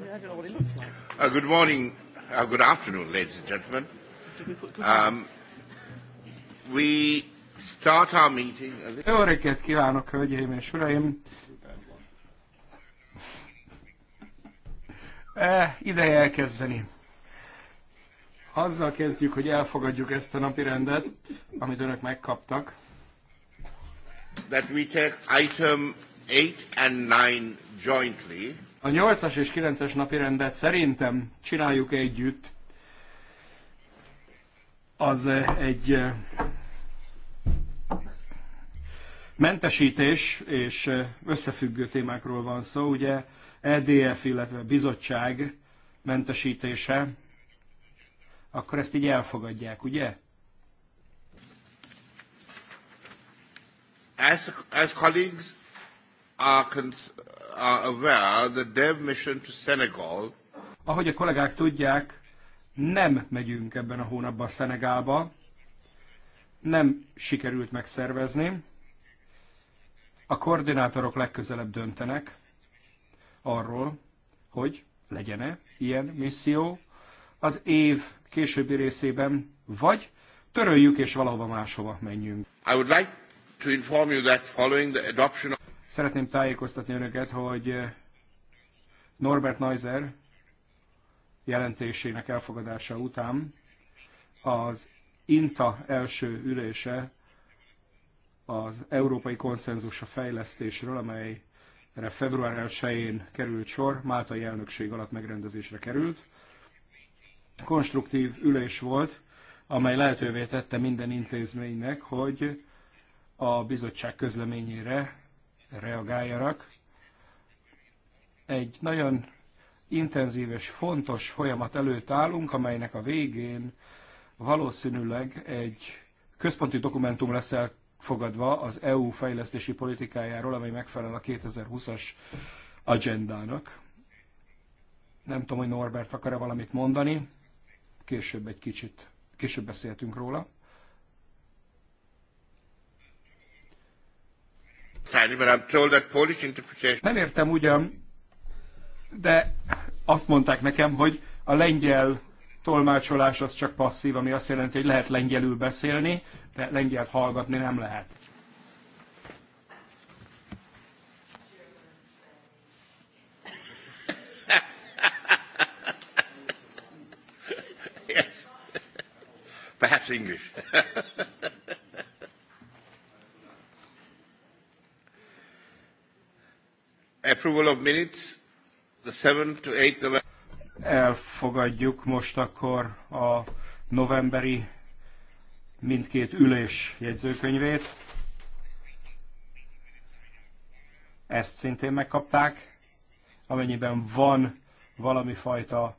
mean, I don't know what it looks like. Uh, good morning, uh, good afternoon, ladies and gentlemen. Um, we start our meeting. Jó reggelt kívánok, hölgyeim és uraim! Eh, ideje elkezdeni. Azzal kezdjük, hogy elfogadjuk ezt a napi rendet, amit önök megkaptak. That we take item 8 and 9 jointly. A 8-as és 9-es napi rendet szerintem csináljuk együtt. Az eh, egy eh, mentesítés és eh, összefüggő témákról van szó, ugye EDF, illetve bizottság mentesítése, akkor ezt így elfogadják, ugye? As, as colleagues are are aware, the dev mission to Senegal... Ahogy a kollégák tudják, nem megyünk ebben a hónapban Szenegálba. Nem sikerült megszervezni. A koordinátorok legközelebb döntenek arról, hogy legyen-e ilyen misszió az év későbbi részében, vagy töröljük és valahova máshova menjünk. I would like to inform you that following the adoption Szeretném tájékoztatni önöket, hogy eh, Norbert Neuser jelentésének elfogadása után az INTA első ülése az Európai Konszenzus a fejlesztésről, amelyre február 1-én került sor, Máltai elnökség alatt megrendezésre került. Konstruktív ülés volt, amely lehetővé tette minden intézménynek, hogy a bizottság közleményére reagáljanak. Egy nagyon intenzív és fontos folyamat előtt állunk, amelynek a végén valószínűleg egy központi dokumentum lesz elfogadva az EU fejlesztési politikájáról, amely megfelel a 2020-as agendának. Nem tudom, hogy Norbert akar-e valamit mondani, később egy kicsit, később beszéltünk róla. Nem értem ugyan, de azt mondták nekem, hogy a lengyel tolmácsolás az csak passzív, ami azt jelenti, hogy lehet lengyelül beszélni, de lengyelt hallgatni nem lehet. Yes. Perhaps English. Approval of minutes, the 7 to 8 November. Elfogadjuk most akkor a novemberi mindkét ülés jegyzőkönyvét. Ezt szintén megkapták. Amennyiben van valami fajta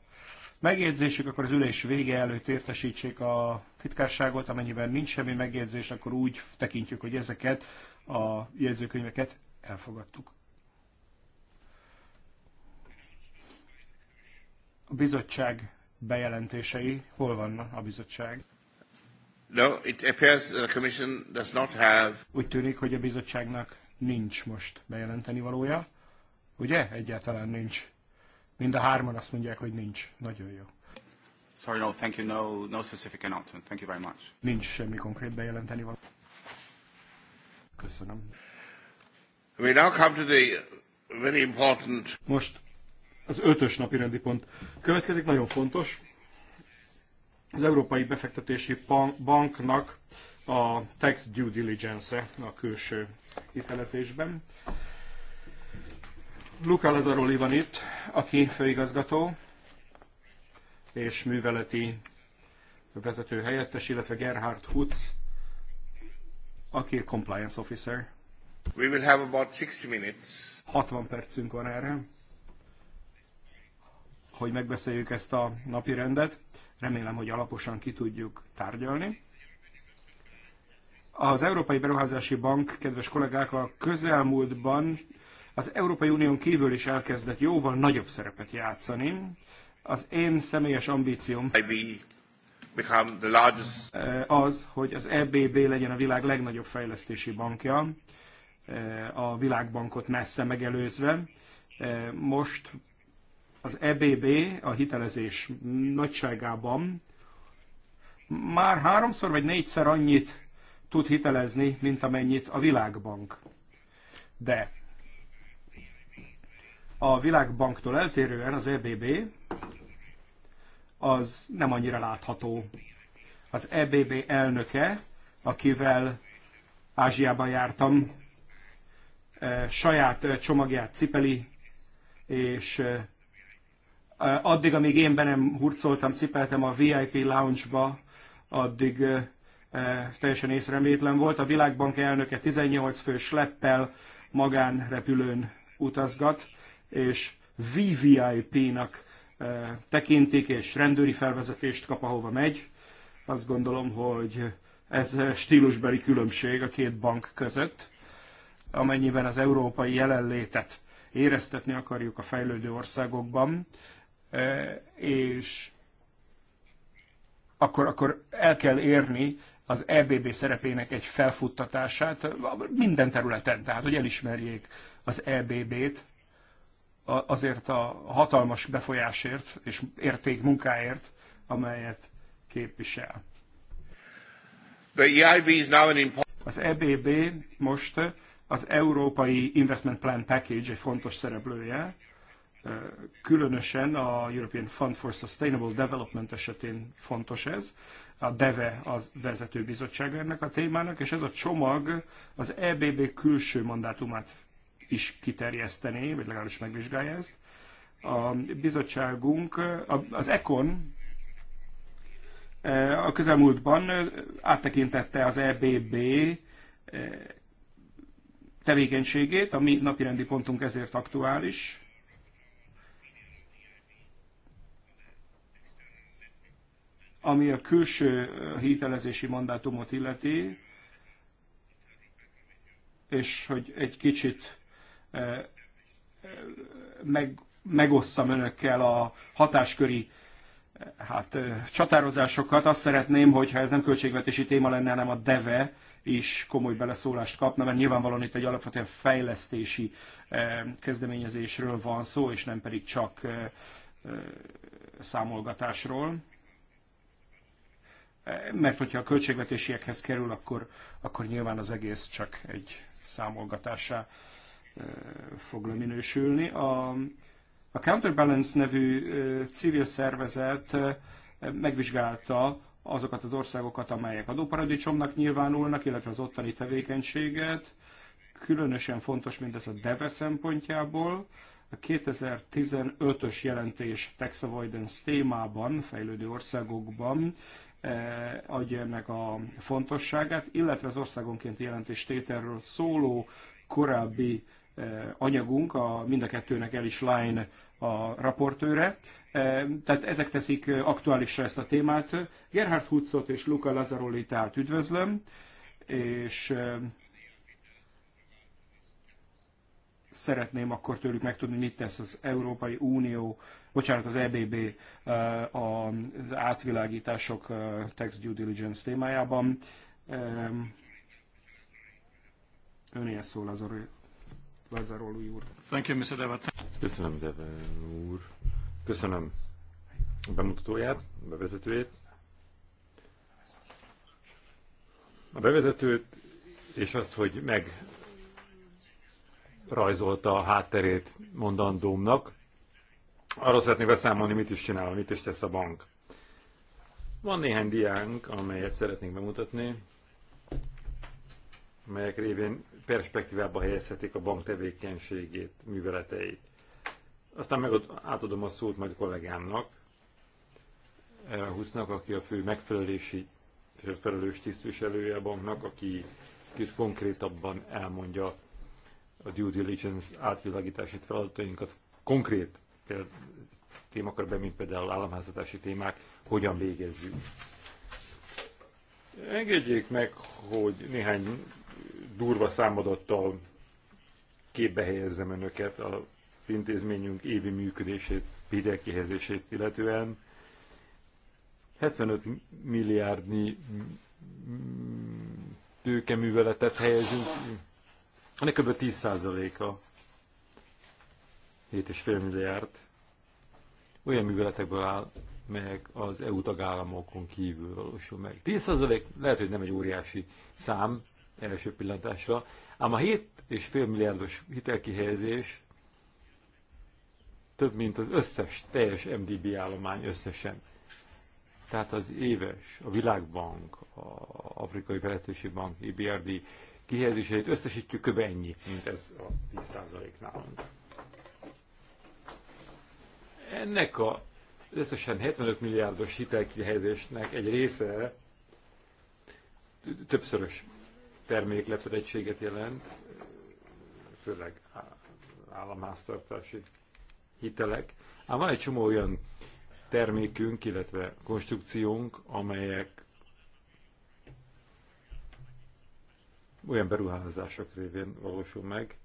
megjegyzésük, akkor az ülés vége előtt értesítsék a titkárságot, amennyiben nincs semmi megjegyzés, akkor úgy tekintjük, hogy ezeket a jegyzőkönyveket elfogadtuk. A bizottság bejelentései, hol van a bizottság? No, it appears the commission does not have... Úgy tűnik, hogy a bizottságnak nincs most bejelenteni valója. Ugye? Egyáltalán nincs. Mind a hárman azt mondják, hogy nincs. Nagyon jó. Sorry, no, thank you. No, no specific announcement. Thank you very much. Nincs semmi konkrét bejelenteni való. Köszönöm. We now come to the very important... Most az ötös napi rendi pont következik, nagyon fontos. Az Európai Befektetési Banknak a tax due diligence -e a külső hitelezésben. Luca Lazaroli van itt, aki főigazgató és műveleti vezető helyettes, illetve Gerhard Hutz, aki compliance officer. We will have about 60 minutes. 60 percünk van erre hogy megbeszéljük ezt a napi rendet. Remélem, hogy alaposan ki tudjuk tárgyalni. Az Európai Beruházási Bank, kedves kollégák, a közelmúltban az Európai Unión kívül is elkezdett jóval nagyobb szerepet játszani. Az én személyes ambícióm eh, az, hogy az EBB legyen a világ legnagyobb fejlesztési bankja, eh, a világbankot messze megelőzve. Eh, most az EBB a hitelezés nagyságában már háromszor vagy négyszer annyit tud hitelezni, mint amennyit a világbank. De a világbanktól eltérően az EBB az nem annyira látható. Az EBB elnöke, akivel Ázsiában jártam, eh, saját eh, csomagját cipeli, és eh, Eh, addig, amíg én be nem hurcoltam, cipeltem a VIP lounge-ba, addig eh, eh, teljesen észrevétlen volt. A világbank elnöke 18 fős leppel magánrepülőn utazgat, és VVIP-nak tekintik, és rendőri felvezetést kap, ahova megy. Azt gondolom, hogy ez stílusbeli különbség a két bank között, amennyiben az európai jelenlétet éreztetni akarjuk a fejlődő országokban, E, és akkor, akkor el kell érni az EBB szerepének egy felfuttatását minden területen, tehát hogy elismerjék az EBB-t azért a hatalmas befolyásért és érték munkáért, amelyet képvisel. E az EBB most az Európai Investment Plan Package egy fontos szereplője, Különösen a European Fund for Sustainable Development esetén fontos ez. A DEVE az vezető bizottsága ennek a témának, és ez a csomag az EBB külső mandátumát is kiterjesztené, vagy legalábbis megvizsgálja ezt. A bizottságunk, az ECON e, a közelmúltban áttekintette az EBB e, tevékenységét, a mi napirendi pontunk ezért aktuális. Ami a külső hitelezési mandátumot illeti, és hogy egy kicsit meg, megosszam önökkel a hatásköri hát, csatározásokat. Azt szeretném, hogyha ez nem költségvetési téma lenne, hanem a DEVE is komoly beleszólást kapna, mert nyilvánvalóan itt egy alapvetően fejlesztési kezdeményezésről van szó, és nem pedig csak számolgatásról mert hogyha a költségvetésiekhez kerül, akkor, akkor nyilván az egész csak egy számolgatásá fog leminősülni. A, a Counterbalance nevű civil szervezet megvizsgálta azokat az országokat, amelyek adóparadicsomnak nyilvánulnak, illetve az ottani tevékenységet. Különösen fontos mindez a DEVE szempontjából. A 2015-ös jelentés tax avoidance témában, fejlődő országokban Eh, adja ennek a fontosságát, illetve az országonként tételről szóló korábbi eh, anyagunk, a mind a kettőnek el is Line a raportőre. Eh, tehát ezek teszik aktuálisra ezt a témát. Gerhard Hutzot és Luca Lazzaroli tehát üdvözlöm, és szeretném akkor tőlük megtudni, mit tesz az Európai Unió bocsánat, az EBB eh, az átvilágítások eh, tax due diligence témájában. Önél szól az arra. Thank you, Mr. Köszönöm, Devan úr. Köszönöm a bemutatóját, a bevezetőjét. A bevezetőt és azt, hogy meg rajzolta a hátterét mondandómnak arról szeretnék beszámolni, mit is csinál, mit is tesz a bank. Van néhány diánk, amelyet szeretnénk bemutatni, melyek révén perspektívába helyezhetik a bank tevékenységét, műveleteit. Aztán meg átadom a szót majd a kollégámnak, Husznak, aki a fő megfelelési felelős tisztviselője a banknak, aki kicsit konkrétabban elmondja a due diligence átvilágítási feladatainkat konkrét témakörben, mint például államházatási témák, hogyan végezzük. Engedjék meg, hogy néhány durva számadattal képbe helyezzem önöket az intézményünk évi működését, hitelkihelyezését illetően. 75 milliárdnyi tőkeműveletet helyezünk, ennek kb. 10%-a 7,5 milliárd olyan műveletekből áll, melyek az EU tagállamokon kívül valósul meg. 10% lehet, hogy nem egy óriási szám első pillantásra, ám a 7,5 milliárdos hitelkihelyezés több, mint az összes teljes MDB állomány összesen. Tehát az éves, a Világbank, a Afrikai Fejlesztési Bank, IBRD kihelyezéseit összesítjük kb. ennyi, mint ez a 10% nálunk. Ennek a összesen 75 milliárdos hitelkihelyezésnek egy része többszörös termékletedettséget jelent, főleg államháztartási hitelek. Ám van egy csomó olyan termékünk, illetve konstrukciónk, amelyek olyan beruházások révén valósul meg,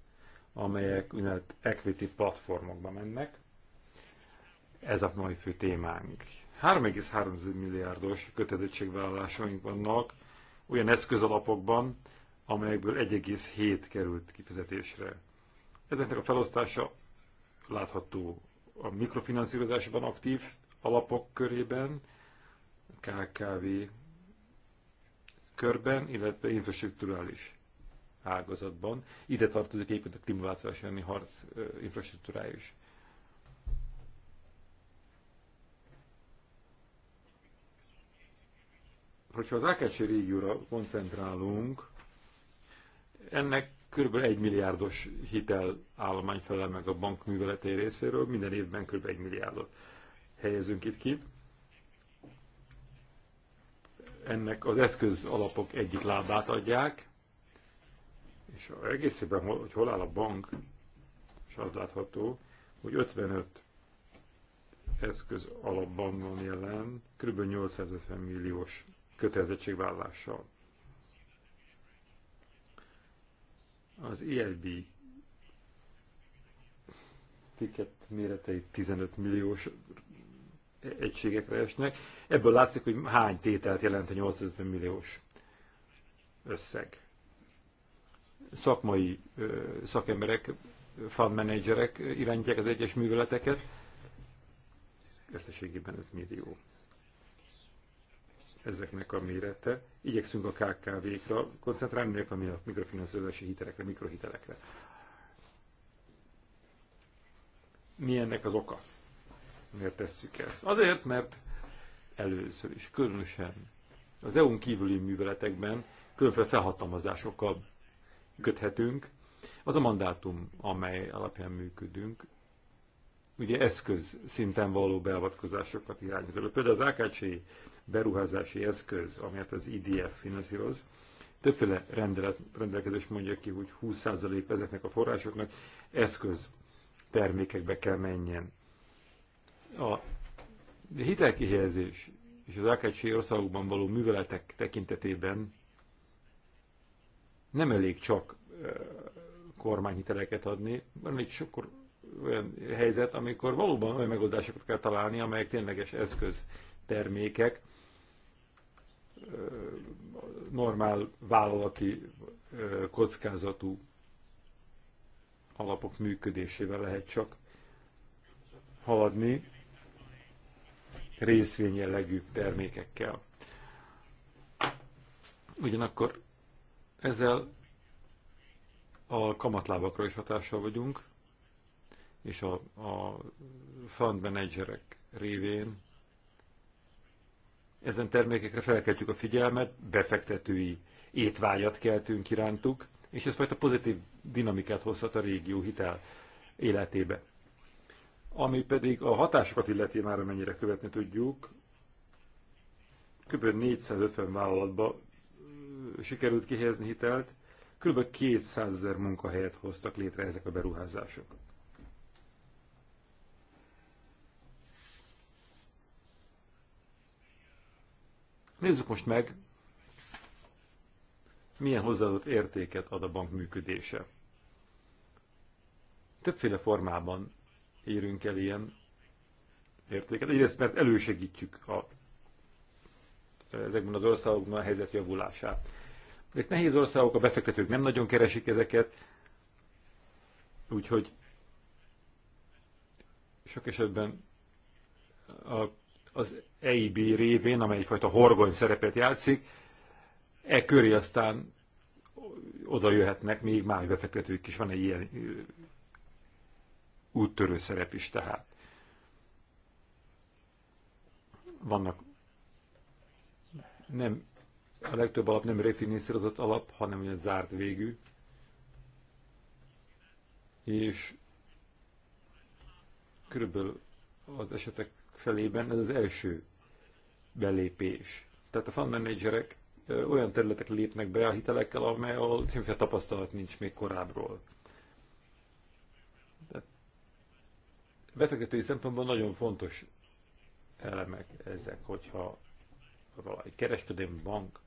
amelyek úgynevezett equity platformokba mennek, ez a mai fő témánk. 3,3 milliárdos kötelezettségvállalásaink vannak olyan eszközalapokban, amelyekből 1,7 került kifizetésre. Ezeknek a felosztása látható a mikrofinanszírozásban aktív alapok körében, KKV körben, illetve infrastruktúrális ágazatban. Ide tartozik egyébként a klímaváltozás elleni harc infrastruktúrája is. hogyha az Ákácsi régióra koncentrálunk, ennek kb. 1 milliárdos hitelállomány felel meg a bank műveletei részéről, minden évben kb. 1 milliárdot helyezünk itt ki. Ennek az eszköz alapok egyik lábát adják, és egészében, hogy hol áll a bank, és az látható, hogy 55 eszköz alapban van jelen, kb. 850 milliós kötelezettségvállással. Az EIB ticket méretei 15 milliós egységekre esnek. Ebből látszik, hogy hány tételt jelent a 850 milliós összeg. Szakmai szakemberek, fund managerek irányítják az egyes műveleteket, összességében 5 millió ezeknek a mérete. Igyekszünk a KKV-kra koncentrálni, ami a mikrofinanszírozási hitelekre, mikrohitelekre. Mi ennek az oka? Miért tesszük ezt? Azért, mert először is, különösen az EU-n kívüli műveletekben különféle felhatalmazásokkal köthetünk. Az a mandátum, amely alapján működünk, ugye eszköz szinten való beavatkozásokat irányozó. Például az AKC beruházási eszköz, amelyet az IDF finanszíroz, többféle rendelet, rendelkezés mondja ki, hogy 20% ezeknek a forrásoknak eszköz termékekbe kell menjen. A hitelkihelyezés és az AKC országokban való műveletek tekintetében nem elég csak kormányhiteleket adni, mert még sokkor olyan helyzet, amikor valóban olyan megoldásokat kell találni, amelyek tényleges eszköztermékek, normál vállalati kockázatú alapok működésével lehet csak haladni részvényjellegű termékekkel. Ugyanakkor ezzel a kamatlábakra is hatással vagyunk, és a, a fund menedzserek révén ezen termékekre felkeltjük a figyelmet, befektetői étvágyat keltünk irántuk, és ez fajta pozitív dinamikát hozhat a régió hitel életébe. Ami pedig a hatásokat illeti már amennyire követni tudjuk, kb. 450 vállalatba sikerült kihelyezni hitelt, kb. 200 ezer munkahelyet hoztak létre ezek a beruházások. Nézzük most meg, milyen hozzáadott értéket ad a bank működése. Többféle formában érünk el ilyen értéket. Egyrészt, mert elősegítjük a, ezekben az országokban a helyzet javulását. Ezek nehéz országok, a befektetők nem nagyon keresik ezeket, úgyhogy sok esetben a, az EIB révén, amely egyfajta horgony szerepet játszik, e köré aztán oda jöhetnek még más befektetők is, van egy ilyen úttörő szerep is tehát. Vannak nem, a legtöbb alap nem refinanszírozott alap, hanem ugye zárt végű. És körülbelül az esetek felében ez az első belépés. Tehát a fund managerek olyan területek lépnek be a hitelekkel, amely ahol semmiféle tapasztalat nincs még korábbról. De befektetői szempontból nagyon fontos elemek ezek, hogyha valami kereskedelmi bank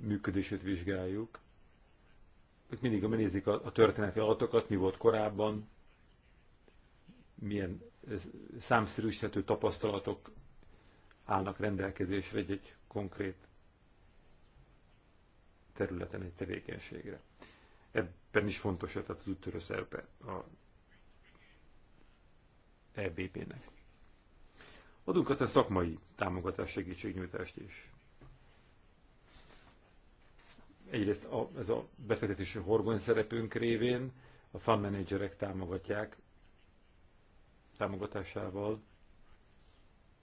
működését vizsgáljuk, hogy mindig a nézik a, a történeti adatokat, mi volt korábban, milyen számszerűsíthető tapasztalatok állnak rendelkezésre egy-egy konkrét területen egy tevékenységre. Ebben is fontos, tehát az úttörő szerepe a ebp nek Adunk aztán szakmai támogatás, segítségnyújtást is. Egyrészt a, ez a befektetési horgony szerepünk révén a fan menedzserek támogatják támogatásával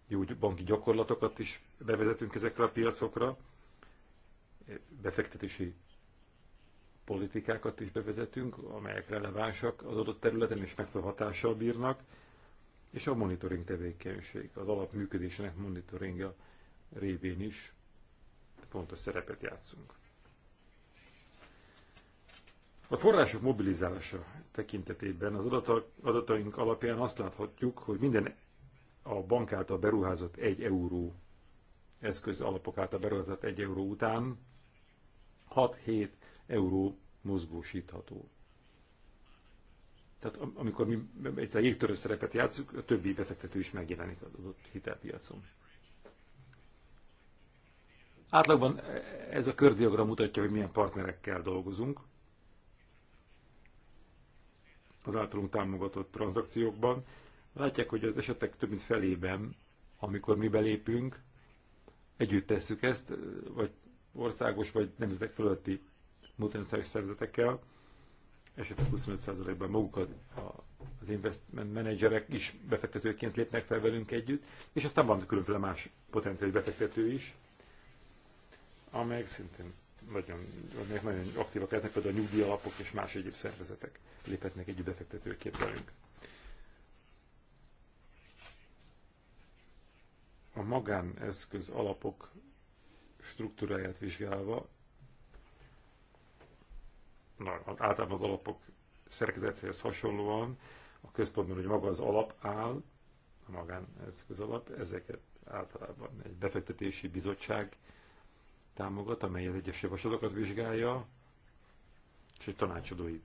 jó banki gyakorlatokat is bevezetünk ezekre a piacokra, befektetési politikákat is bevezetünk, amelyek relevánsak az adott területen és megfelelő hatással bírnak, és a monitoring tevékenység, az alapműködésének monitoringja révén is fontos szerepet játszunk. A források mobilizálása tekintetében az adataink alapján azt láthatjuk, hogy minden a bank által beruházott egy euró eszköz alapok által beruházott egy euró után 6-7 euró mozgósítható. Tehát amikor mi egy jégtörő szerepet játszunk, a többi befektető is megjelenik az adott hitelpiacon. Átlagban ez a kördiagram mutatja, hogy milyen partnerekkel dolgozunk az általunk támogatott tranzakciókban. Látják, hogy az esetek több mint felében, amikor mi belépünk, együtt tesszük ezt, vagy országos, vagy nemzetek fölötti multinacionális szervezetekkel, esetleg 25%-ban magukat az investment menedzserek is befektetőként lépnek fel velünk együtt, és aztán van különféle más potenciális befektető is, amelyek szintén nagyon, amelyek nagyon aktívak lehetnek, például a nyugdíjalapok és más egyéb szervezetek léphetnek együtt befektetőként velünk. a magáneszköz alapok struktúráját vizsgálva, na, általában az alapok szerkezetéhez hasonlóan, a központban, hogy maga az alap áll, a magáneszköz alap, ezeket általában egy befektetési bizottság támogat, amely az egyes javaslatokat vizsgálja, és egy tanácsadói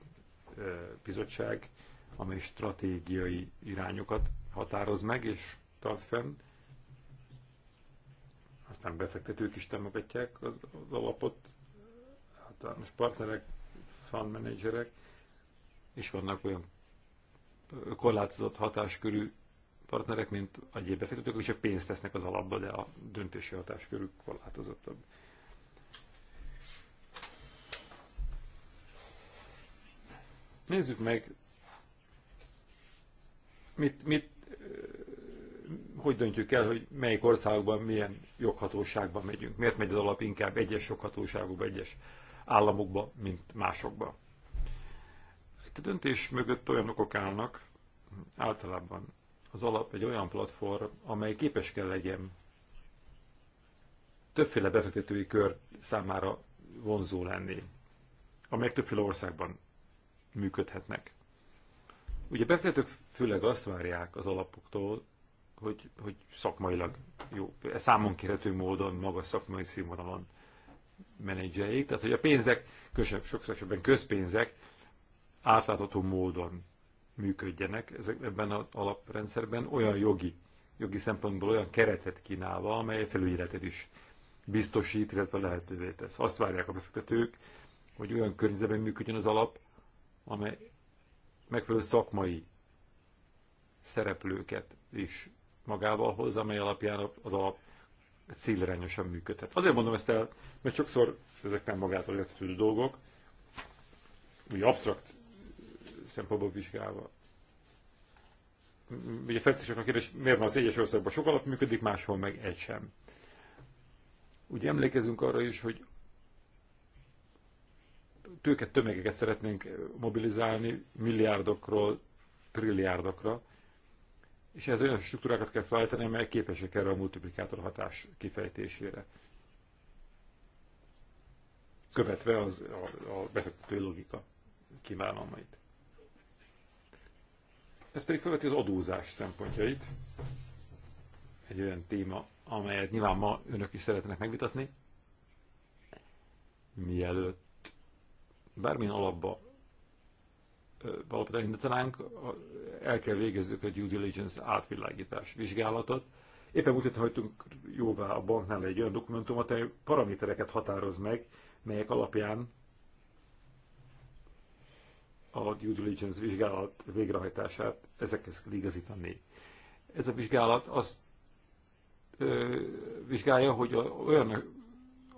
bizottság, amely stratégiai irányokat határoz meg és tart fenn, aztán befektetők is támogatják az, az alapot, általános partnerek, fund managerek, és vannak olyan korlátozott hatáskörű partnerek, mint egyéb befektetők, és a pénzt tesznek az alapba, de a döntési hatáskörük korlátozottabb. Nézzük meg, mit, mit hogy döntjük el, hogy melyik országban milyen joghatóságban megyünk? Miért megy az alap inkább egyes joghatóságokba, egyes államokba, mint másokba? Itt a döntés mögött olyan okok állnak, általában az alap egy olyan platform, amely képes kell legyen többféle befektetői kör számára vonzó lenni, amelyek többféle országban működhetnek. Ugye befektetők főleg azt várják az alapoktól, hogy, hogy szakmailag jó, számon kérhető módon, magas szakmai színvonalon menedzseljék. Tehát, hogy a pénzek, kösebb, sokszor esetben közpénzek átlátható módon működjenek ezek, ebben az alaprendszerben, olyan jogi, jogi szempontból olyan keretet kínálva, amely felügyeletet is biztosít, illetve lehetővé tesz. Azt várják a befektetők, hogy olyan környezetben működjön az alap, amely megfelelő szakmai szereplőket is magával hoz, amely alapján az alap célirányosan működhet. Azért mondom ezt el, mert sokszor ezek nem magától értetődő dolgok, úgy absztrakt szempontból vizsgálva. Ugye felteszek a kérdés, miért van az egyes országban sok alap működik, máshol meg egy sem. Ugye emlékezünk arra is, hogy tőket, tömegeket szeretnénk mobilizálni milliárdokról, trilliárdokra, és ez olyan struktúrákat kell felállítani, amelyek képesek erre a multiplikátor hatás kifejtésére. Követve az, a, a befektető logika kívánalmait. Ez pedig követi az adózás szempontjait. Egy olyan téma, amelyet nyilván ma önök is szeretnek megvitatni. Mielőtt bármilyen alapba alapot indítanánk, el kell végezzük a due diligence átvilágítás vizsgálatot. Éppen úgy hagytunk jóvá a banknál egy olyan dokumentumot, amely paramétereket határoz meg, melyek alapján a due diligence vizsgálat végrehajtását ezekhez kell igazítani. Ez a vizsgálat azt ö, vizsgálja, hogy a, olyan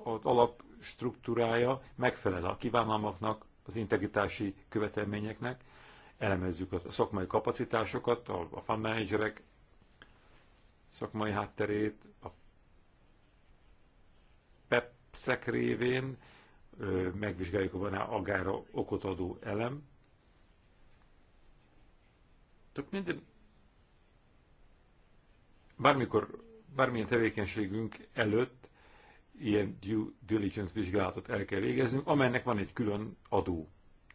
az alapstruktúrája megfelel a kívánalmaknak, az integritási követelményeknek, elemezzük a szakmai kapacitásokat, a fund managerek szakmai hátterét, a PEPSZek révén megvizsgáljuk, van-e agára okot adó elem. Tök minden, bármikor, bármilyen tevékenységünk előtt ilyen due diligence vizsgálatot el kell végeznünk, amelynek van egy külön adó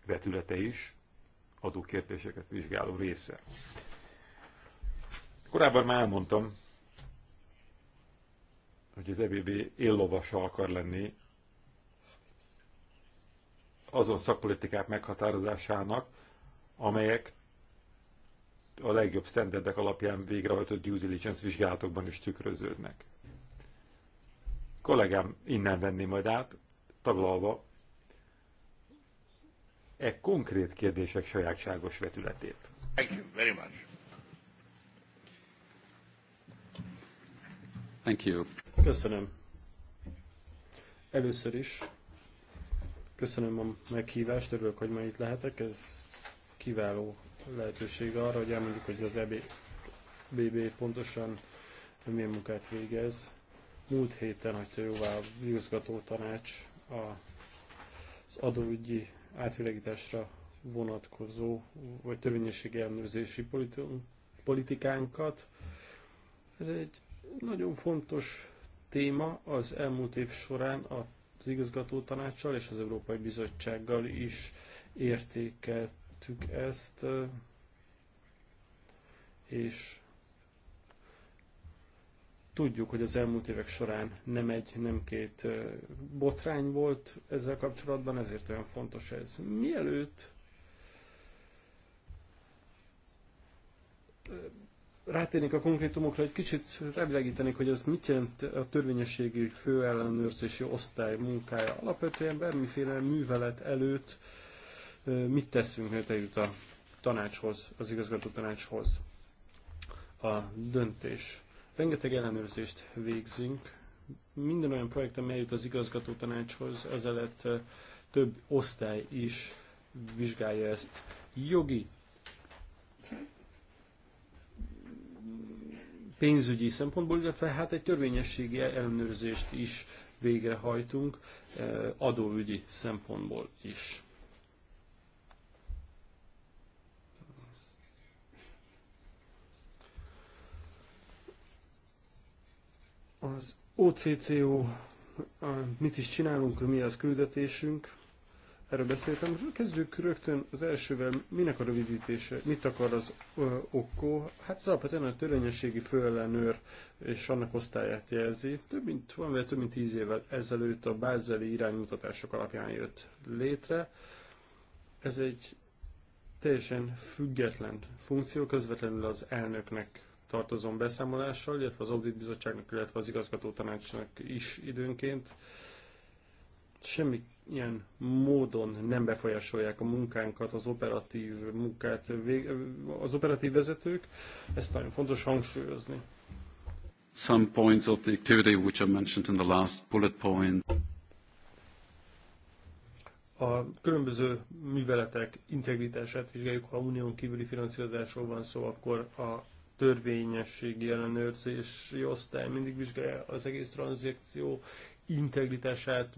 vetülete is, adókérdéseket vizsgáló része. Korábban már elmondtam, hogy az EBB éllovasa akar lenni azon szakpolitikák meghatározásának, amelyek a legjobb standardek alapján végrehajtott due diligence vizsgálatokban is tükröződnek kollégám innen venni majd át, taglalva e konkrét kérdések sajátságos vetületét. Thank you very much. Thank you. Köszönöm. Először is köszönöm a meghívást, örülök, hogy ma itt lehetek. Ez kiváló lehetőség arra, hogy elmondjuk, hogy az EBB pontosan milyen munkát végez, Múlt héten hagyta jóvá a igazgató tanács az adóügyi átvilegításra vonatkozó vagy törvényességi ellenőrzési politikánkat. Ez egy nagyon fontos téma az elmúlt év során az igazgató tanácssal és az Európai Bizottsággal is értékeltük ezt, és Tudjuk, hogy az elmúlt évek során nem egy, nem két botrány volt ezzel kapcsolatban, ezért olyan fontos ez. Mielőtt rátérnék a konkrétumokra, egy kicsit rávilágítanék, hogy ez mit jelent a törvényességi főellenőrzési osztály munkája. Alapvetően bármiféle művelet előtt mit teszünk, mert eljut a tanácshoz, az igazgató tanácshoz a döntés. Rengeteg ellenőrzést végzünk. Minden olyan projekt, ami eljut az igazgató tanácshoz, ezelőtt több osztály is vizsgálja ezt. Jogi, pénzügyi szempontból, illetve hát egy törvényességi ellenőrzést is végrehajtunk adóügyi szempontból is. Az OCCO mit is csinálunk, mi az küldetésünk, erről beszéltem. Kezdjük rögtön az elsővel, minek a rövidítése, mit akar az okko Hát az alapvetően a törvényességi főellenőr és annak osztályát jelzi. Több mint, van vagy több mint tíz évvel ezelőtt a bázeli iránymutatások alapján jött létre. Ez egy teljesen független funkció, közvetlenül az elnöknek tartozom beszámolással, illetve az Audit Bizottságnak, illetve az Igazgató Tanácsnak is időnként. Semmi ilyen módon nem befolyásolják a munkánkat, az operatív munkát, az operatív vezetők. Ezt nagyon fontos hangsúlyozni. Some points of the activity which I mentioned in the last bullet point a különböző műveletek integritását vizsgáljuk, ha unión kívüli finanszírozásról van szó, akkor a törvényességi ellenőrzési osztály mindig vizsgálja az egész tranzakció integritását,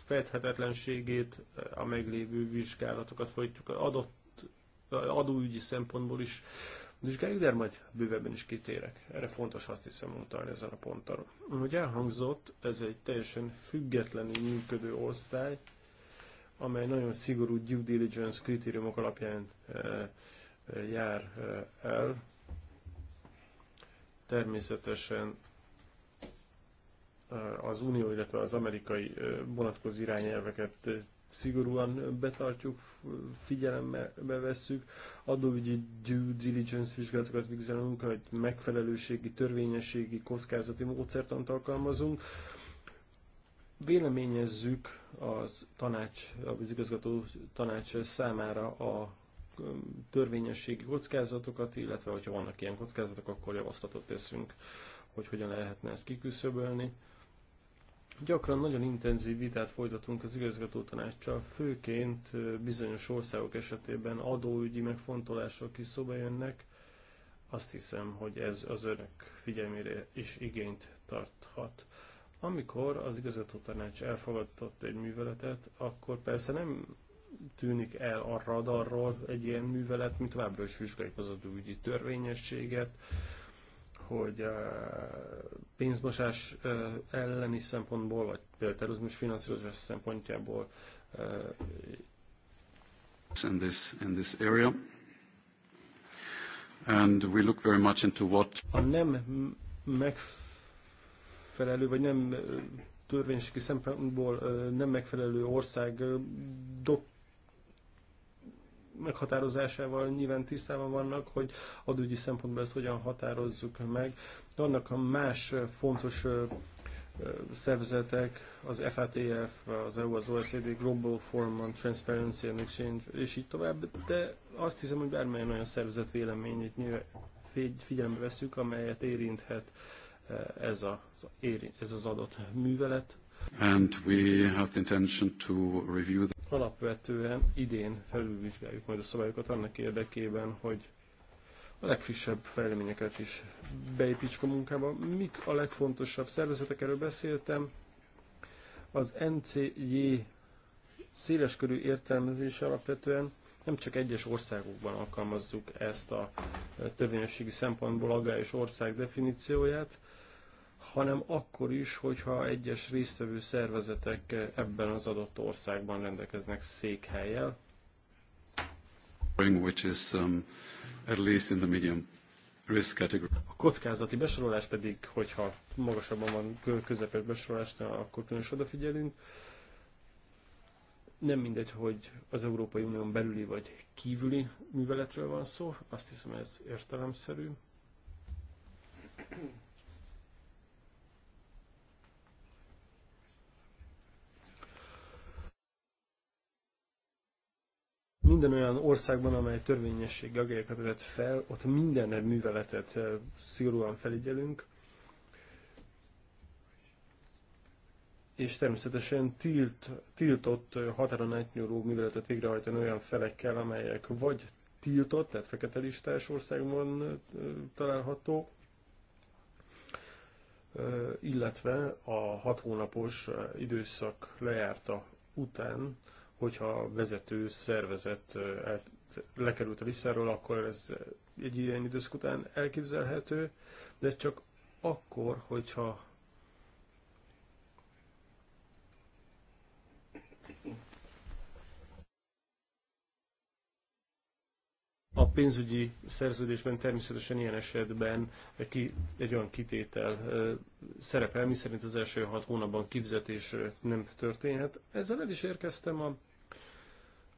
megfedhetetlenségét, a meglévő vizsgálatokat folytjuk. Adott adóügyi szempontból is vizsgáljuk, de majd bővebben is kitérek. Erre fontos azt hiszem mondani ezen a ponton. Ahogy elhangzott, ez egy teljesen függetlenül működő osztály, amely nagyon szigorú due diligence kritériumok alapján jár el. Természetesen az unió, illetve az amerikai vonatkozó irányelveket szigorúan betartjuk, figyelembe vesszük, adóügyi due diligence vizsgálatokat végzelünk, hogy megfelelőségi, törvényességi, kockázati módszertant alkalmazunk. Véleményezzük az tanács, az igazgató tanács számára a törvényességi kockázatokat, illetve hogyha vannak ilyen kockázatok, akkor javaslatot teszünk, hogy hogyan lehetne ezt kiküszöbölni. Gyakran nagyon intenzív vitát folytatunk az igazgató tanácssal, főként bizonyos országok esetében adóügyi megfontolások is szóba jönnek. Azt hiszem, hogy ez az önök figyelmére is igényt tarthat. Amikor az igazgató tanács elfogadott egy műveletet, akkor persze nem tűnik el a radarról egy ilyen művelet, mint továbbra is vizsgáljuk az adóügyi törvényességet, hogy eh, pénzmosás eh, elleni szempontból, vagy terrorizmus finanszírozás szempontjából eh, in this, in this area. And we look very much into what a nem megfelelő, vagy nem törvénységi szempontból nem megfelelő ország dok meghatározásával nyilván tisztában vannak, hogy adógyi szempontból ezt hogyan határozzuk meg. annak a más fontos szervezetek, az FATF, az EU, az OECD, Global Forum on Transparency and Exchange, és így tovább, de azt hiszem, hogy bármilyen olyan szervezet véleményét figyelembe veszük, amelyet érinthet ez, a, ez az adott művelet. And we have the intention to review alapvetően idén felülvizsgáljuk majd a szabályokat annak érdekében, hogy a legfrissebb fejleményeket is beépítsük a munkába. Mik a legfontosabb szervezetek, erről beszéltem. Az NCJ széleskörű értelmezése alapvetően nem csak egyes országokban alkalmazzuk ezt a törvényességi szempontból aggályos ország definícióját, hanem akkor is, hogyha egyes résztvevő szervezetek ebben az adott országban rendelkeznek székhelyel. Which is, um, at least in the medium risk category. A kockázati besorolás pedig, hogyha magasabban van közepes besorolásnál, akkor különös odafigyelünk. Nem mindegy, hogy az Európai Unión belüli vagy kívüli műveletről van szó, azt hiszem ez értelemszerű. Minden olyan országban, amely törvényességi agályokat vett fel, ott minden műveletet eh, szigorúan felügyelünk, és természetesen tilt, tiltott eh, határon átnyúló műveletet végrehajtani olyan felekkel, amelyek vagy tiltott, tehát fekete listás országban eh, található, illetve a hat hónapos időszak lejárta után hogyha a vezető szervezet lekerült a listáról, akkor ez egy ilyen időszak után elképzelhető, de csak akkor, hogyha pénzügyi szerződésben természetesen ilyen esetben ki, egy olyan kitétel szerepel, miszerint az első hat hónapban kifizetés nem történhet. Ezzel el is érkeztem a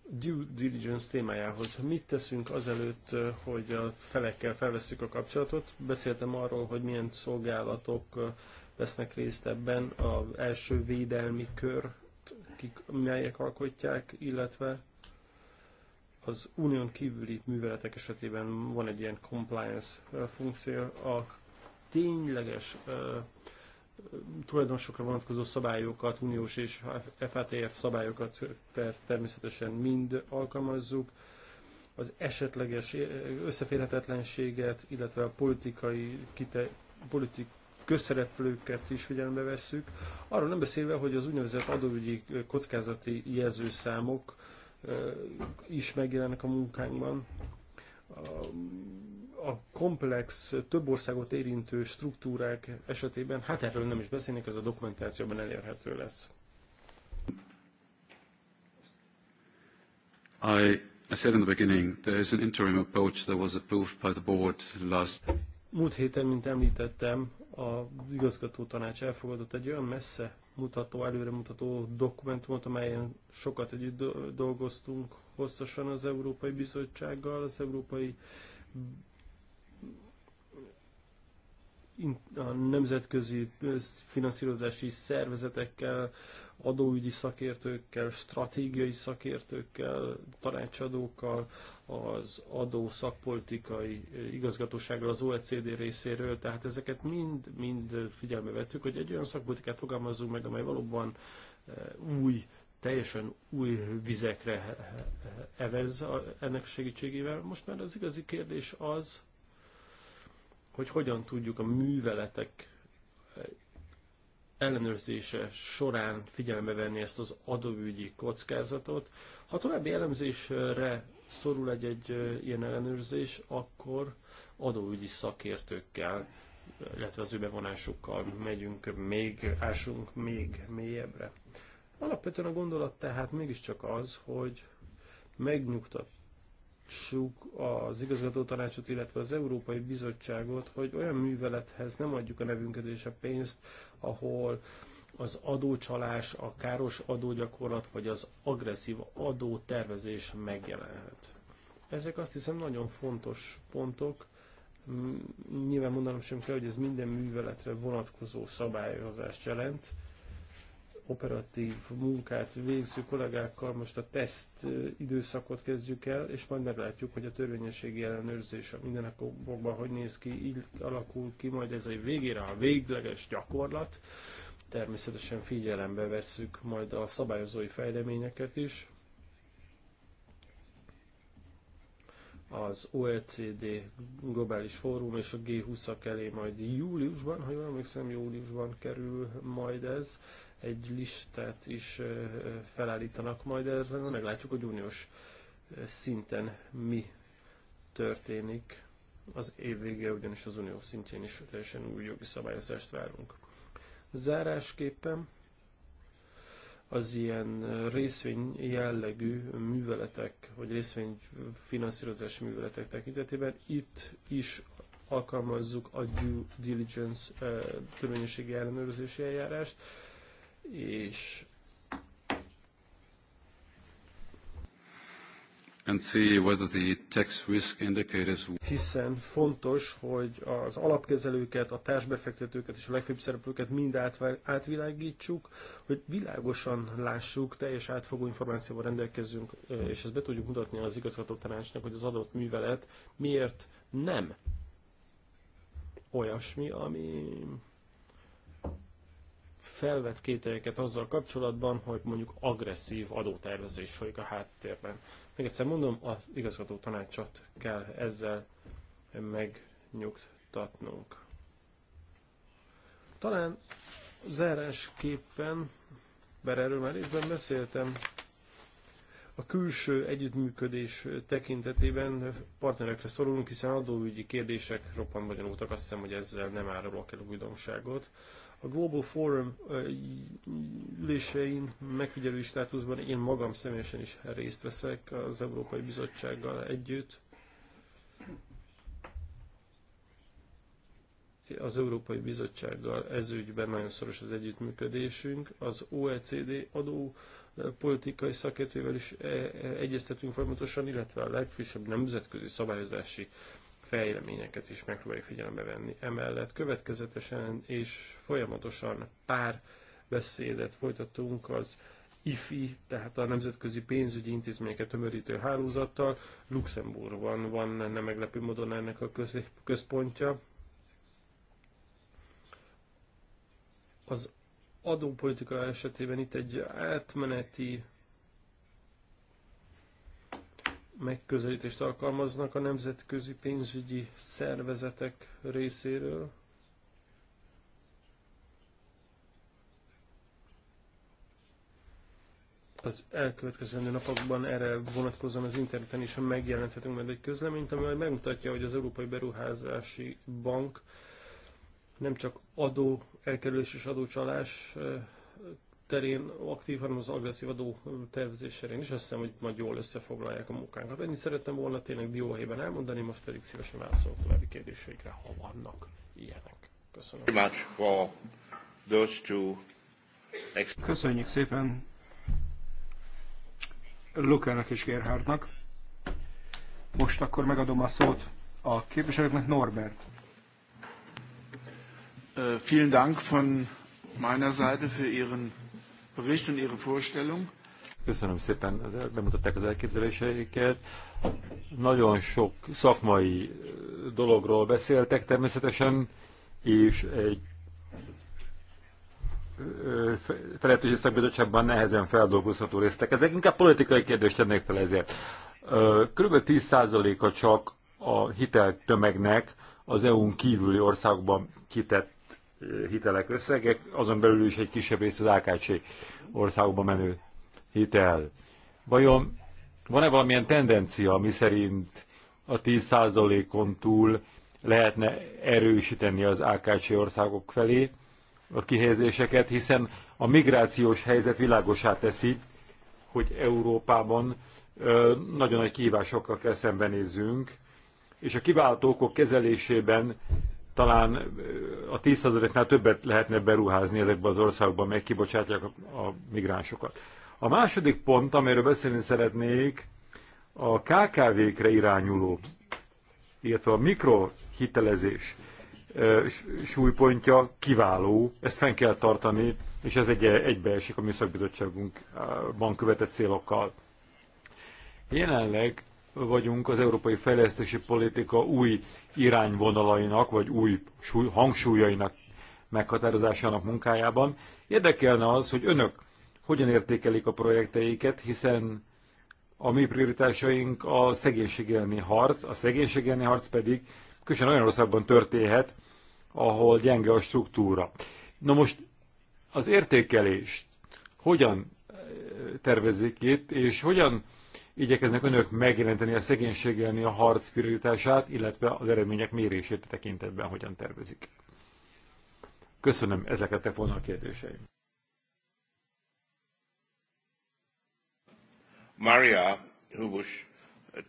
due diligence témájához. Mit teszünk azelőtt, hogy a felekkel felveszük a kapcsolatot? Beszéltem arról, hogy milyen szolgálatok vesznek részt ebben, az első védelmi kör, melyek alkotják, illetve az unión kívüli műveletek esetében van egy ilyen compliance funkció, a tényleges tulajdonosokra vonatkozó szabályokat, uniós és FATF szabályokat természetesen mind alkalmazzuk, az esetleges összeférhetetlenséget, illetve a politikai kite, politik, közszereplőket is figyelembe vesszük. Arról nem beszélve, hogy az úgynevezett adóügyi kockázati jelzőszámok is megjelennek a munkánkban. A komplex, több országot érintő struktúrák esetében, hát erről nem is beszélnék, ez a dokumentációban elérhető lesz. I, I said in the beginning, there is an interim approach that was approved by the board last... Múlt héten, mint említettem, az igazgató tanács elfogadott egy olyan messze mutató, előre mutató dokumentumot, amelyen sokat együtt dolgoztunk hosszasan az Európai Bizottsággal, az Európai a nemzetközi finanszírozási szervezetekkel, adóügyi szakértőkkel, stratégiai szakértőkkel, tanácsadókkal, az adó szakpolitikai igazgatósággal, az OECD részéről, tehát ezeket mind-mind figyelme vettük, hogy egy olyan szakpolitikát fogalmazzunk meg, amely valóban új, teljesen új vizekre evez ennek segítségével. Most már az igazi kérdés az, hogy hogyan tudjuk a műveletek ellenőrzése során figyelembe venni ezt az adóügyi kockázatot. Ha további elemzésre szorul egy-egy ilyen ellenőrzés, akkor adóügyi szakértőkkel, illetve az ő bevonásukkal megyünk, még ásunk még mélyebbre. Alapvetően a gondolat tehát mégiscsak az, hogy megnyugtat megnyugtassuk az igazgató tanácsot, illetve az Európai Bizottságot, hogy olyan művelethez nem adjuk a nevünket és a pénzt, ahol az adócsalás, a káros adógyakorlat vagy az agresszív adótervezés megjelenhet. Ezek azt hiszem nagyon fontos pontok. Nyilván mondanom sem kell, hogy ez minden műveletre vonatkozó szabályozást jelent operatív munkát végző kollégákkal most a teszt időszakot kezdjük el, és majd meglátjuk, hogy a törvényességi ellenőrzés a mindenekokban hogy néz ki, így alakul ki, majd ez egy végére a végleges gyakorlat. Természetesen figyelembe vesszük majd a szabályozói fejleményeket is. Az OECD globális fórum és a G20-ak elé majd júliusban, ha jól emlékszem, júliusban kerül majd ez egy listát is felállítanak majd, ezzel meglátjuk, hogy uniós szinten mi történik. Az év vége ugyanis az unió szintjén is teljesen új jogi szabályozást várunk. Zárásképpen az ilyen részvény jellegű műveletek, vagy részvény finanszírozási műveletek tekintetében itt is alkalmazzuk a due diligence törvényességi ellenőrzési eljárást és and see whether the tax risk indicators... Hiszen fontos, hogy az alapkezelőket, a társbefektetőket és a legfőbb szereplőket mind átvilágítsuk, hogy világosan lássuk, teljes átfogó információval rendelkezzünk, és ezt be tudjuk mutatni az igazgató tanácsnak, hogy az adott művelet miért nem olyasmi, ami felvet kételyeket azzal kapcsolatban, hogy mondjuk agresszív adótervezés folyik a háttérben. Még egyszer mondom, az igazgató tanácsot kell ezzel megnyugtatnunk. Talán zárásképpen, bár erről már részben beszéltem, a külső együttműködés tekintetében partnerekre szorulunk, hiszen adóügyi kérdések roppant bonyolultak, azt hiszem, hogy ezzel nem árulok el újdonságot. A Global Forum ülésein megfigyelői státuszban én magam személyesen is részt veszek az Európai Bizottsággal együtt. Az Európai Bizottsággal ezügyben nagyon szoros az együttműködésünk. Az OECD adó politikai szakértővel is egyeztetünk folyamatosan, illetve a legfrissebb nemzetközi szabályozási fejleményeket is megpróbáljuk figyelembe venni. Emellett következetesen és folyamatosan pár beszédet folytatunk az IFI, tehát a Nemzetközi Pénzügyi Intézményeket Tömörítő Hálózattal. Luxemburgban van nem meglepő módon ennek a központja. Az adópolitika esetében itt egy átmeneti megközelítést alkalmaznak a nemzetközi pénzügyi szervezetek részéről. Az elkövetkező napokban erre vonatkozóan az interneten is megjelenthetünk majd egy közleményt, ami majd megmutatja, hogy az Európai Beruházási Bank nem csak adó elkerülés és adócsalás eh, terén aktív, hanem az agresszív adó terén is. Azt hiszem, hogy majd jól összefoglalják a munkánkat. Ennyit szerettem volna tényleg dióhelyben elmondani, most pedig szívesen válaszolok a kérdéseikre, ha vannak ilyenek. Köszönöm. Köszönjük szépen Lukának és Gerhardnak. Most akkor megadom a szót a képviselőknek, Norbert. vielen Dank von meiner Seite für Ihren Bericht und Ihre Vorstellung. Köszönöm szépen, bemutatták az elképzeléseiket. Nagyon sok szakmai dologról beszéltek természetesen, és egy felelősségi szakbizottságban nehezen feldolgozható résztek. Ezek inkább politikai kérdést tennék fel ezért. Körülbelül 10%-a csak a hitel tömegnek az EU-n kívüli országban kitett hitelek összegek, azon belül is egy kisebb rész az AKC országokba menő hitel. Vajon van-e valamilyen tendencia, miszerint a 10%-on túl lehetne erősíteni az AKC országok felé a kihelyezéseket, hiszen a migrációs helyzet világosá teszi, hogy Európában nagyon nagy kihívásokkal kell szembenézzünk, és a kiváltókok kezelésében talán a 10 többet lehetne beruházni ezekbe az országokba, meg kibocsátják a, a migránsokat. A második pont, amiről beszélni szeretnék, a KKV-kre irányuló, illetve a mikrohitelezés súlypontja kiváló, ezt fenn kell tartani, és ez egy, egybeesik a mi szakbizottságunkban követett célokkal. Jelenleg vagyunk az európai fejlesztési politika új irányvonalainak, vagy új hangsúlyainak meghatározásának munkájában. Érdekelne az, hogy önök hogyan értékelik a projekteiket, hiszen a mi prioritásaink a szegénység elleni harc, a szegénység elleni harc pedig különösen olyan országban történhet, ahol gyenge a struktúra. Na most az értékelést hogyan eh, tervezik itt, és hogyan igyekeznek önök megjelenteni a szegénység elleni a harc prioritását, illetve az eredmények mérését tekintetben hogyan tervezik. Köszönöm, ezek lettek volna a kérdéseim. Maria, who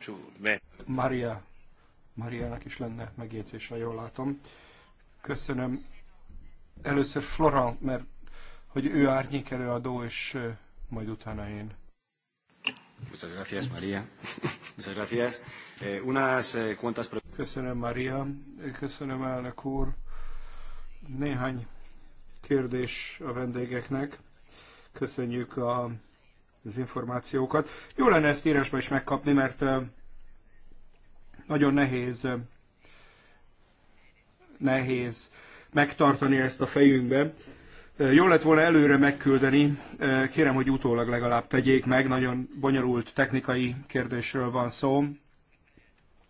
to me. Maria, Mariának is lenne megjegyzése, jól látom. Köszönöm. Először Florent, mert hogy ő árnyék előadó, és majd utána én. Muchas gracias, María. Muchas gracias. Eh, unas eh, cuantas Köszönöm, Maria. Köszönöm, elnök úr. Néhány kérdés a vendégeknek. Köszönjük a, az információkat. Jó lenne ezt írásba is megkapni, mert nagyon nehéz nehéz megtartani ezt a fejünkbe, jó lett volna előre megküldeni, kérem, hogy utólag legalább tegyék meg, nagyon bonyolult technikai kérdésről van szó.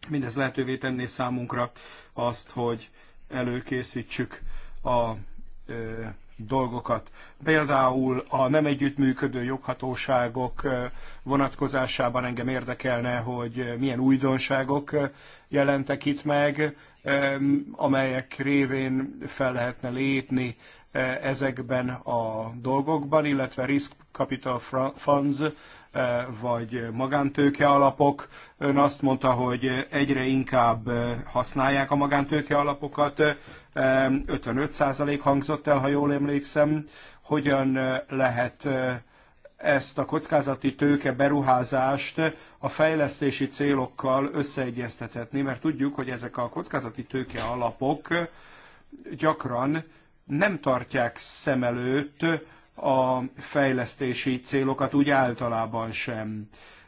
Mindez lehetővé tenné számunkra azt, hogy előkészítsük a dolgokat. Például a nem együttműködő joghatóságok vonatkozásában engem érdekelne, hogy milyen újdonságok jelentek itt meg, amelyek révén fel lehetne lépni E, ezekben a dolgokban, illetve Risk Capital Funds e, vagy magántőke alapok. Ön azt mondta, hogy egyre inkább e, használják a magántőke alapokat. 55% hangzott el, ha jól emlékszem. Hogyan lehet ezt a kockázati tőke beruházást a fejlesztési célokkal összeegyeztethetni, mert tudjuk, hogy ezek a kockázati tőke alapok gyakran nem tartják szem előtt a fejlesztési célokat úgy általában sem.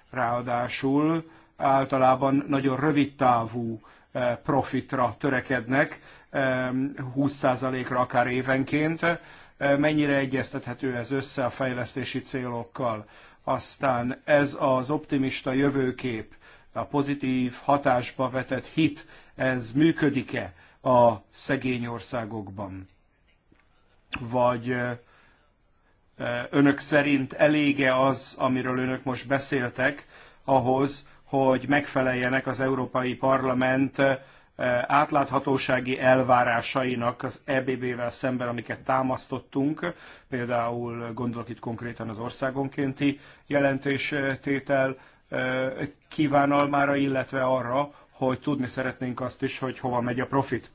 Ráadásul általában nagyon rövid távú eh, profitra törekednek, 20%-ra eh, akár évenként. Eh, mennyire egyeztethető ez össze a fejlesztési célokkal? Aztán ez az optimista jövőkép, a pozitív hatásba vetett hit, ez működik-e a szegény országokban? vagy önök szerint elége az, amiről önök most beszéltek, ahhoz, hogy megfeleljenek az Európai Parlament átláthatósági elvárásainak az EBB-vel szemben, amiket támasztottunk, például gondolok itt konkrétan az országonkénti jelentéstétel kívánalmára, illetve arra, hogy tudni szeretnénk azt is, hogy hova megy a profit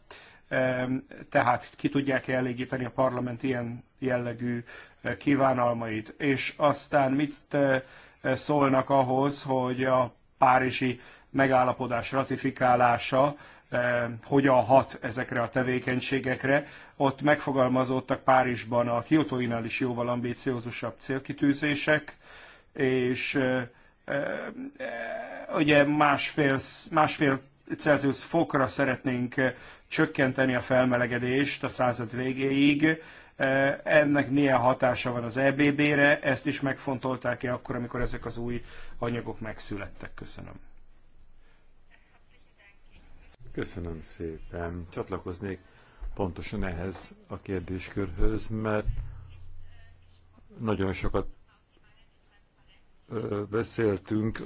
tehát ki tudják -e elégíteni a parlament ilyen jellegű eh, kívánalmait. És aztán mit eh, szólnak ahhoz, hogy a párizsi megállapodás ratifikálása eh, hogyan hat ezekre a tevékenységekre. Ott megfogalmazódtak Párizsban a Kiotóinál is jóval ambíciózusabb célkitűzések, és ugye másfél, másfél Celsius fokra szeretnénk csökkenteni a felmelegedést a század végéig. E, ennek milyen hatása van az EBB-re, ezt is megfontolták-e akkor, amikor ezek az új anyagok megszülettek? Köszönöm. Köszönöm szépen. Csatlakoznék pontosan ehhez a kérdéskörhöz, mert nagyon sokat beszéltünk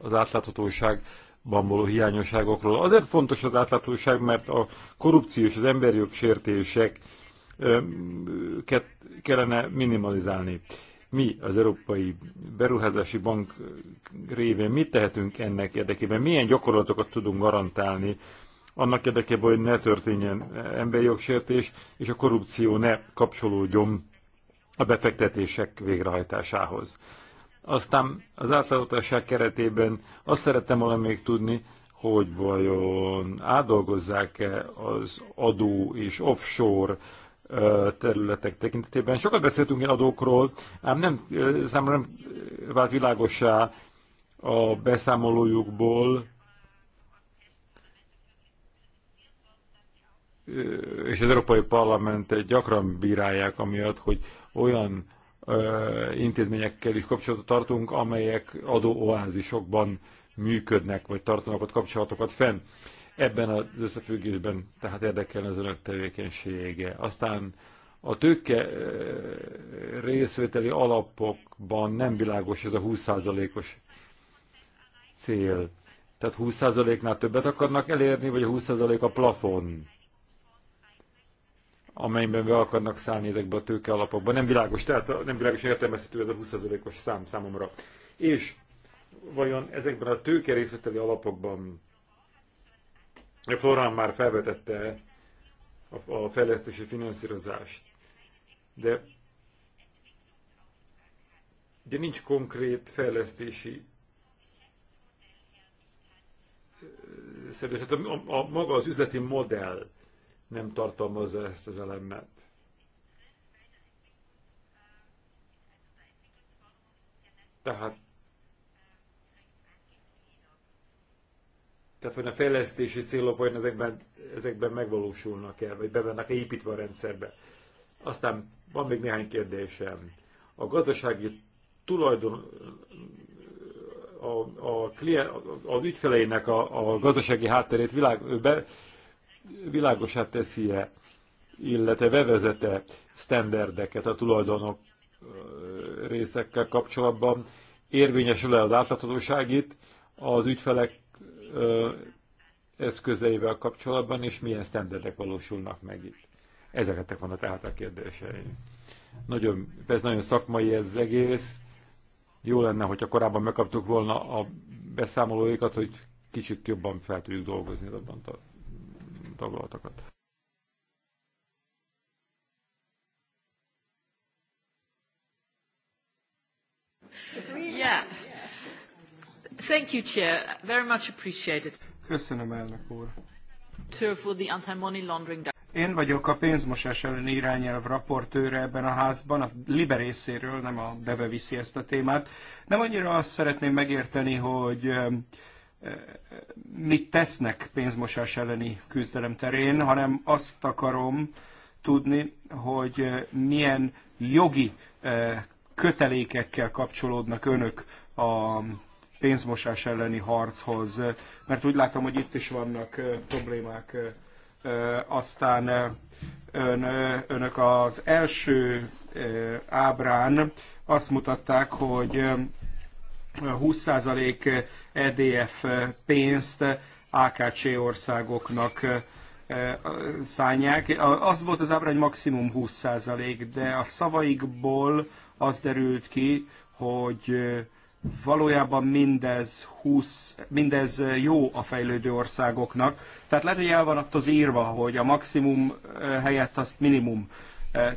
az átláthatóság korrupcióban való hiányosságokról. Azért fontos az átláthatóság, mert a korrupció és az emberjog sértéseket kellene minimalizálni. Mi az Európai Beruházási Bank révén mit tehetünk ennek érdekében? Milyen gyakorlatokat tudunk garantálni annak érdekében, hogy ne történjen emberi jogsértés, és a korrupció ne kapcsolódjon a befektetések végrehajtásához. Aztán az átláthatóság keretében azt szerettem volna még tudni, hogy vajon átdolgozzák-e az adó és offshore területek tekintetében. Sokat beszéltünk én adókról, ám nem, számomra nem vált világosá a beszámolójukból, és az Európai Parlament gyakran bírálják amiatt, hogy olyan intézményekkel is kapcsolatot tartunk, amelyek adóoázisokban működnek, vagy tartanak ott kapcsolatokat fenn. Ebben az összefüggésben tehát érdekel az önök tevékenysége. Aztán a tőke részvételi alapokban nem világos ez a 20%-os cél. Tehát 20%-nál többet akarnak elérni, vagy a 20% a plafon? amelyben be akarnak szállni ezekbe a tőkealapokba. Nem világos, tehát nem világos értelmezhető ez a 20%-os szám számomra. És vajon ezekben a tőke részvételi alapokban Florán már felvetette a, a fejlesztési finanszírozást, de de nincs konkrét fejlesztési szervezet. A, a, a, maga az üzleti modell nem tartalmazza ezt az elemet. Tehát, tehát hogy a fejlesztési célok vajon ezekben, ezekben megvalósulnak el, vagy be vannak építve a rendszerbe. Aztán van még néhány kérdésem. A gazdasági tulajdon a, a klien, az ügyfeleinek a, a gazdasági hátterét világ, be, világosá teszi-e, illetve bevezete sztenderdeket a tulajdonok részekkel kapcsolatban, érvényesül-e az átláthatóság az ügyfelek eszközeivel kapcsolatban, és milyen sztenderdek valósulnak meg itt. Ezeket a tehát a kérdései. Nagyon, persze nagyon szakmai ez egész. Jó lenne, hogyha korábban megkaptuk volna a beszámolóikat, hogy kicsit jobban fel tudjuk dolgozni, abban taglaltakat. Yeah. Thank you, Chair. Very much appreciated. Köszönöm, elnök úr. For the anti-money laundering én vagyok a pénzmosás elleni irányelv raportőre ebben a házban, a Libe részéről, nem a Deve viszi ezt a témát. Nem annyira azt szeretném megérteni, hogy mit tesznek pénzmosás elleni küzdelem terén, hanem azt akarom tudni, hogy milyen jogi eh, kötelékekkel kapcsolódnak önök a pénzmosás elleni harchoz, mert úgy látom, hogy itt is vannak eh, problémák. Eh, aztán ön, önök az első ábrán azt mutatták, hogy 20% EDF pénzt AKC országoknak e, szánják. Az volt az ábrány maximum 20%, de a szavaikból az derült ki, hogy e, valójában mindez, 20, mindez jó a fejlődő országoknak. Tehát lehet, hogy el van ott az írva, hogy a maximum e, helyett azt minimum.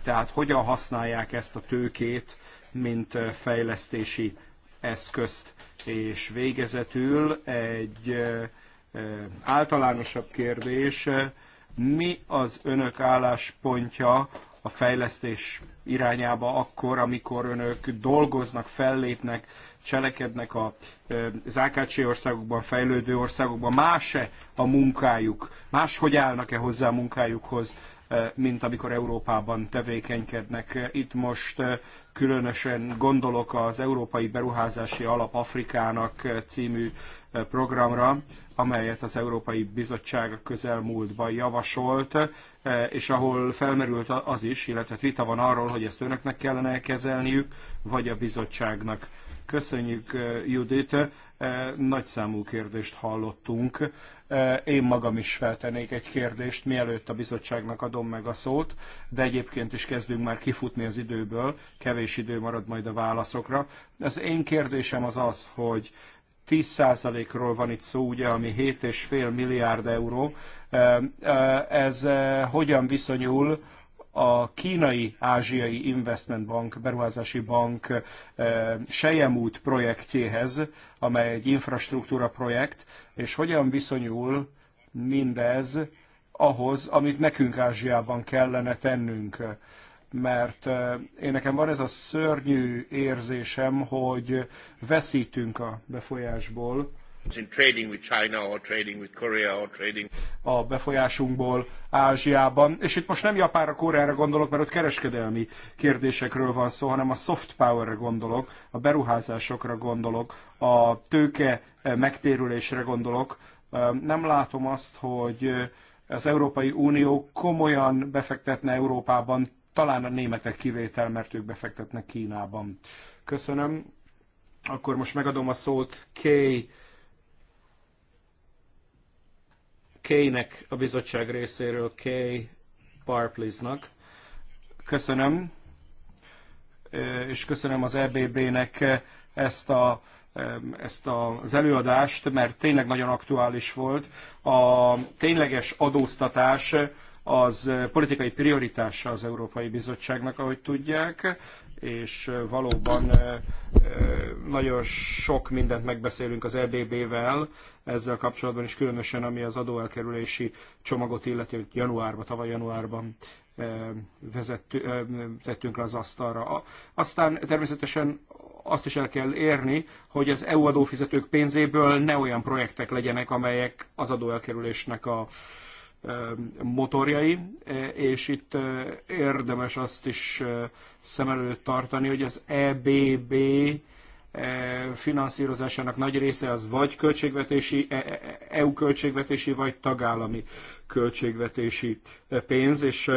Tehát hogyan használják ezt a tőkét, mint fejlesztési eszközt, és végezetül egy általánosabb kérdés, mi az önök álláspontja a fejlesztés irányába akkor, amikor önök dolgoznak, fellépnek, cselekednek a zákácsi országokban, fejlődő országokban, más-e a munkájuk, máshogy állnak-e hozzá a munkájukhoz, Eh, mint amikor Európában tevékenykednek. Eh, itt most eh, különösen gondolok az Európai Beruházási Alap Afrikának című programra, amelyet az Európai Bizottság közelmúltban javasolt, és ahol felmerült az is, illetve vita van arról, hogy ezt önöknek kellene kezelniük, vagy a bizottságnak. Köszönjük, eh, Judit. Eh, Nagyszámú kérdést hallottunk. Eh, én magam is feltennék egy kérdést, mielőtt a bizottságnak adom meg a szót, de egyébként is kezdünk már kifutni az időből, kevés idő marad majd a válaszokra. Az én kérdésem az az, hogy 10%-ról van itt szó, ugye, ami 7,5 milliárd euró. Ez hogyan viszonyul a kínai ázsiai investment bank, beruházási bank eh, Sejemút projektjéhez, amely egy infrastruktúra projekt, és hogyan viszonyul mindez ahhoz, amit nekünk Ázsiában kellene tennünk. Mert eh, én nekem van ez a szörnyű érzésem, hogy veszítünk a befolyásból, a befolyásunkból Ázsiában. És itt most nem Japánra, Koreára gondolok, mert ott kereskedelmi kérdésekről van szó, hanem a soft powerre gondolok, a beruházásokra gondolok, a tőke eh, megtérülésre gondolok. Nem látom azt, hogy eh, az Európai Unió komolyan befektetne Európában, talán a németek kivétel, mert ők befektetnek Kínában. Köszönöm. Akkor most megadom a szót Kay k nek a bizottság részéről, Kay Barplesnak. Köszönöm, és köszönöm az EBB-nek ezt a ezt az előadást, mert tényleg nagyon aktuális volt. A tényleges adóztatás az eh, politikai prioritása az Európai Bizottságnak, ahogy tudják, és eh, valóban eh, nagyon sok mindent megbeszélünk az EBB-vel ezzel kapcsolatban, és különösen ami az adóelkerülési csomagot illeti, hogy januárban, tavaly januárban vezettünk, tettünk le az asztalra. Aztán természetesen azt is el kell érni, hogy az EU adófizetők pénzéből ne olyan projektek legyenek, amelyek az adóelkerülésnek a Um, motorjai, eh, és itt eh, érdemes azt is eh, szem előtt tartani, hogy az EBB finanszírozásának nagy része az vagy költségvetési, EU költségvetési, vagy tagállami költségvetési pénz, és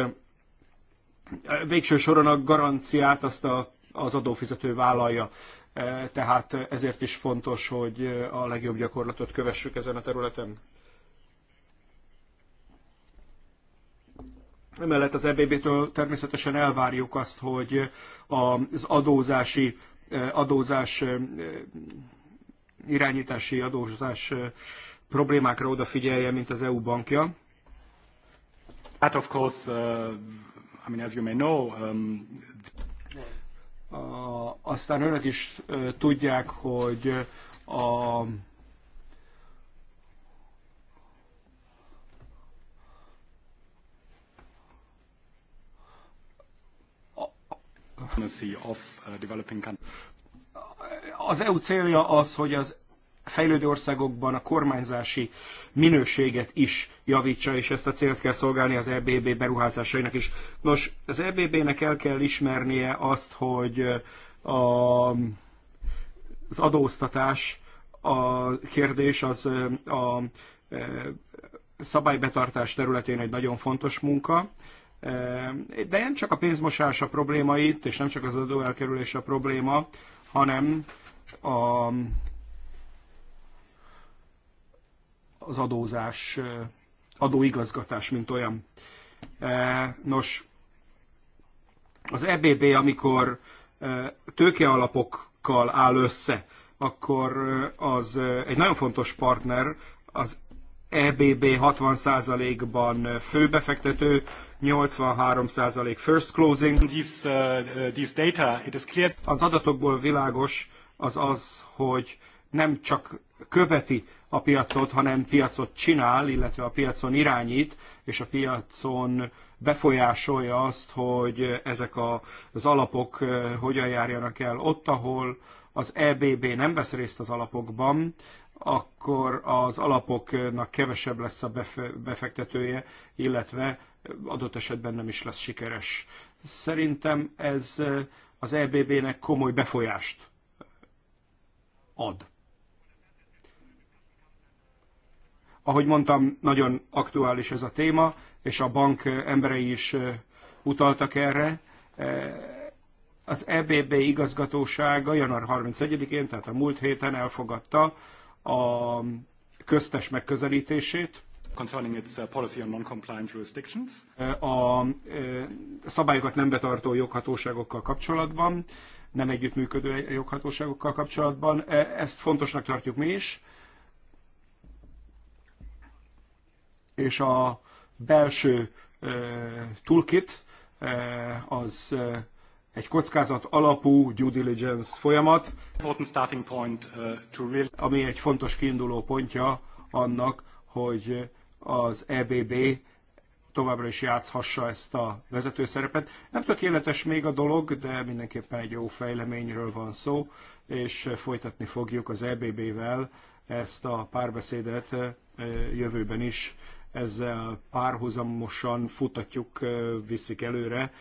végső soron a garanciát azt a, az adófizető vállalja. Tehát ezért is fontos, hogy a legjobb gyakorlatot kövessük ezen a területen. Emellett az EBB-től természetesen elvárjuk azt, hogy az adózási adózás irányítási adózás problémákra odafigyelje, mint az EU bankja. Hát of course, uh, I mean, as you may know, um... aztán önök is tudják, hogy a Uh, az EU célja az, hogy az fejlődő országokban a kormányzási minőséget is javítsa, és ezt a célt kell szolgálni az EBB beruházásainak is. Nos, az EBB-nek el kell ismernie azt, hogy a, az adóztatás a kérdés az a szabálybetartás területén egy nagyon fontos munka, de nem csak a pénzmosás a probléma itt, és nem csak az adó elkerülés a probléma, hanem a, az adózás, adóigazgatás, mint olyan. E, nos, az EBB, amikor e, tőkealapokkal áll össze, akkor e, az egy nagyon fontos partner az EBB 60%-ban főbefektető, 83% first closing. This, uh, uh this data, it is clear. Az adatokból világos az az, hogy nem csak követi a piacot, hanem piacot csinál, illetve a piacon irányít, és a piacon befolyásolja azt, hogy ezek a, az alapok uh, hogyan járjanak el ott, ahol az EBB nem vesz részt az alapokban, akkor az alapoknak kevesebb lesz a befektetője, illetve adott esetben nem is lesz sikeres. Szerintem ez az EBB-nek komoly befolyást ad. Ahogy mondtam, nagyon aktuális ez a téma, és a bank emberei is utaltak erre. Az EBB igazgatósága január 31-én, tehát a múlt héten elfogadta a köztes megközelítését, its uh, policy on non-compliant jurisdictions. A e, szabályokat nem betartó joghatóságokkal kapcsolatban, nem együttműködő joghatóságokkal kapcsolatban. E, ezt fontosnak tartjuk mi is. És a belső e, toolkit az egy kockázat alapú due diligence folyamat, uh, ami egy fontos kiinduló pontja annak, hogy az EBB továbbra is játszhassa ezt a vezető szerepet. Nem tökéletes még a dolog, de mindenképpen egy jó fejleményről van szó, és folytatni fogjuk az EBB-vel ezt a párbeszédet uh, jövőben is. Ezzel párhuzamosan futatjuk, uh, viszik előre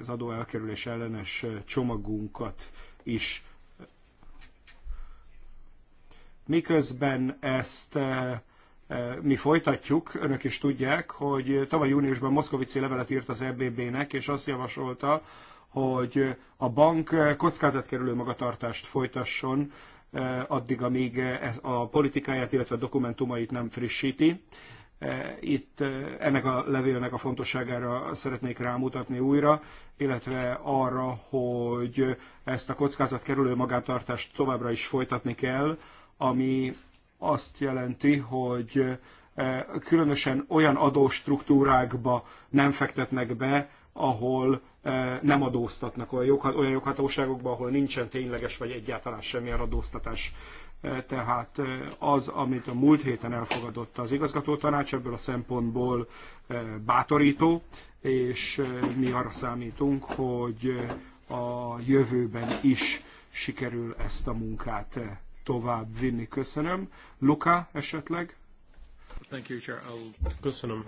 az adó elkerülés ellenes csomagunkat is. Miközben ezt e, e, mi folytatjuk, önök is tudják, hogy tavaly júniusban Moszkovici levelet írt az EBB-nek, és azt javasolta, hogy a bank kockázatkerülő magatartást folytasson e, addig, amíg a politikáját, illetve a dokumentumait nem frissíti. E, itt e, ennek a levélnek a fontosságára szeretnék rámutatni újra, illetve arra, hogy ezt a kockázat kerülő magántartást továbbra is folytatni kell, ami azt jelenti, hogy e, különösen olyan adóstruktúrákba nem fektetnek be, ahol nem adóztatnak olyan joghatóságokba, ahol nincsen tényleges vagy egyáltalán semmilyen adóztatás tehát az, amit a múlt héten elfogadott az igazgató tanács, ebből a szempontból bátorító, és mi arra számítunk, hogy a jövőben is sikerül ezt a munkát tovább vinni. Köszönöm. Luka esetleg? Köszönöm.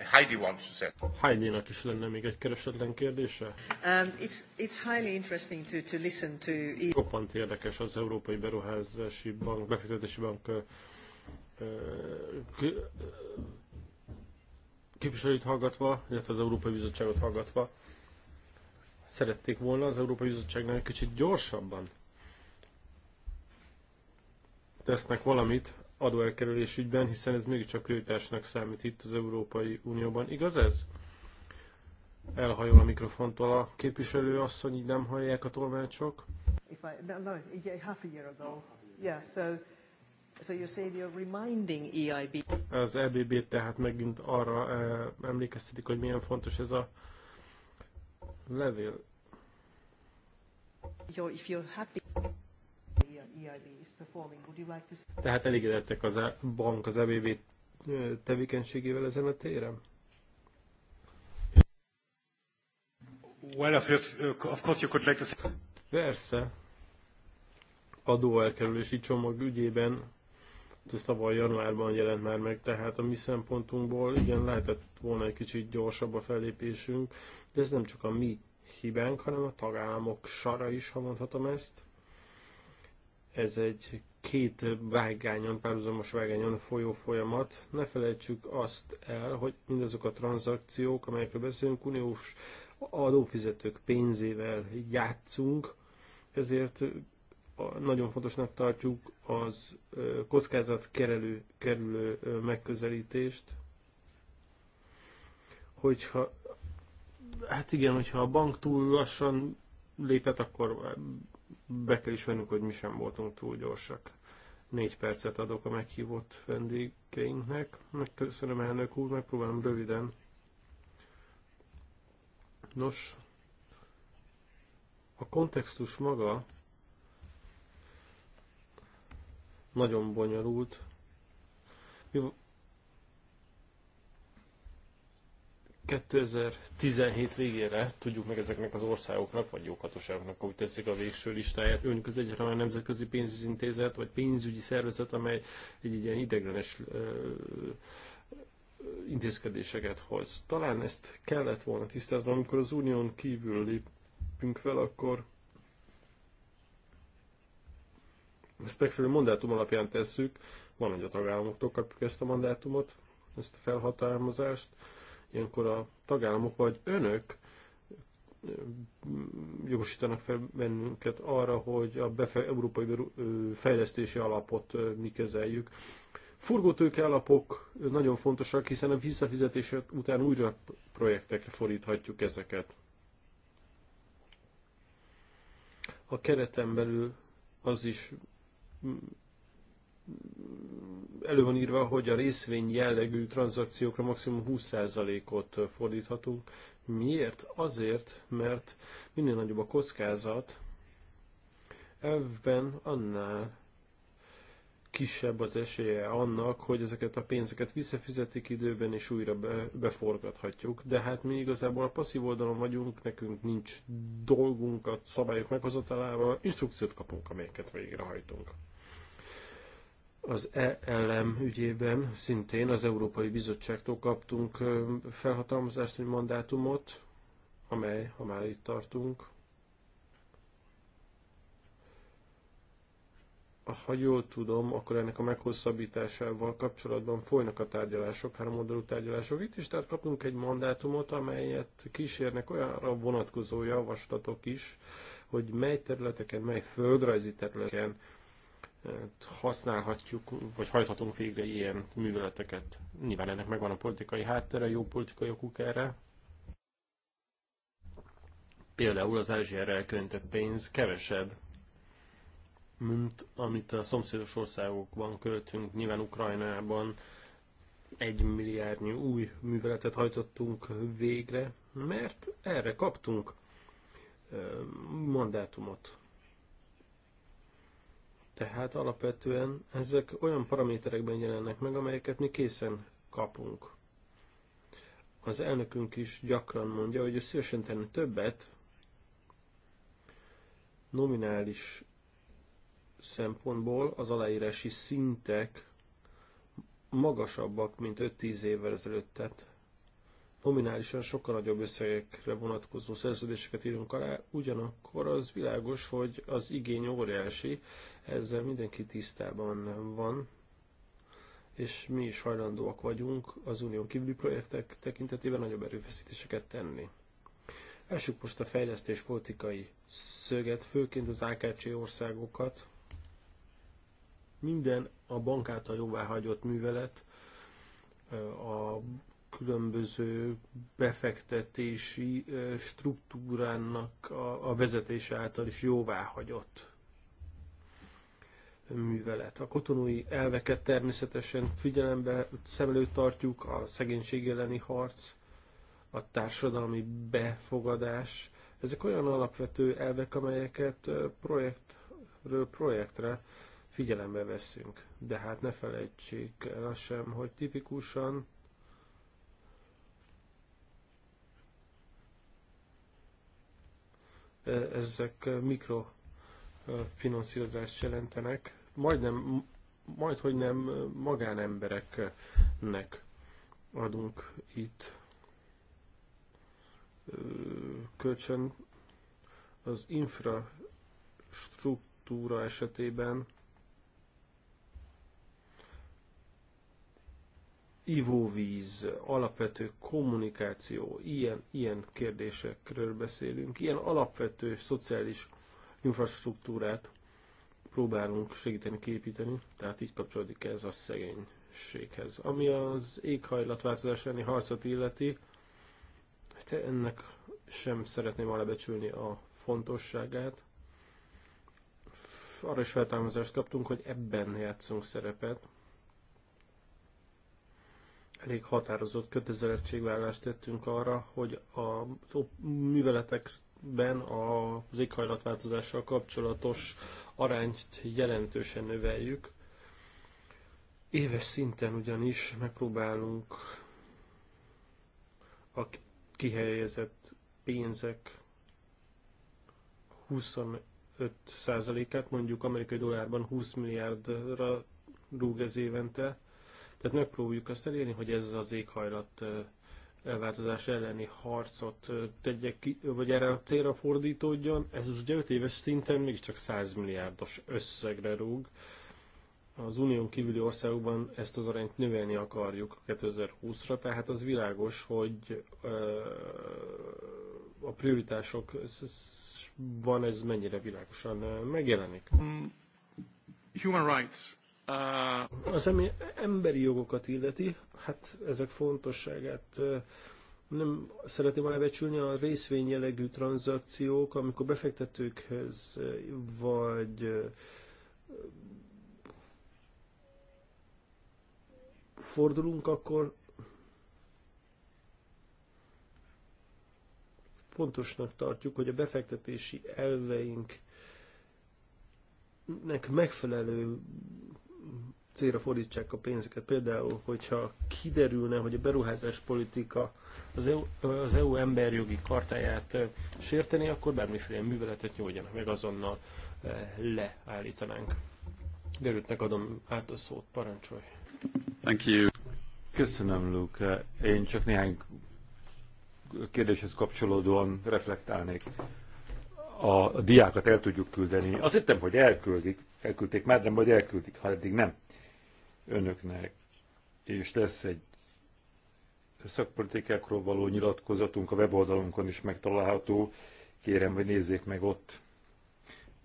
Heidi wants to say. Heidi-nak is lenne még egy keresetlen kérdése. Um, it's, it's highly interesting to, to listen to... E- Roppant érdekes az Európai Beruházási Bank, Befektetési Bank uh, képviselőt hallgatva, illetve az Európai Bizottságot hallgatva, szerették volna az Európai Bizottságnál egy kicsit gyorsabban tesznek valamit adóelkerülés ügyben, hiszen ez mégiscsak prioritásnak számít itt az Európai Unióban. Igaz ez? Elhajol a mikrofontól a képviselő asszony, így nem hallják a tolmácsok. If I, no, no, half a year ago. Yeah, so, so you're reminding EIB. Az EBB tehát megint arra eh, emlékeztetik, hogy milyen fontos ez a levél. You're, if you're happy. E tehát elégedettek az a bank az EBB tevékenységével ezen a téren? Well, of course you could make this... Persze. Adóelkerülési csomag ügyében ez tavaly januárban jelent már meg, tehát a mi szempontunkból igen, lehetett volna egy kicsit gyorsabb a fellépésünk, de ez nem csak a mi hibánk, hanem a tagállamok sara is, ha mondhatom ezt. Ez egy két vágányon, párhuzamos vágányon folyó folyamat. Ne felejtsük azt el, hogy mindazok a tranzakciók, amelyekről beszélünk, uniós adófizetők pénzével játszunk, ezért nagyon fontosnak tartjuk az kockázat kerülő, kerülő megközelítést, hogyha hát igen, hogyha a bank túl lassan lépett, akkor be kell ismernünk, hogy mi sem voltunk túl gyorsak. Négy percet adok a meghívott vendégeinknek. Megköszönöm elnök úr, megpróbálom röviden. Nos, a kontextus maga nagyon bonyolult. Mi 2017 végére tudjuk meg ezeknek az országoknak, vagy joghatóságoknak, ahogy teszik a végső listáját. Önök az egyetlen olyan nemzetközi pénzintézet, vagy pénzügyi szervezet, amely egy ilyen ideglenes intézkedéseket hoz. Talán ezt kellett volna tisztázni, amikor az unión kívül lépünk fel, akkor ezt megfelelő mandátum alapján tesszük, van, hogy a tagállamoktól kapjuk ezt a mandátumot, ezt a felhatalmazást, ilyenkor a tagállamok vagy önök jogosítanak fel bennünket arra, hogy a befe- európai fejlesztési alapot mi kezeljük. Forgótőke alapok nagyon fontosak, hiszen a visszafizetés után újra projektekre fordíthatjuk ezeket. A kereten belül az is elő van írva, hogy a részvény jellegű tranzakciókra maximum 20%-ot fordíthatunk. Miért? Azért, mert minél nagyobb a kockázat, Ebben annál kisebb az esélye annak, hogy ezeket a pénzeket visszafizetik időben és újra be, beforgathatjuk. De hát mi igazából a passzív oldalon vagyunk, nekünk nincs dolgunk a szabályok meghozatalával, instrukciót kapunk, amelyeket végrehajtunk az e ELM ügyében szintén az Európai Bizottságtól kaptunk felhatalmazást, vagy mandátumot, amely, ha már itt tartunk, ha jól tudom, akkor ennek a meghosszabbításával kapcsolatban folynak a tárgyalások, háromoldalú tárgyalások itt is, tehát kapunk egy mandátumot, amelyet kísérnek olyanra vonatkozó javaslatok is, hogy mely területeken, mely földrajzi területeken Hát, használhatjuk, vagy hajthatunk végre ilyen műveleteket. Nyilván ennek megvan a politikai háttere, jó politikai okuk erre. Például az Ázsiára elköntett pénz kevesebb, mint amit a szomszédos országokban költünk. Nyilván Ukrajnában egy milliárdnyi új műveletet hajtottunk végre, mert erre kaptunk mandátumot tehát alapvetően ezek olyan paraméterekben jelennek meg, amelyeket mi készen kapunk. Az elnökünk is gyakran mondja, hogy ő szívesen tenne többet nominális szempontból az aláírási szintek magasabbak, mint 5-10 évvel ezelőtt. Tehát nominálisan sokkal nagyobb összegekre vonatkozó szerződéseket írunk alá, ugyanakkor az világos, hogy az igény óriási, ezzel mindenki tisztában van, és mi is hajlandóak vagyunk az unión kívüli projektek tekintetében nagyobb erőfeszítéseket tenni. Elsők most a fejlesztés politikai szöget, főként az AKC országokat. Minden a bank által jóváhagyott művelet, a különböző befektetési struktúrának a, a vezetése által is jóváhagyott művelet. A kotonói elveket természetesen figyelembe, szem előtt tartjuk, a szegénység elleni harc, a társadalmi befogadás. Ezek olyan alapvető elvek, amelyeket projektről projektre figyelembe veszünk. De hát ne felejtsék el sem, hogy tipikusan ezek mikrofinanszírozást jelentenek, majdnem, majd hogy nem magánembereknek adunk itt kölcsön az infrastruktúra esetében ivóvíz, alapvető kommunikáció, ilyen, ilyen kérdésekről beszélünk, ilyen alapvető szociális infrastruktúrát próbálunk segíteni képíteni, tehát így kapcsolódik ez a szegénységhez. Ami az éghajlatváltozás elleni harcot illeti, hát ennek sem szeretném alábecsülni a fontosságát. Arra is feltámozást kaptunk, hogy ebben játszunk szerepet, elég határozott kötelezettségvállást tettünk arra, hogy a műveletekben az éghajlatváltozással kapcsolatos arányt jelentősen növeljük. Éves szinten ugyanis megpróbálunk a kihelyezett pénzek 25%-át, mondjuk amerikai dollárban 20 milliárdra rúg ez évente, tehát megpróbáljuk azt elérni, hogy ez az éghajlat elváltozás elleni harcot tegyek ki, vagy erre a célra fordítódjon. Ez ugye 5 éves szinten mégiscsak 100 milliárdos összegre rúg. Az unión kívüli országokban ezt az arányt növelni akarjuk 2020-ra, tehát az világos, hogy a prioritások van ez mennyire világosan megjelenik. Um, human rights. Az ami emberi jogokat illeti, hát ezek fontosságát nem szeretném alávecsülni a részvényjelegű tranzakciók, amikor befektetőkhez vagy fordulunk, akkor fontosnak tartjuk, hogy a befektetési elveinknek megfelelő célra fordítsák a pénzeket. Például, hogyha kiderülne, hogy a beruházás politika az EU, az EU emberjogi kartáját sérteni, akkor bármiféle műveletet nyújtjanak meg, azonnal leállítanánk. Gerültnek adom át a szót, parancsolj. Thank you. Köszönöm, Luke. Én csak néhány kérdéshez kapcsolódóan reflektálnék. A diákat el tudjuk küldeni. Azt hittem, hogy elküldik, elküldték már, nem, vagy elküldik, ha eddig nem önöknek, és lesz egy szakpolitikákról való nyilatkozatunk a weboldalunkon is megtalálható. Kérem, hogy nézzék meg ott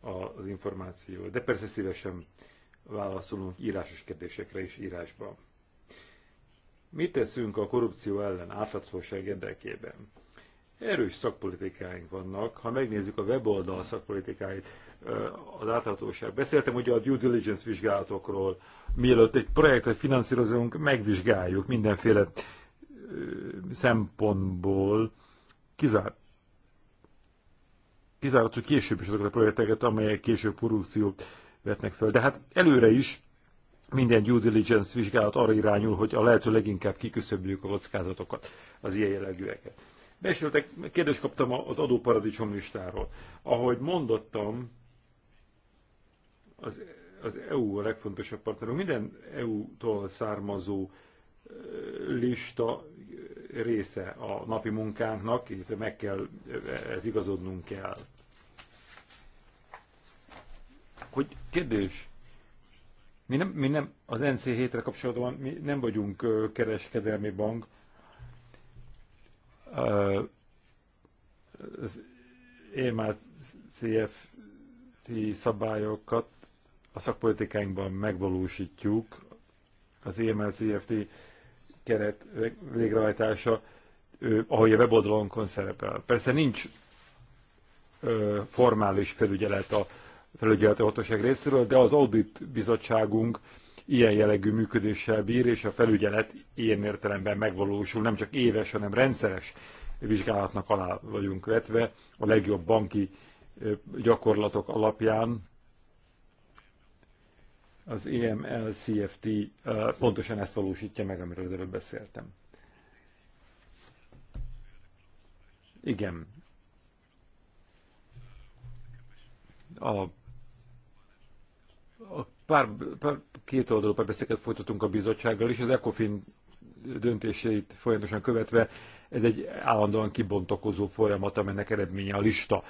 az információt. De persze szívesen válaszolunk írásos kérdésekre is írásban. Mit teszünk a korrupció ellen átláthatóság érdekében? Erős szakpolitikáink vannak. Ha megnézzük a weboldal szakpolitikáit, az átláthatóság. Beszéltem ugye a due diligence vizsgálatokról, mielőtt egy projektet finanszírozunk, megvizsgáljuk mindenféle szempontból, kizárt kizárt, hogy később is azokat a projekteket, amelyek később produkciót vetnek föl. De hát előre is minden due diligence vizsgálat arra irányul, hogy a lehető leginkább kiküszöbbjük a kockázatokat, az ilyen jellegűeket. Besültek, kérdést kaptam az adóparadicsom listáról. Ahogy mondottam, az, az EU a legfontosabb partnerünk. Minden EU-tól származó lista része a napi munkánknak, illetve meg kell, ez igazodnunk kell. Hogy kérdés, mi nem, mi nem az NC7-re kapcsolatban mi nem vagyunk kereskedelmi bank. Az EMA CFT szabályokat a szakpolitikáinkban megvalósítjuk az EML-CFT keret végrehajtása, ahogy a weboldalonkon szerepel. Persze nincs formális felügyelet a felügyeleti hatóság részéről, de az audit bizottságunk ilyen jellegű működéssel bír, és a felügyelet ilyen értelemben megvalósul, nem csak éves, hanem rendszeres vizsgálatnak alá vagyunk vetve, a legjobb banki gyakorlatok alapján, az EML-CFT pontosan ezt valósítja meg, amiről az előbb beszéltem. Igen. A, a pár, pár két oldalú párbeszéket folytatunk a bizottsággal is, az ECOFIN döntéseit folyamatosan követve, ez egy állandóan kibontakozó folyamat, amelynek eredménye a lista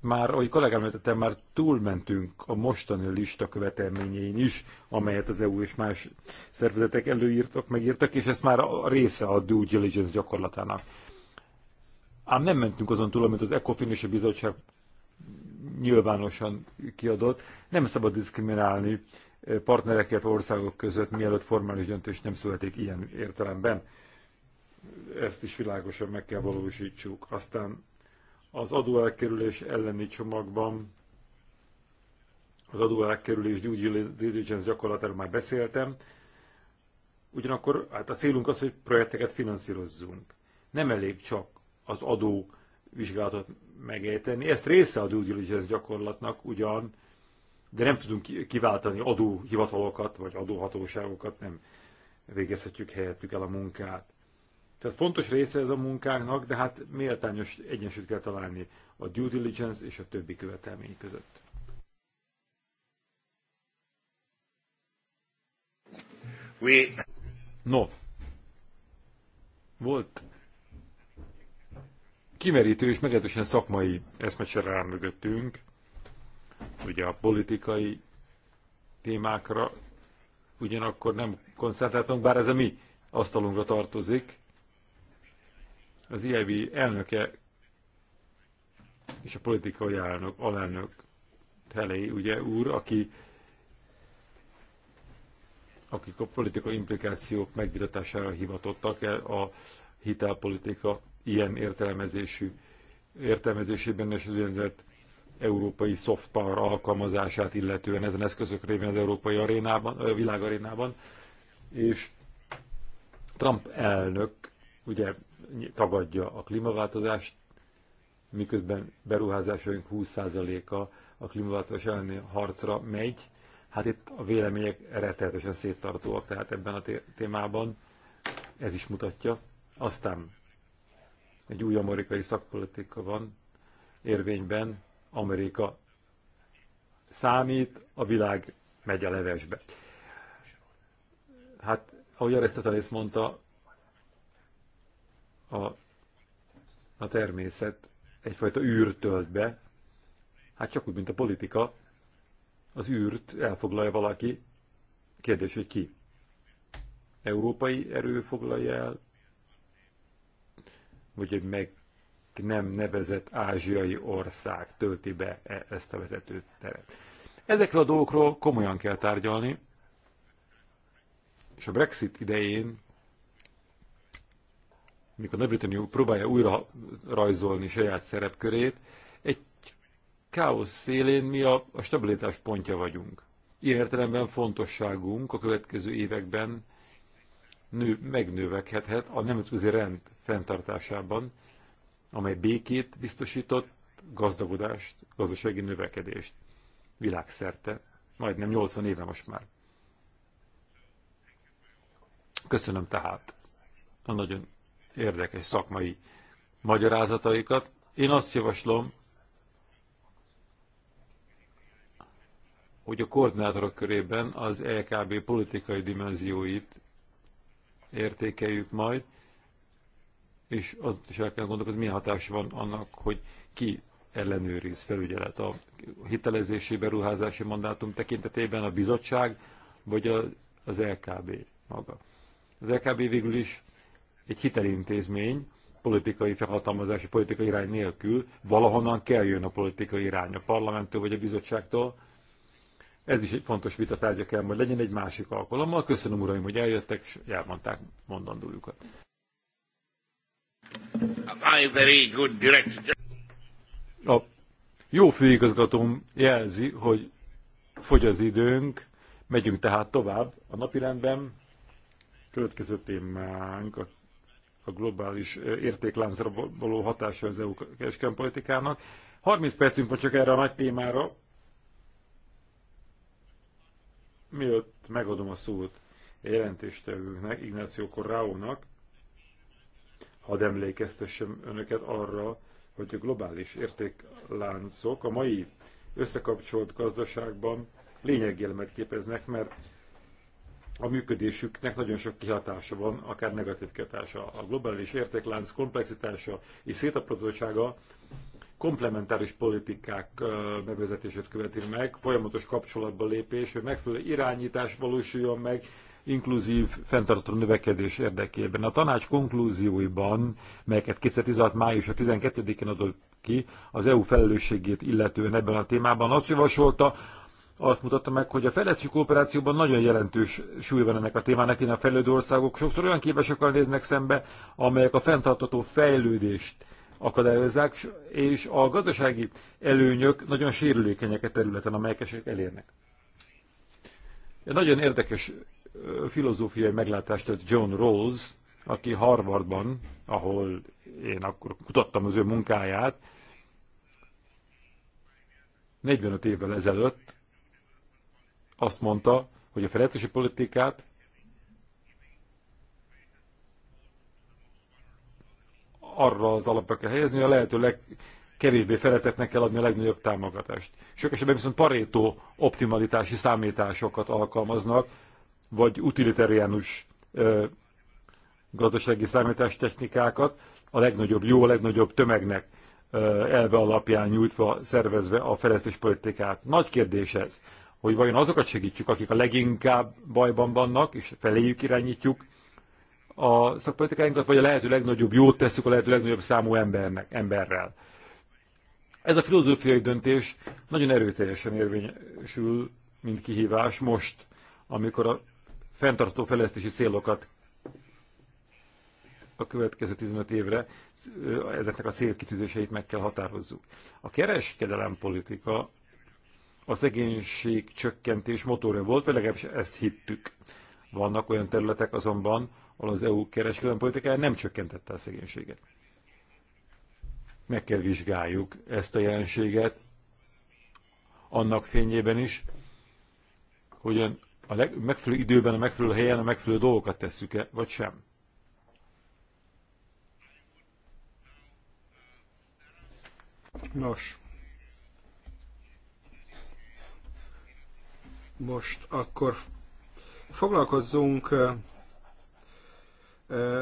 már, ahogy kollégám említettem, már túlmentünk a mostani lista követelményein is, amelyet az EU és más szervezetek előírtak, megírtak, és ez már a része a due diligence gyakorlatának. Ám nem mentünk azon túl, amit az ECOFIN és a bizottság nyilvánosan kiadott. Nem szabad diszkriminálni eh, partnereket országok között, mielőtt formális döntés nem születik ilyen értelemben. Ezt is világosan meg kell valósítsuk. Aztán az adóelkerülés elleni csomagban az adóelkerülés due diligence gyakorlatáról már beszéltem. Ugyanakkor hát a célunk az, hogy projekteket finanszírozzunk. Nem elég csak az adó vizsgálatot megejteni. Ezt része a due diligence gyakorlatnak ugyan, de nem tudunk kiváltani adóhivatalokat vagy adóhatóságokat, nem végezhetjük helyettük el a munkát. Tehát fontos része ez a munkánknak, de hát méltányos egyensúlyt kell találni a due diligence és a többi követelmény között. We... No, volt kimerítő és meglehetősen szakmai eszmecsere áll mögöttünk, ugye a politikai témákra ugyanakkor nem koncentráltunk, bár ez a mi asztalunkra tartozik, az IIB elnöke és a politikai elnök, alelnök Helé, ugye úr, aki akik a politikai implikációk megvitatására hivatottak el a hitelpolitika ilyen értelmezésű értelmezésében és az úgynevezett európai soft power alkalmazását illetően ezen eszközök révén az európai arénában, a világarénában. És Trump elnök ugye tagadja a klímaváltozást, miközben beruházásaink 20%-a a klímaváltozás elleni harcra megy. Hát itt a vélemények rettenetesen széttartóak, tehát ebben a témában ez is mutatja. Aztán egy új amerikai szakpolitika van érvényben, Amerika számít, a világ megy a levesbe. Hát, ahogy Arisztotelész mondta, a, a természet egyfajta űrt tölt be, hát csak úgy, mint a politika, az űrt elfoglalja valaki, kérdés, hogy ki. Európai erő foglalja el, vagy egy meg nem nevezett ázsiai ország tölti be e, ezt a vezető teret. Ezekről a dolgokról komolyan kell tárgyalni, és a Brexit idején mikor Nagy-Britannia próbálja újra rajzolni saját szerepkörét, egy káosz szélén mi a, a stabilitás pontja vagyunk. Ilyen értelemben fontosságunk a következő években nő, megnövekedhet a nemzetközi rend fenntartásában, amely békét biztosított, gazdagodást, gazdasági növekedést világszerte, majdnem 80 éve most már. Köszönöm tehát a nagyon érdekes szakmai magyarázataikat. Én azt javaslom, hogy a koordinátorok körében az LKB e politikai dimenzióit értékeljük majd, és az is el kell hogy milyen hatás van annak, hogy ki ellenőriz felügyelet a hitelezési beruházási mandátum tekintetében a bizottság, vagy az LKB e maga. Az LKB e végül is egy hitelintézmény politikai felhatalmazási, politikai irány nélkül valahonnan kell jön a politikai irány, a parlamenttől vagy a bizottságtól. Ez is egy fontos vita tárgya kell majd legyen egy másik alkalommal. Köszönöm uraim, hogy eljöttek, és elmondták mondandójukat. A jó főigazgatóm jelzi, hogy fogy az időnk, megyünk tehát tovább a napirendben. Következő témánk a a globális értékláncra való hatása az EU kereskedelmi politikának. 30 percünk van csak erre a nagy témára. Mielőtt megadom a szót a jelentéstevőnknek, Ignácio Corrao-nak, hadd emlékeztessem önöket arra, hogy a globális értékláncok a mai összekapcsolt gazdaságban lényegjelmet képeznek, mert a működésüknek nagyon sok kihatása van, akár negatív kihatása. A globális értéklánc komplexitása és szétaprozottsága komplementáris politikák bevezetését követi meg, folyamatos kapcsolatba lépés, hogy megfelelő irányítás valósuljon meg, inkluzív, fenntartó növekedés érdekében. A tanács konklúzióiban, melyeket 2016. május a 12-én adott ki, az EU felelősségét illetően ebben a témában azt javasolta, azt mutatta meg, hogy a fejlesztési kooperációban nagyon jelentős súly van ennek a témának, én a fejlődő országok sokszor olyan képesekkel néznek szembe, amelyek a fenntartató fejlődést akadályozzák, és a gazdasági előnyök nagyon sérülékenyek a e területen, amelyek esetleg elérnek. Egy nagyon érdekes filozófiai meglátást tett John Rawls, aki Harvardban, ahol én akkor kutattam az ő munkáját, 45 évvel ezelőtt azt mondta, hogy a fejlesztési politikát arra az alapra kell helyezni, hogy a lehető legkevésbé feletetnek kell adni a legnagyobb támogatást. Sok esetben viszont parétó optimalitási számításokat alkalmaznak, vagy utilitáriánus gazdasági számítástechnikákat a legnagyobb jó, a legnagyobb tömegnek elve alapján nyújtva, szervezve a fejlesztés politikát. Nagy kérdés ez hogy vajon azokat segítsük, akik a leginkább bajban vannak, és feléjük irányítjuk a szakpolitikáinkat, vagy a lehető legnagyobb jót tesszük a lehető legnagyobb számú embernek, emberrel. Ez a filozófiai döntés nagyon erőteljesen érvényesül, mint kihívás most, amikor a fenntartó fejlesztési célokat a következő 15 évre ezeknek a célkitűzéseit meg kell határozzuk. A kereskedelem politika a szegénység csökkentés motorja volt, vagy legalábbis ezt hittük. Vannak olyan területek azonban, ahol az EU kereskedelmi politikája nem csökkentette a szegénységet. Meg kell vizsgáljuk ezt a jelenséget, annak fényében is, hogy a leg, megfelelő időben, a megfelelő helyen a megfelelő dolgokat tesszük-e, vagy sem. Nos, Most akkor foglalkozzunk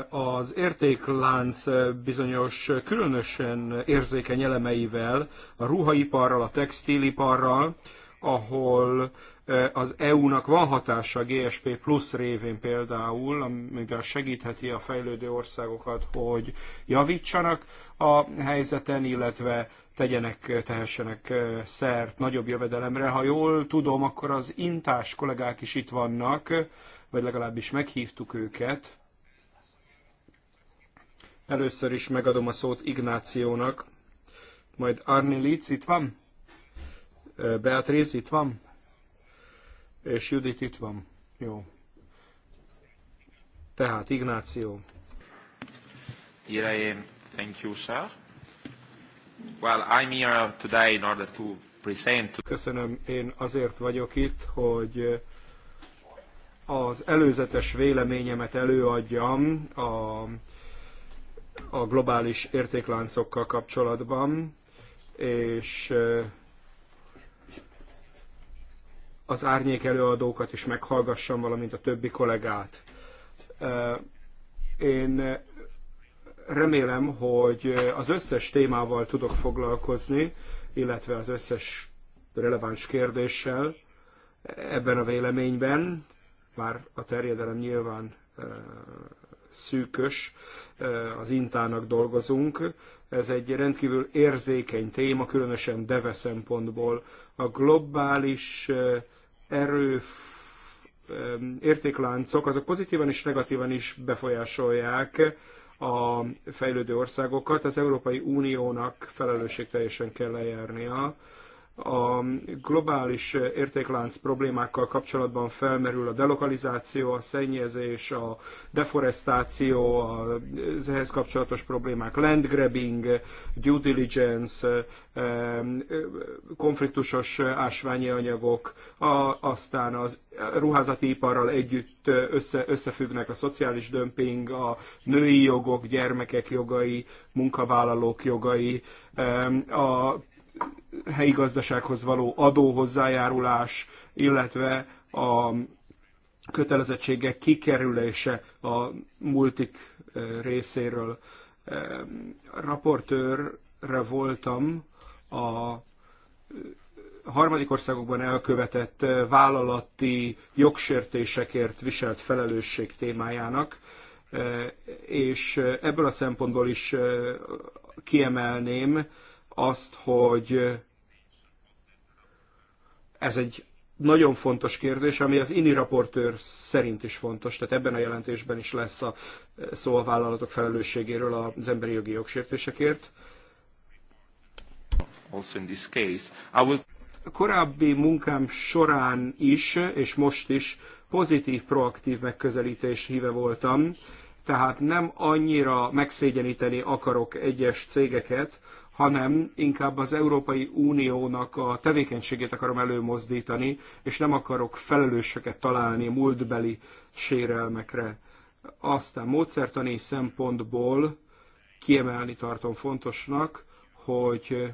az értéklánc bizonyos különösen érzékeny elemeivel, a ruhaiparral, a textiliparral, ahol eh, az EU-nak van hatása a GSP plusz révén például, amivel segítheti a fejlődő országokat, hogy javítsanak a helyzeten, illetve tegyenek, tehessenek eh, szert nagyobb jövedelemre. Ha jól tudom, akkor az intás kollégák is itt vannak, vagy legalábbis meghívtuk őket. Először is megadom a szót Ignációnak, majd Arni Litz itt van? Beatriz itt van? És Judit itt van. Jó. Tehát Ignáció. am thank you, sir. Well, I'm here today in order to present... To... Köszönöm, én azért vagyok itt, hogy az előzetes véleményemet előadjam a, a globális értékláncokkal kapcsolatban, és az árnyék előadókat is meghallgassam, valamint a többi kollégát. Én remélem, hogy az összes témával tudok foglalkozni, illetve az összes releváns kérdéssel ebben a véleményben, bár a terjedelem nyilván szűkös, az intának dolgozunk. Ez egy rendkívül érzékeny téma, különösen deve szempontból. A globális erő értékláncok, azok pozitívan és negatívan is befolyásolják a fejlődő országokat. Az Európai Uniónak felelősségteljesen kell lejárnia a globális értéklánc problémákkal kapcsolatban felmerül a delokalizáció, a szennyezés, a deforestáció, az ehhez kapcsolatos problémák, land grabbing due diligence, eh, konfliktusos ásványi anyagok, a, aztán az ruházati iparral együtt össze, összefüggnek a szociális dömping, a női jogok, gyermekek jogai, munkavállalók jogai, eh, a helyi gazdasághoz való adóhozzájárulás, illetve a kötelezettségek kikerülése a multik eh, részéről. Eh, raportőrre voltam a eh, harmadik országokban elkövetett vállalati jogsértésekért viselt felelősség témájának, és ebből a szempontból is kiemelném azt, hogy ez egy nagyon fontos kérdés, ami az INI raportőr szerint is fontos, tehát ebben a jelentésben is lesz a szó a vállalatok felelősségéről az emberi jogi jogsértésekért. Also in this case, I will... Korábbi munkám során is, és most is pozitív, proaktív megközelítés híve voltam, tehát nem annyira megszégyeníteni akarok egyes cégeket, hanem inkább az Európai Uniónak a tevékenységét akarom előmozdítani, és nem akarok felelőseket találni múltbeli sérelmekre. Aztán módszertani szempontból kiemelni tartom fontosnak, hogy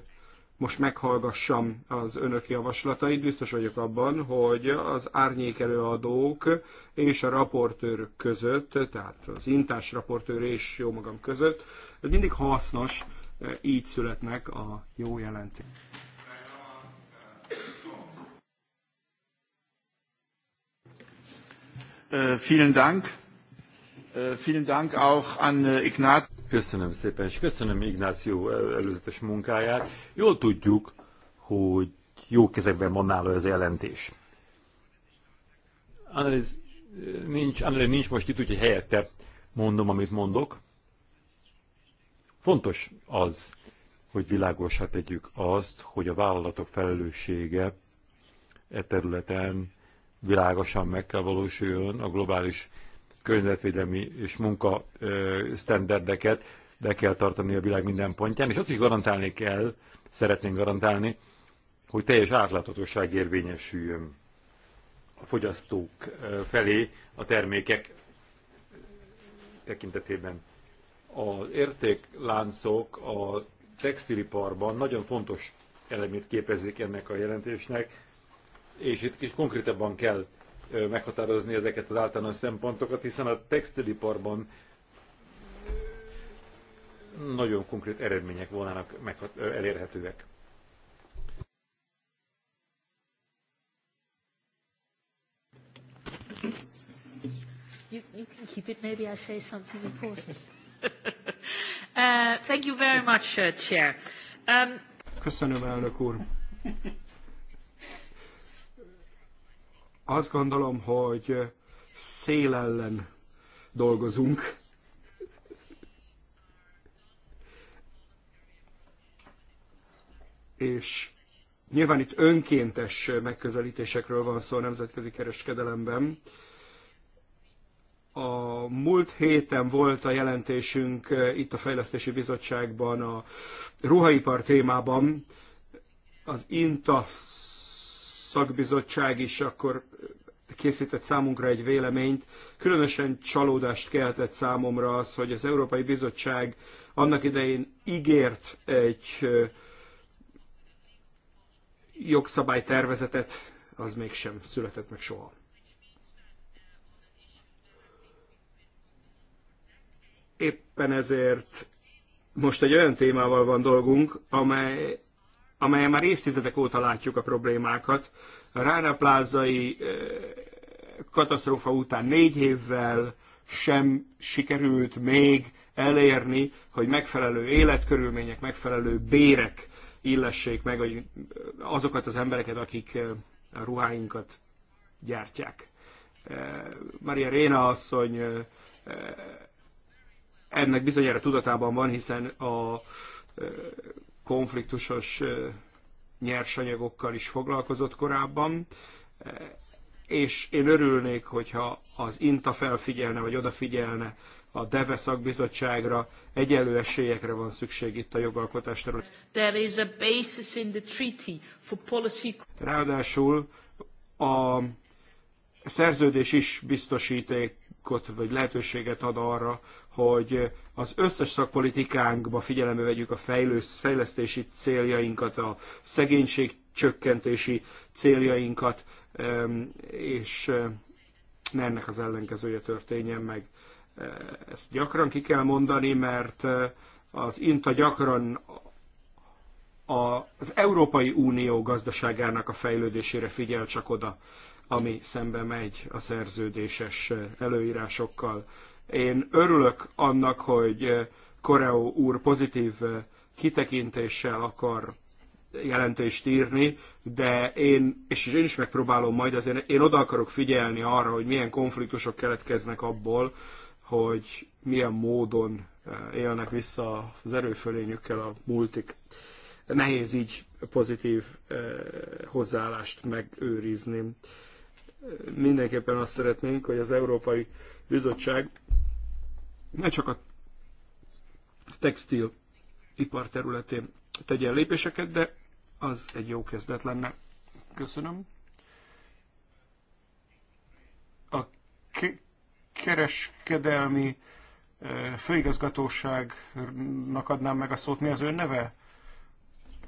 most meghallgassam az önök javaslatait. Biztos vagyok abban, hogy az árnyékelőadók és a raportőrök között, tehát az intás raportőr és jó magam között, ez mindig hasznos így születnek a jó jelentések. Vielen Dank. Vielen Dank auch an äh, Köszönöm szépen, és köszönöm Ignáció előzetes munkáját. Jól tudjuk, hogy jó kezekben van nála ez a jelentés. Anneliz nincs, nincs most itt, úgyhogy helyette mondom, amit mondok. Fontos az, hogy világosá tegyük azt, hogy a vállalatok felelőssége e területen világosan meg kell valósuljon a globális környezetvédelmi és munka sztenderdeket be kell tartani a világ minden pontján, és ott is garantálni kell, szeretnénk garantálni, hogy teljes átláthatóság érvényesüljön a fogyasztók felé a termékek tekintetében az értékláncok a textiliparban nagyon fontos elemét képezik ennek a jelentésnek, és itt kis konkrétabban kell meghatározni ezeket az általános szempontokat, hiszen a textiliparban nagyon konkrét eredmények volnának elérhetőek. You, you can keep it. Maybe I say something important. Uh, thank you very much, uh, Chair. Um... Köszönöm, elnök úr. Azt gondolom, hogy szél ellen dolgozunk. És nyilván itt önkéntes megközelítésekről van szó a nemzetközi kereskedelemben. A múlt héten volt a jelentésünk eh, itt a Fejlesztési Bizottságban a ruhaipar témában. Az INTA szakbizottság is akkor készített számunkra egy véleményt. Különösen csalódást keltett számomra az, hogy az Európai Bizottság annak idején ígért egy eh, jogszabálytervezetet, az mégsem született meg soha. Éppen ezért most egy olyan témával van dolgunk, amely, amelyen már évtizedek óta látjuk a problémákat. A Rána plázai katasztrófa után négy évvel sem sikerült még elérni, hogy megfelelő életkörülmények, megfelelő bérek illessék meg azokat az embereket, akik a ruháinkat gyártják. Maria Réna asszony ennek bizonyára tudatában van, hiszen a konfliktusos nyersanyagokkal is foglalkozott korábban, és én örülnék, hogyha az INTA felfigyelne, vagy odafigyelne a DEVE szakbizottságra, egyenlő esélyekre van szükség itt a jogalkotás területén. Ráadásul a szerződés is biztosíték alapot vagy lehetőséget ad arra, hogy az összes szakpolitikánkba figyelembe vegyük a fejlesztési céljainkat, a szegénység csökkentési céljainkat, és ne ennek az ellenkezője történjen meg. E, ezt gyakran ki kell mondani, mert e, az INTA gyakran az Európai Unió gazdaságának a fejlődésére figyel csak oda ami szembe megy a szerződéses előírásokkal. Én örülök annak, hogy Koreó eh, úr pozitív eh, kitekintéssel akar jelentést írni, de én, és én is megpróbálom majd, azért én oda akarok figyelni arra, hogy milyen konfliktusok keletkeznek abból, hogy milyen módon eh, élnek vissza az erőfölényükkel a multik. Nehéz így pozitív hozzáállást megőrizni mindenképpen azt szeretnénk, hogy az Európai Bizottság ne csak a textil ipar területén tegyen lépéseket, de az egy jó kezdet lenne. Köszönöm. A kereskedelmi főigazgatóságnak adnám meg a szót. Mi az ön neve?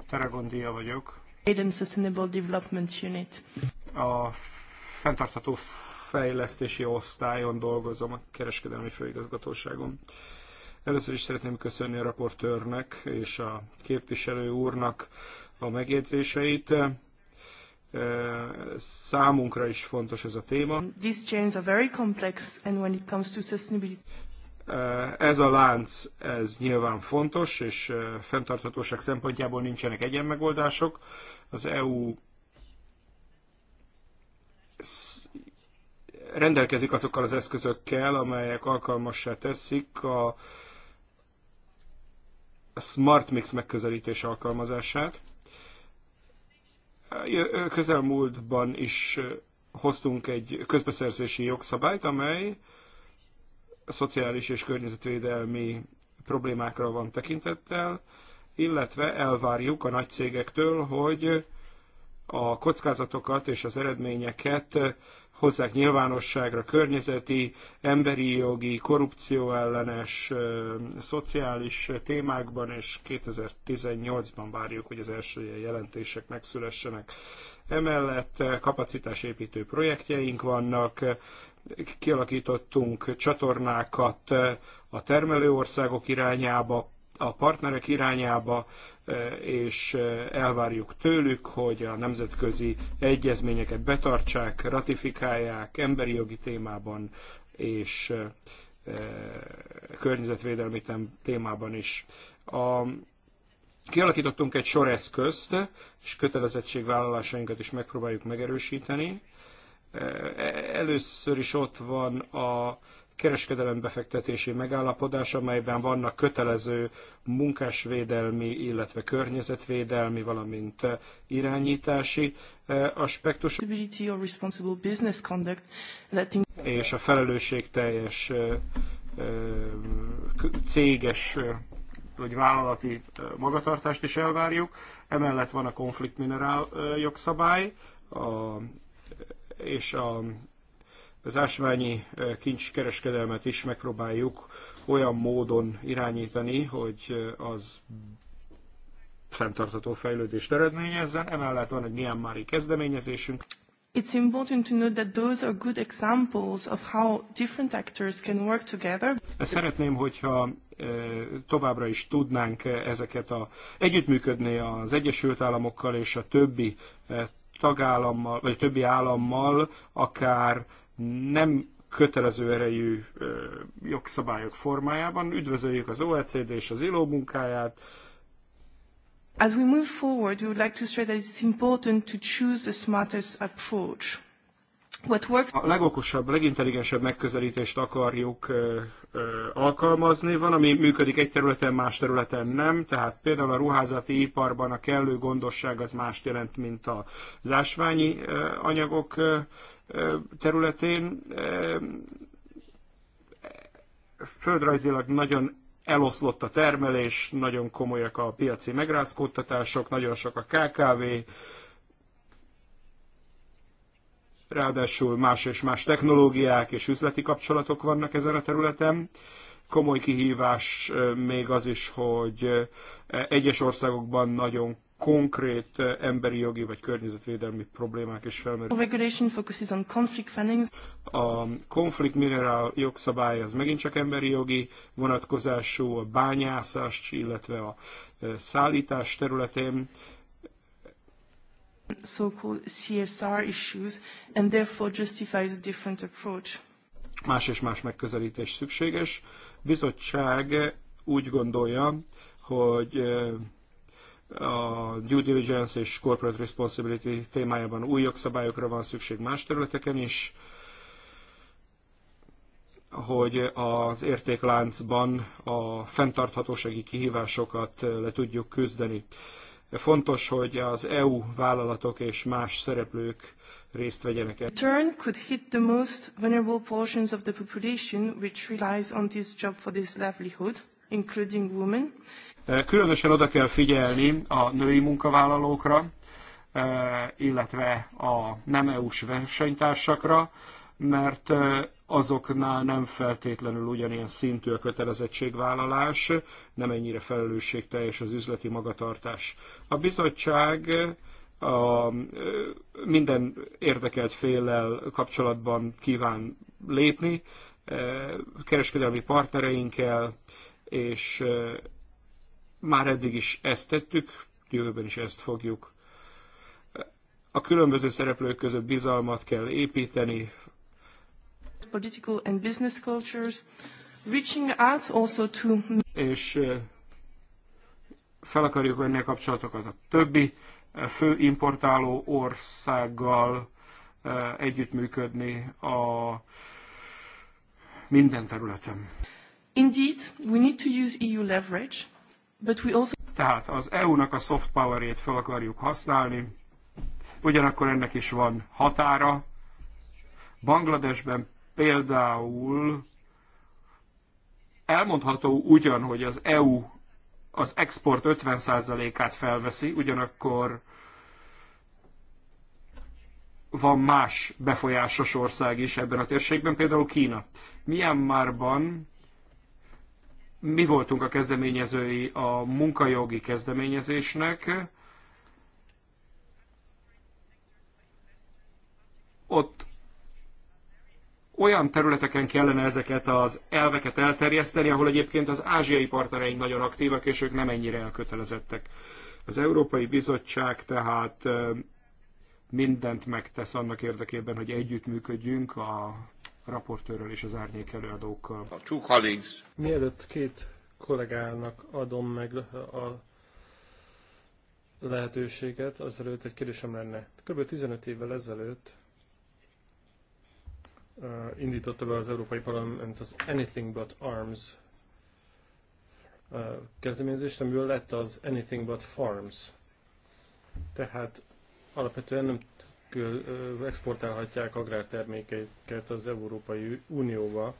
Teragondia vagyok. Aid Sustainable Development Unit. A fenntartható fejlesztési osztályon dolgozom a kereskedelmi főigazgatóságon. Először is szeretném köszönni a raportőrnek és a képviselő úrnak a megjegyzéseit. E, számunkra is fontos ez a téma. E, ez a lánc, ez nyilván fontos, és e, fenntarthatóság szempontjából nincsenek egyen megoldások. Az EU rendelkezik azokkal az eszközökkel, amelyek alkalmassá teszik a Smart Mix megközelítés alkalmazását. Közelmúltban is hoztunk egy közbeszerzési jogszabályt, amely szociális és környezetvédelmi problémákra van tekintettel, illetve elvárjuk a nagy cégektől, hogy a kockázatokat és az eredményeket hozzák nyilvánosságra környezeti, emberi jogi, korrupcióellenes, szociális témákban, és 2018-ban várjuk, hogy az első ilyen jelentések megszülessenek. Emellett kapacitásépítő projektjeink vannak, kialakítottunk csatornákat a termelőországok irányába, a partnerek irányába, e, és e, elvárjuk tőlük, hogy a nemzetközi egyezményeket betartsák, ratifikálják emberi jogi témában és e, környezetvédelmi témában is. A, kialakítottunk egy sor eszközt, és kötelezettségvállalásainkat is megpróbáljuk megerősíteni. Először is ott van a kereskedelem befektetési megállapodás, amelyben vannak kötelező munkásvédelmi, illetve környezetvédelmi, valamint eh, irányítási eh, aspektusok. És a felelősségteljes eh, céges vagy vállalati magatartást is elvárjuk. Emellett van a konfliktminerál jogszabály a, és a az ásványi eh, kincskereskedelmet is megpróbáljuk olyan módon irányítani, hogy eh, az fenntartható fejlődést eredményezzen. Emellett van egy Myanmari kezdeményezésünk. It's important to note that those are good examples of how different actors can work together. Szeretném, hogyha eh, továbbra is tudnánk ezeket a, együttműködni az Egyesült Államokkal és a többi tagállammal, vagy többi állammal, akár nem kötelező erejű jogszabályok formájában. Üdvözöljük az OECD és az ILO munkáját. As we move forward, we would like to stress that it's important to choose the smartest approach. What works... A legokosabb, legintelligensebb megközelítést akarjuk ö, ö, alkalmazni. Van, ami működik egy területen, más területen nem. Tehát például a ruházati iparban a kellő gondosság az mást jelent, mint az ásványi ö, anyagok területén földrajzilag nagyon eloszlott a termelés, nagyon komolyak a piaci megrázkódtatások, nagyon sok a KKV, ráadásul más és más technológiák és üzleti kapcsolatok vannak ezen a területen. Komoly kihívás még az is, hogy egyes országokban nagyon konkrét eh, emberi jogi vagy környezetvédelmi problémák is felmerülnek. A konflikt minerál jogszabály az megint csak emberi jogi vonatkozású, a bányászás, illetve a eh, szállítás területén so-called CSR issues and therefore justifies a different approach. Más és más megközelítés szükséges. Bizottság úgy gondolja, hogy eh, a due diligence és corporate responsibility témájában új jogszabályokra van szükség más területeken is, hogy az értékláncban a fenntarthatósági kihívásokat le tudjuk küzdeni. Fontos, hogy az EU vállalatok és más szereplők részt vegyenek el. Turn could hit the most vulnerable portions of the population which relies on this job for this livelihood, including women Különösen oda kell figyelni a női munkavállalókra, illetve a nem EU-s versenytársakra, mert azoknál nem feltétlenül ugyanilyen szintű a kötelezettségvállalás, nem ennyire felelősségteljes az üzleti magatartás. A bizottság a, minden érdekelt féllel kapcsolatban kíván lépni, kereskedelmi partnereinkkel, és már eddig is ezt tettük, jövőben is ezt fogjuk. A különböző szereplők között bizalmat kell építeni. Political and business cultures, reaching out also to... És fel akarjuk venni a kapcsolatokat a többi fő importáló országgal együttműködni a minden területen. Indeed, we need to use EU leverage But we also... Tehát az EU-nak a soft powerét fel akarjuk használni, ugyanakkor ennek is van határa. Bangladesben például elmondható ugyan, hogy az EU az export 50%-át felveszi, ugyanakkor van más befolyásos ország is ebben a térségben, például Kína. Myanmarban mi voltunk a kezdeményezői a munkajogi kezdeményezésnek. Ott olyan területeken kellene ezeket az elveket elterjeszteni, ahol egyébként az ázsiai partnereink nagyon aktívak, és ők nem ennyire elkötelezettek. Az Európai Bizottság tehát mindent megtesz annak érdekében, hogy együttműködjünk a raportőrrel és az árnyék előadókkal. Mielőtt két kollégának adom meg a lehetőséget, azelőtt egy kérdésem lenne. Kb. 15 évvel ezelőtt uh, indította be az Európai Parlament az Anything But Arms kezdeményezést, amiből lett az Anything But Farms. Tehát alapvetően nem exportálhatják agrártermékeiket az Európai Unióba.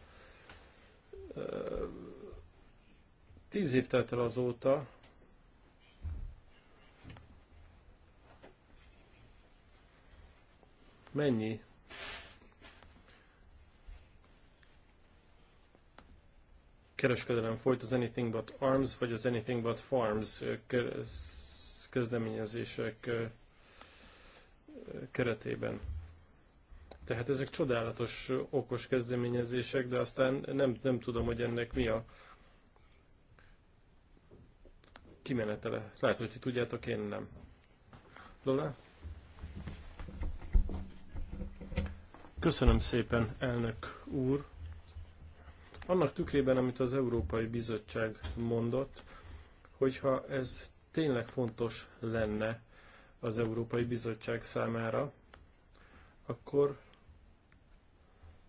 Tíz év telt el azóta, mennyi kereskedelem folyt az Anything But Arms vagy az Anything But Farms kezdeményezések keretében. Tehát ezek csodálatos, okos kezdeményezések, de aztán nem, nem tudom, hogy ennek mi a kimenetele. Lehet, hogy ti tudjátok, én nem. Lola? Köszönöm szépen, elnök úr. Annak tükrében, amit az Európai Bizottság mondott, hogyha ez tényleg fontos lenne, az Európai Bizottság számára, akkor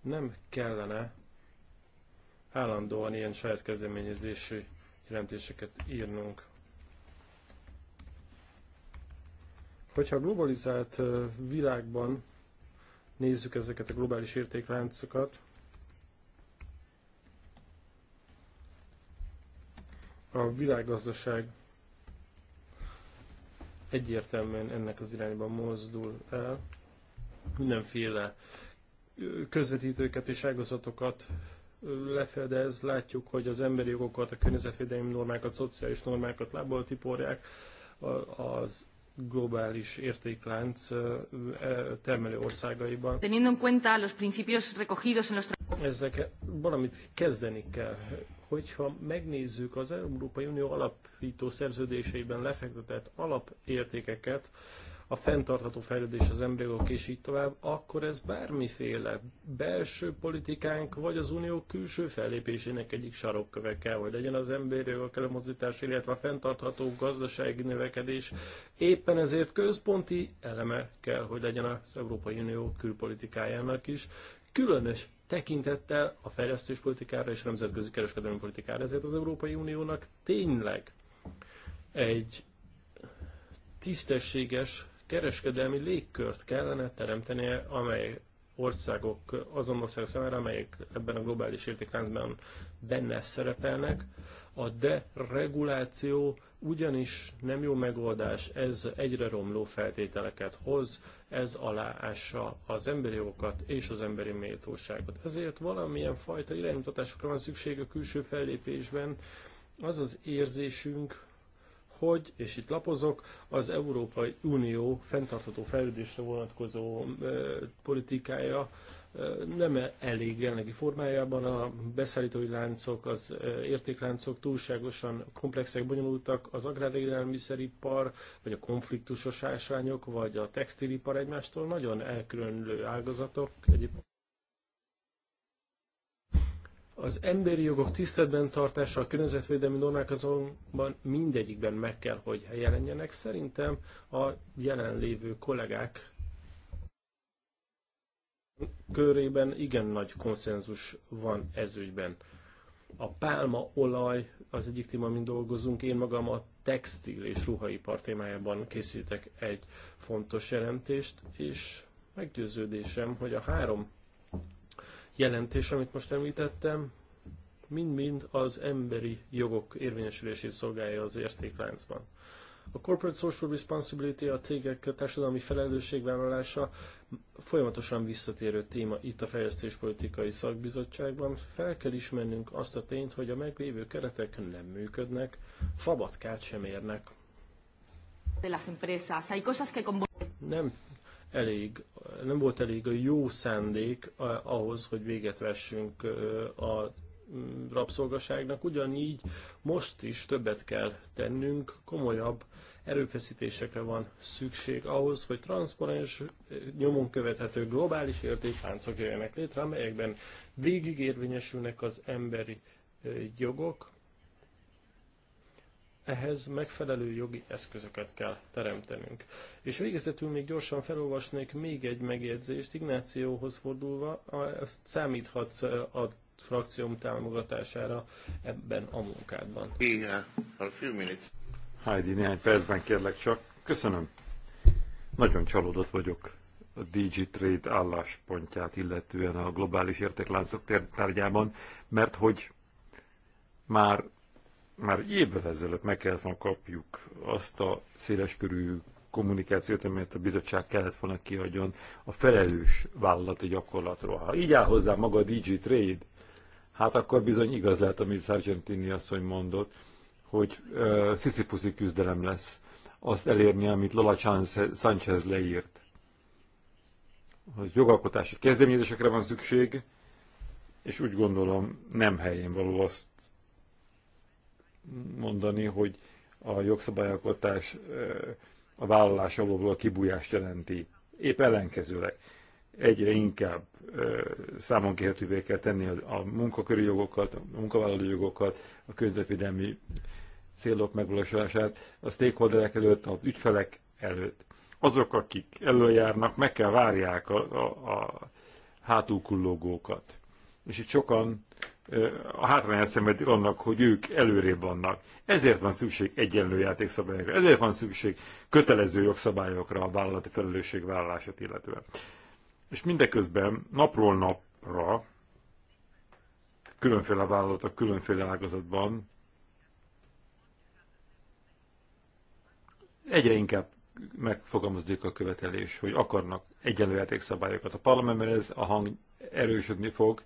nem kellene állandóan ilyen saját kezdeményezési jelentéseket írnunk. Hogyha a globalizált világban nézzük ezeket a globális értékláncokat, a világgazdaság egyértelműen ennek az irányba mozdul el. Mindenféle közvetítőket és ágazatokat lefedez, látjuk, hogy az emberi jogokat, a környezetvédelmi normákat, szociális normákat lábbal tiporják, az globális értéklánc e, termelő országaiban. Teniendo en cuenta los principios recogidos en los Ezek valamit kezdeni kell hogyha megnézzük az Európai Unió alapító szerződéseiben lefektetett alapértékeket, a fenntartható fejlődés az emberek és így tovább, akkor ez bármiféle belső politikánk, vagy az unió külső fellépésének egyik sarokköve kell, hogy legyen az a előmozdítás, illetve a fenntartható gazdasági növekedés. Éppen ezért központi eleme kell, hogy legyen az Európai Unió külpolitikájának is, különös tekintettel a fejlesztős politikára és a nemzetközi kereskedelmi politikára. Ezért az Európai Uniónak tényleg egy tisztességes kereskedelmi légkört kellene teremtenie, amely országok, azon országok számára, amelyek ebben a globális értékláncban benne szerepelnek, a dereguláció ugyanis nem jó megoldás, ez egyre romló feltételeket hoz, ez aláássa az emberi jogokat és az emberi méltóságot. Ezért valamilyen fajta iránymutatásokra van szükség a külső fellépésben. Az az érzésünk, hogy, és itt lapozok, az Európai Unió fenntartható fejlődésre vonatkozó ö, politikája nem elég jelenlegi formájában, a beszállítói láncok, az értékláncok túlságosan komplexek, bonyolultak, az agrárélelmiszeripar, vagy a konfliktusos ásványok, vagy a textilipar egymástól nagyon elkülönülő ágazatok. Egyébként az emberi jogok tiszteletben tartása, a környezetvédelmi normák azonban mindegyikben meg kell, hogy jelenjenek. Szerintem a jelenlévő kollégák körében igen nagy konszenzus van ezügyben. A pálma olaj az egyik téma, amin dolgozunk. Én magam a textil és ruhaipar témájában készítek egy fontos jelentést, és meggyőződésem, hogy a három jelentés, amit most említettem, mind-mind az emberi jogok érvényesülését szolgálja az értékláncban. A corporate social responsibility, a cégek társadalmi felelősségvállalása folyamatosan visszatérő téma itt a Fejlesztéspolitikai Szakbizottságban. Fel kell ismernünk azt a tényt, hogy a meglévő keretek nem működnek, fabatkát sem érnek. Nem elég, nem volt elég a jó szándék eh, ahhoz, hogy véget vessünk eh, a rabszolgaságnak, ugyanígy most is többet kell tennünk, komolyabb erőfeszítésekre van szükség ahhoz, hogy transzparens, nyomon követhető globális értékláncok jöjjenek létre, amelyekben végig érvényesülnek az emberi jogok, ehhez megfelelő jogi eszközöket kell teremtenünk. És végezetül még gyorsan felolvasnék még egy megjegyzést, Ignációhoz fordulva, ezt számíthatsz a frakcióm támogatására ebben a munkádban. Heidi, néhány percben kérlek csak. Köszönöm. Nagyon csalódott vagyok a DigiTrade álláspontját illetően a globális értékláncok tárgyában, mert hogy már, már évvel ezelőtt meg kellett volna kapjuk azt a széleskörű kommunikációt, amelyet a bizottság kellett volna kiadjon a felelős vállalati gyakorlatról. Ha így áll hozzá maga a DG Trade, hát akkor bizony igaz lehet, amit Sargentini asszony mondott, hogy uh, sziszifuszi küzdelem lesz azt elérni, amit Lola Sanchez leírt. Az jogalkotási kezdeményezésekre van szükség, és úgy gondolom nem helyén való azt mondani, hogy a jogszabályalkotás a vállalás alól a kibújást jelenti. Épp ellenkezőleg egyre inkább számon kérhetővé kell tenni a munkaköri jogokat, a munkavállalói jogokat, a közvetvédelmi célok megvalósulását a stakeholderek előtt, az ügyfelek előtt. Azok, akik előjárnak, meg kell várják a, a, a hátulkullogókat. És itt sokan a hátrányát szenvedik annak, hogy ők előrébb vannak. Ezért van szükség egyenlő játékszabályokra, ezért van szükség kötelező jogszabályokra a vállalati felelősségvállalását illetően. És mindeközben napról napra különféle vállalatok különféle ágazatban egyre inkább megfogalmazódik a követelés, hogy akarnak egyenlő játékszabályokat. A parlamentben ez a hang erősödni fog,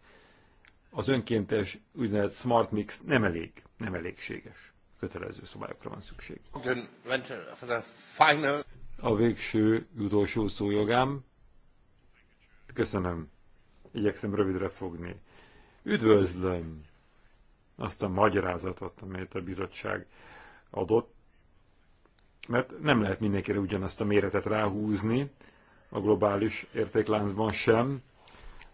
az önkéntes úgynevezett smart mix nem elég, nem elégséges. Kötelező szabályokra van szükség. A végső utolsó szó jogám, Köszönöm. Igyekszem rövidre fogni. Üdvözlöm azt a magyarázatot, amelyet a bizottság adott, mert nem lehet mindenkire ugyanazt a méretet ráhúzni, a globális értékláncban sem.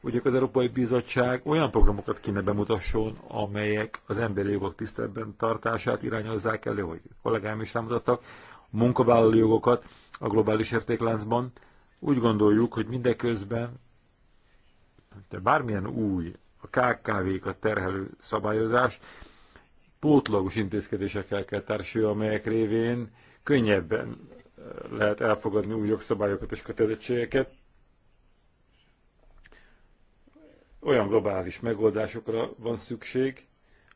Ugye az Európai Bizottság olyan programokat kéne bemutasson, amelyek az emberi jogok tisztelben tartását irányozzák elő, hogy kollégám is rámutattak, munkavállalói jogokat a globális értékláncban. Úgy gondoljuk, hogy mindeközben de bármilyen új, a KKV-kat terhelő szabályozás pótlagos intézkedésekkel kell társulja, amelyek révén könnyebben eh, lehet elfogadni új jogszabályokat és kötelezettségeket, olyan globális megoldásokra van szükség,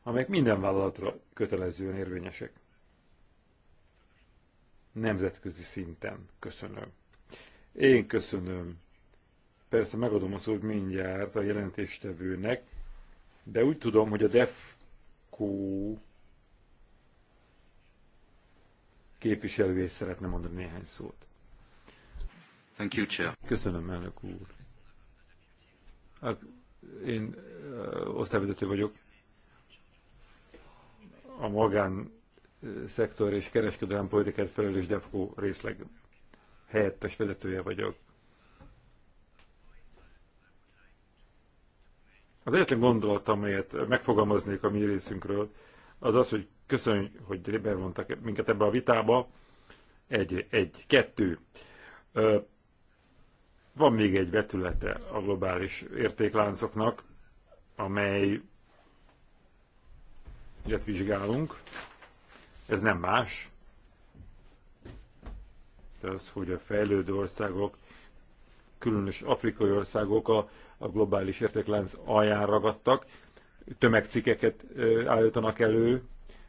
amelyek minden vállalatra kötelezően érvényesek. Nemzetközi szinten. Köszönöm. Én köszönöm Persze megadom a szót mindjárt a jelentéstevőnek, de úgy tudom, hogy a DEFCO képviselője szeretne mondani néhány szót. Thank you, Chair. Köszönöm, elnök úr. Hát, én osztályvezető vagyok a magán szektor és kereskedelem politikát felelős DEFCO részleg helyettes vezetője vagyok. Az egyetlen gondolat, amelyet megfogalmaznék a mi részünkről, az az, hogy köszönj, hogy bevontak minket ebbe a vitába. Egy, egy, kettő. Van még egy vetülete a globális értékláncoknak, amely ilyet vizsgálunk. Ez nem más. Ez az, hogy a fejlődő országok, különös afrikai országok a a globális értéklánc alján ragadtak, tömegcikeket állítanak elő,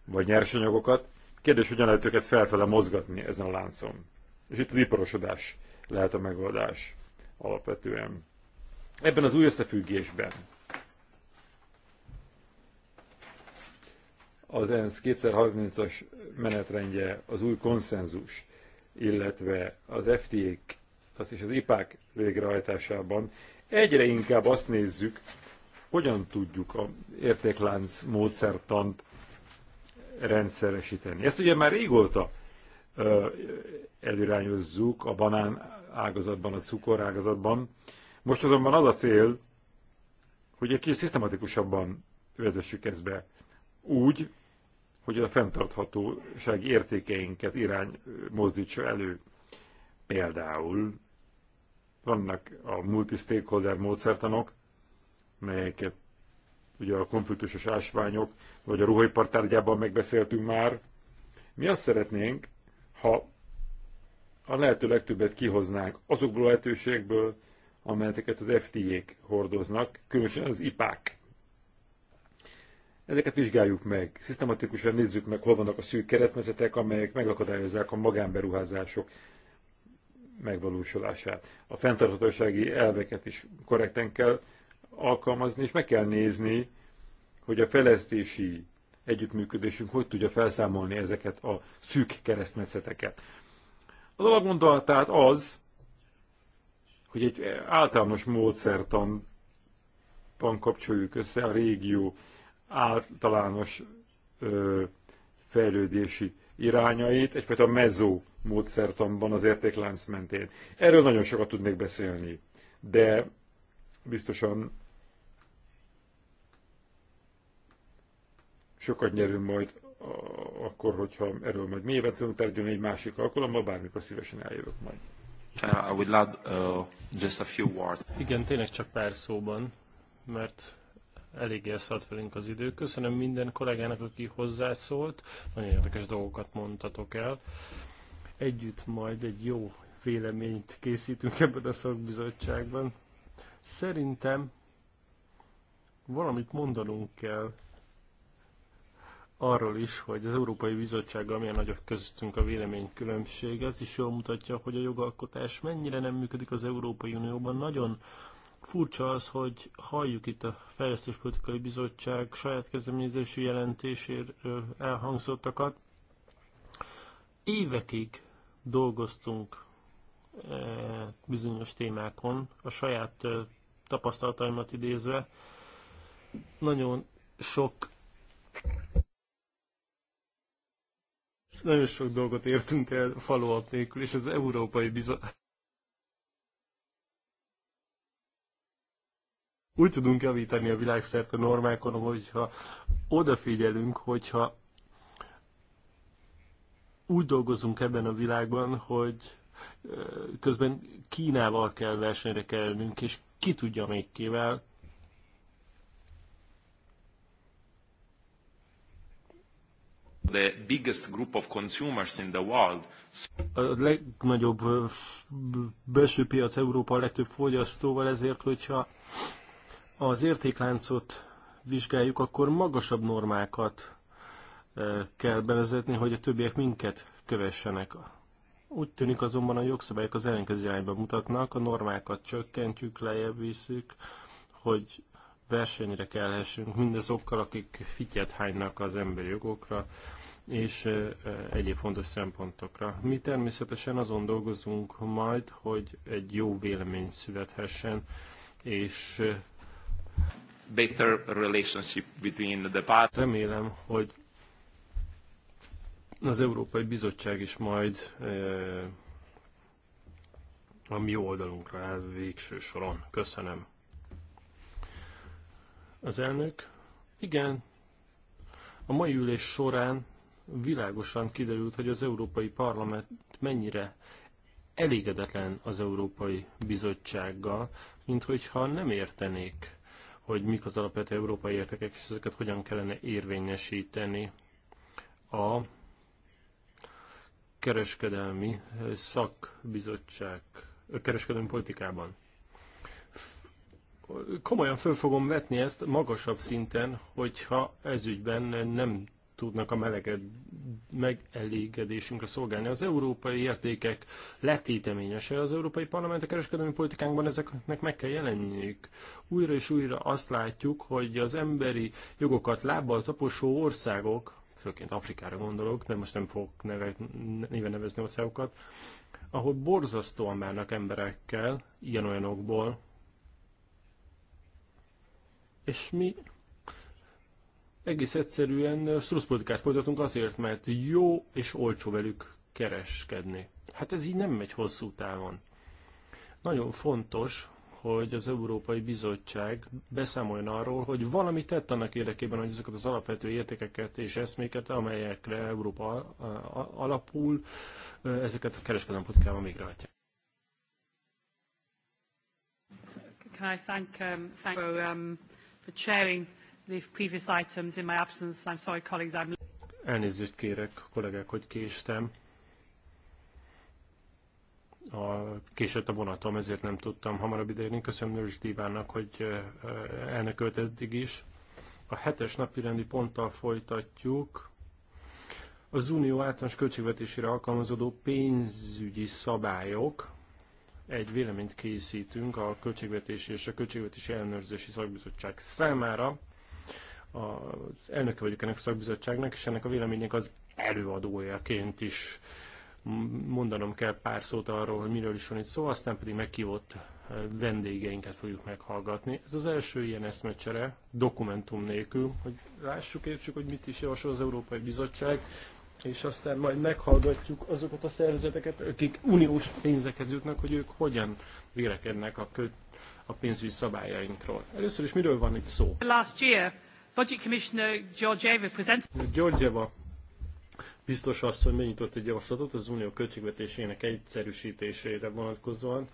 vagy nyersanyagokat. Kérdés, hogyan lehet őket felfele mozgatni ezen a láncon. És itt az iparosodás lehet a megoldás alapvetően. Ebben az új összefüggésben az ENSZ 2030-as menetrendje, az új konszenzus, illetve az FTA-k, az is az IPák végrehajtásában egyre inkább azt nézzük, hogyan tudjuk a értéklánc módszertant rendszeresíteni. Ezt ugye már régóta elirányozzuk a banán ágazatban, a cukor ágazatban. Most azonban az a cél, hogy egy kis szisztematikusabban vezessük ezt be. Úgy, hogy a fenntarthatóság értékeinket irány mozdítsa elő. Például vannak a multi-stakeholder módszertanok, melyeket ugye a konfliktusos ásványok, vagy a ruhaipar tárgyában megbeszéltünk már. Mi azt szeretnénk, ha a lehető legtöbbet kihoznánk azokból a lehetőségből, amelyeket az FTA-k hordoznak, különösen az IPÁK. Ezeket vizsgáljuk meg, szisztematikusan nézzük meg, hol vannak a szűk keresztmezetek, amelyek megakadályozzák a magánberuházások megvalósulását. A fenntarthatósági elveket is korrekten kell alkalmazni, és meg kell nézni, hogy a fejlesztési együttműködésünk hogy tudja felszámolni ezeket a szűk keresztmetszeteket. Az alapgondolatát az, hogy egy általános módszertan kapcsoljuk össze a régió általános ö, fejlődési irányait, egyfajta mezó módszertanban az értéklánc mentén. Erről nagyon sokat tudnék beszélni, de biztosan sokat nyerünk majd akkor, hogyha erről majd mélyebben tudunk tárgyalni egy másik alkalommal, bármikor szívesen eljövök majd. Uh, I would love, uh, just a few words. Igen, tényleg csak pár szóban, mert eléggé elszállt velünk az idő. Köszönöm minden kollégának, aki hozzászólt, nagyon érdekes dolgokat mondtatok el együtt majd egy jó véleményt készítünk ebben a szakbizottságban. Szerintem valamit mondanunk kell arról is, hogy az Európai Bizottsággal milyen nagyok közöttünk a véleménykülönbség. Ez is jól mutatja, hogy a jogalkotás mennyire nem működik az Európai Unióban. Nagyon furcsa az, hogy halljuk itt a Fejlesztéspolitikai Bizottság saját kezdeményezési jelentésére elhangzottakat. Évekig dolgoztunk e, bizonyos témákon, a saját e, tapasztalataimat idézve, nagyon sok nagyon sok dolgot értünk el faluat nélkül, és az Európai Bizottság úgy tudunk javítani a világszerte normákon, hogyha odafigyelünk, hogyha úgy dolgozunk ebben a világban, hogy közben Kínával kell versenyre kerülnünk, és ki tudja még kivel. The biggest group of consumers in the world. A legnagyobb belső piac Európa a legtöbb fogyasztóval, ezért, hogyha az értékláncot vizsgáljuk, akkor magasabb normákat kell bevezetni, hogy a többiek minket kövessenek. Úgy tűnik azonban a jogszabályok az ellenkező irányba mutatnak, a normákat csökkentjük, lejjebb visszük, hogy versenyre kellhessünk mindazokkal, akik fityet hánynak az emberi jogokra és egyéb fontos szempontokra. Mi természetesen azon dolgozunk majd, hogy egy jó vélemény születhessen, és better relationship between the part. Remélem, hogy az Európai Bizottság is majd e, a mi oldalunkra el végső soron. Köszönöm. Az elnök, igen, a mai ülés során világosan kiderült, hogy az Európai Parlament mennyire elégedetlen az Európai Bizottsággal, mint hogyha nem értenék, hogy mik az alapvető európai értékek, és ezeket hogyan kellene érvényesíteni a kereskedelmi szakbizottság, kereskedelmi politikában. Komolyan föl fogom vetni ezt magasabb szinten, hogyha ezügyben nem tudnak a meleged, megelégedésünkre szolgálni. Az európai értékek letéteményese az Európai Parlament a kereskedelmi politikánkban ezeknek meg kell jelenniük. Újra és újra azt látjuk, hogy az emberi jogokat lábbal taposó országok, főként Afrikára gondolok, de most nem fogok neve, néven nevezni országokat, ahol borzasztóan bánnak emberekkel, ilyen-olyanokból, és mi egész egyszerűen struszpolitikát folytatunk azért, mert jó és olcsó velük kereskedni. Hát ez így nem megy hosszú távon. Nagyon fontos, hogy az Európai Bizottság beszámoljon arról, hogy valami tett annak érdekében, hogy azokat az alapvető értékeket és eszméket, amelyekre Európa alapul, ezeket a kereskedelmi politikában végrehajtja. Can I thank, um, thank for, um, for chairing the previous items in my absence? I'm sorry, colleagues, I'm... Elnézést kérek, kollégák, hogy késtem a, késett a vonatom, ezért nem tudtam hamarabb ideérni. Köszönöm Nős Dívánnak, hogy elnökölt eddig is. A hetes napi rendi ponttal folytatjuk. Az unió általános költségvetésére alkalmazódó pénzügyi szabályok. Egy véleményt készítünk a Költségvetési és a Költségvetési Ellenőrzési Szakbizottság számára. Az elnöke vagyok ennek a szakbizottságnak, és ennek a véleménynek az előadójaként is uh, mondanom kell pár szót arról, hogy miről is van itt szó, aztán pedig meghívott eh, vendégeinket fogjuk meghallgatni. Ez az első ilyen eszmecsere, dokumentum nélkül, hogy lássuk, értsük, hogy mit is javasol az Európai Bizottság, és aztán majd meghallgatjuk azokat a szervezeteket, akik uniós pénzekhez jutnak, hogy ők hogyan vélekednek a, kö, a pénzügyi szabályainkról. Először is miről van itt szó? Last year, Budget Commissioner Georgieva presented... Georgieva biztos asszony benyitott egy javaslatot az unió költségvetésének egyszerűsítésére vonatkozóan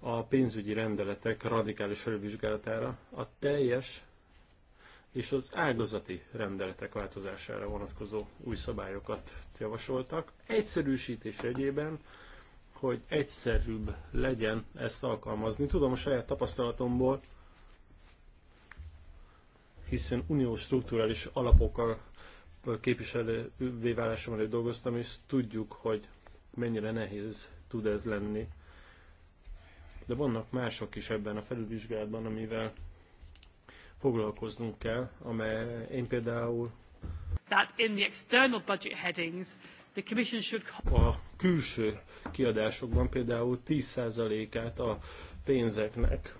a pénzügyi rendeletek radikális felülvizsgálatára, a teljes és az ágazati rendeletek változására vonatkozó új szabályokat javasoltak. Egyszerűsítés egyében, hogy egyszerűbb legyen ezt alkalmazni. Tudom a saját tapasztalatomból, hiszen uniós strukturális alapokkal képviselővé válásom előtt dolgoztam, és tudjuk, hogy mennyire nehéz tud ez lenni. De vannak mások is ebben a felülvizsgálatban, amivel foglalkoznunk kell, amely én például that in the external budget headings the commission should a külső kiadásokban például 10%-át a pénzeknek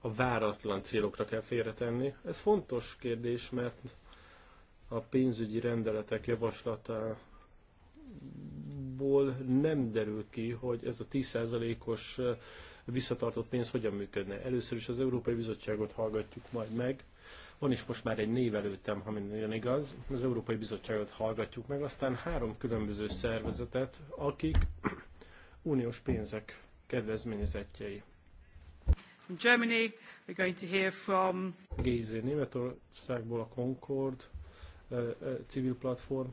a váratlan célokra kell félretenni. Ez fontos kérdés, mert a pénzügyi rendeletek javaslatából nem derül ki, hogy ez a 10%-os visszatartott pénz hogyan működne. Először is az Európai Bizottságot hallgatjuk majd meg. Van is most már egy név előttem, ha minden igaz. Az Európai Bizottságot hallgatjuk meg, aztán három különböző szervezetet, akik uniós pénzek kedvezményezettjei from Germany. We're going to hear from... Németországból a Concord civil platform,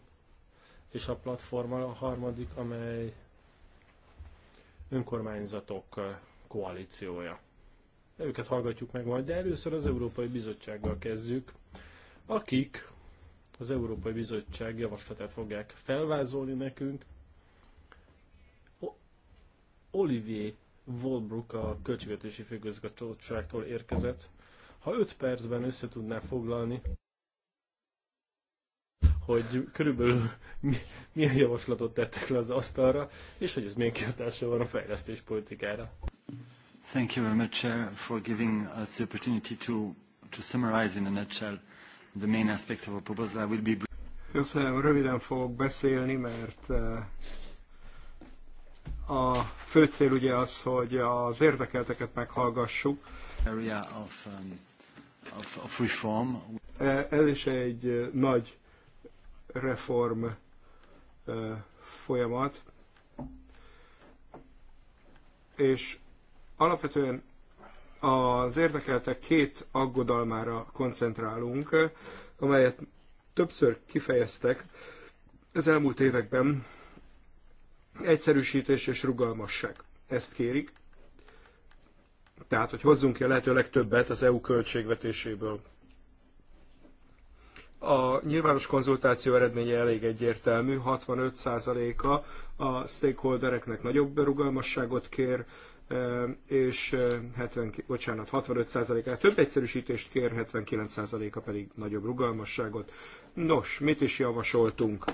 és a platform a harmadik, amely önkormányzatok koalíciója. Őket hallgatjuk meg majd, de először az Európai Bizottsággal kezdjük, akik az Európai Bizottság javaslatát fogják felvázolni nekünk. Olivier Volbrook a Költségvetési Főgazgatóságtól érkezett. Ha 5 percben össze tudná foglalni, hogy körülbelül mi, milyen javaslatot tettek le az asztalra, és hogy ez milyen kihatása van a fejlesztés politikára. Thank you very much, Chair, for giving us the opportunity to, to summarize in a nutshell the main aspects of our proposal. I will be Köszönöm, röviden fogok beszélni, mert eh, a fő cél ugye az, hogy az érdekelteket meghallgassuk. Area of, um, of, of reform. E, ez is egy nagy reform e, folyamat, és alapvetően az érdekeltek két aggodalmára koncentrálunk, amelyet többször kifejeztek az elmúlt években Egyszerűsítés és rugalmasság. Ezt kérik. Tehát, hogy hozzunk ki a lehető legtöbbet az EU költségvetéséből. A nyilvános konzultáció eredménye elég egyértelmű, 65%-a a stakeholdereknek nagyobb rugalmasságot kér, e, és 70, e, bocsánat, 65%-a hát több egyszerűsítést kér, 79%-a pedig nagyobb rugalmasságot. Nos, mit is javasoltunk?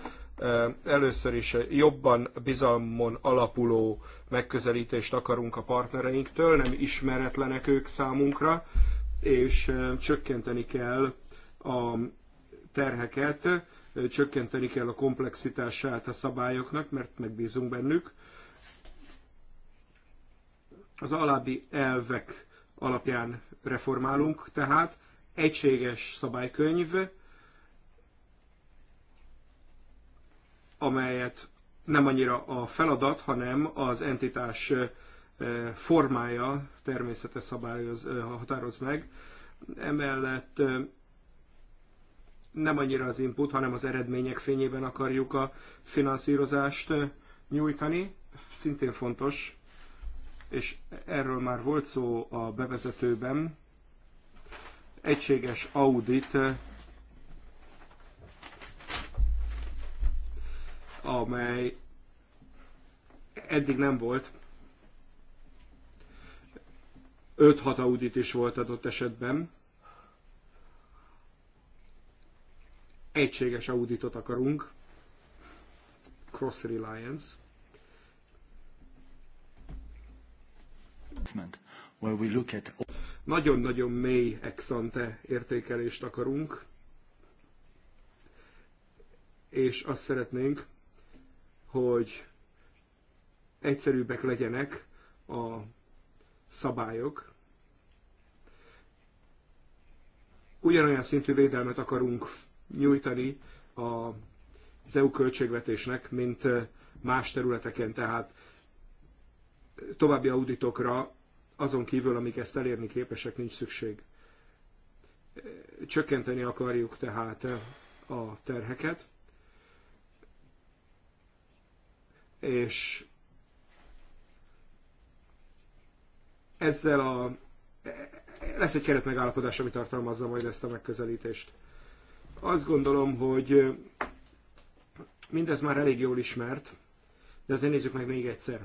Először is jobban bizalmon alapuló megközelítést akarunk a partnereinktől, nem ismeretlenek ők számunkra, és csökkenteni kell a terheket, csökkenteni kell a komplexitását a szabályoknak, mert megbízunk bennük. Az alábbi elvek alapján reformálunk, tehát egységes szabálykönyv, amelyet nem annyira a feladat, hanem az entitás formája természete szabályoz, határoz meg. Emellett nem annyira az input, hanem az eredmények fényében akarjuk a finanszírozást nyújtani. Szintén fontos, és erről már volt szó a bevezetőben, egységes audit amely eddig nem volt. 5-6 audit is volt adott esetben. Egységes auditot akarunk. Cross Reliance. Nagyon-nagyon mély exante értékelést akarunk, és azt szeretnénk, hogy egyszerűbbek legyenek a szabályok. Ugyanolyan szintű védelmet akarunk nyújtani az EU költségvetésnek, mint más területeken, tehát további auditokra azon kívül, amik ezt elérni képesek, nincs szükség. Csökkenteni akarjuk tehát a terheket, és ezzel a lesz egy keretmegállapodás, ami tartalmazza majd ezt a megközelítést. Azt gondolom, hogy mindez már elég jól ismert, de azért nézzük meg még egyszer.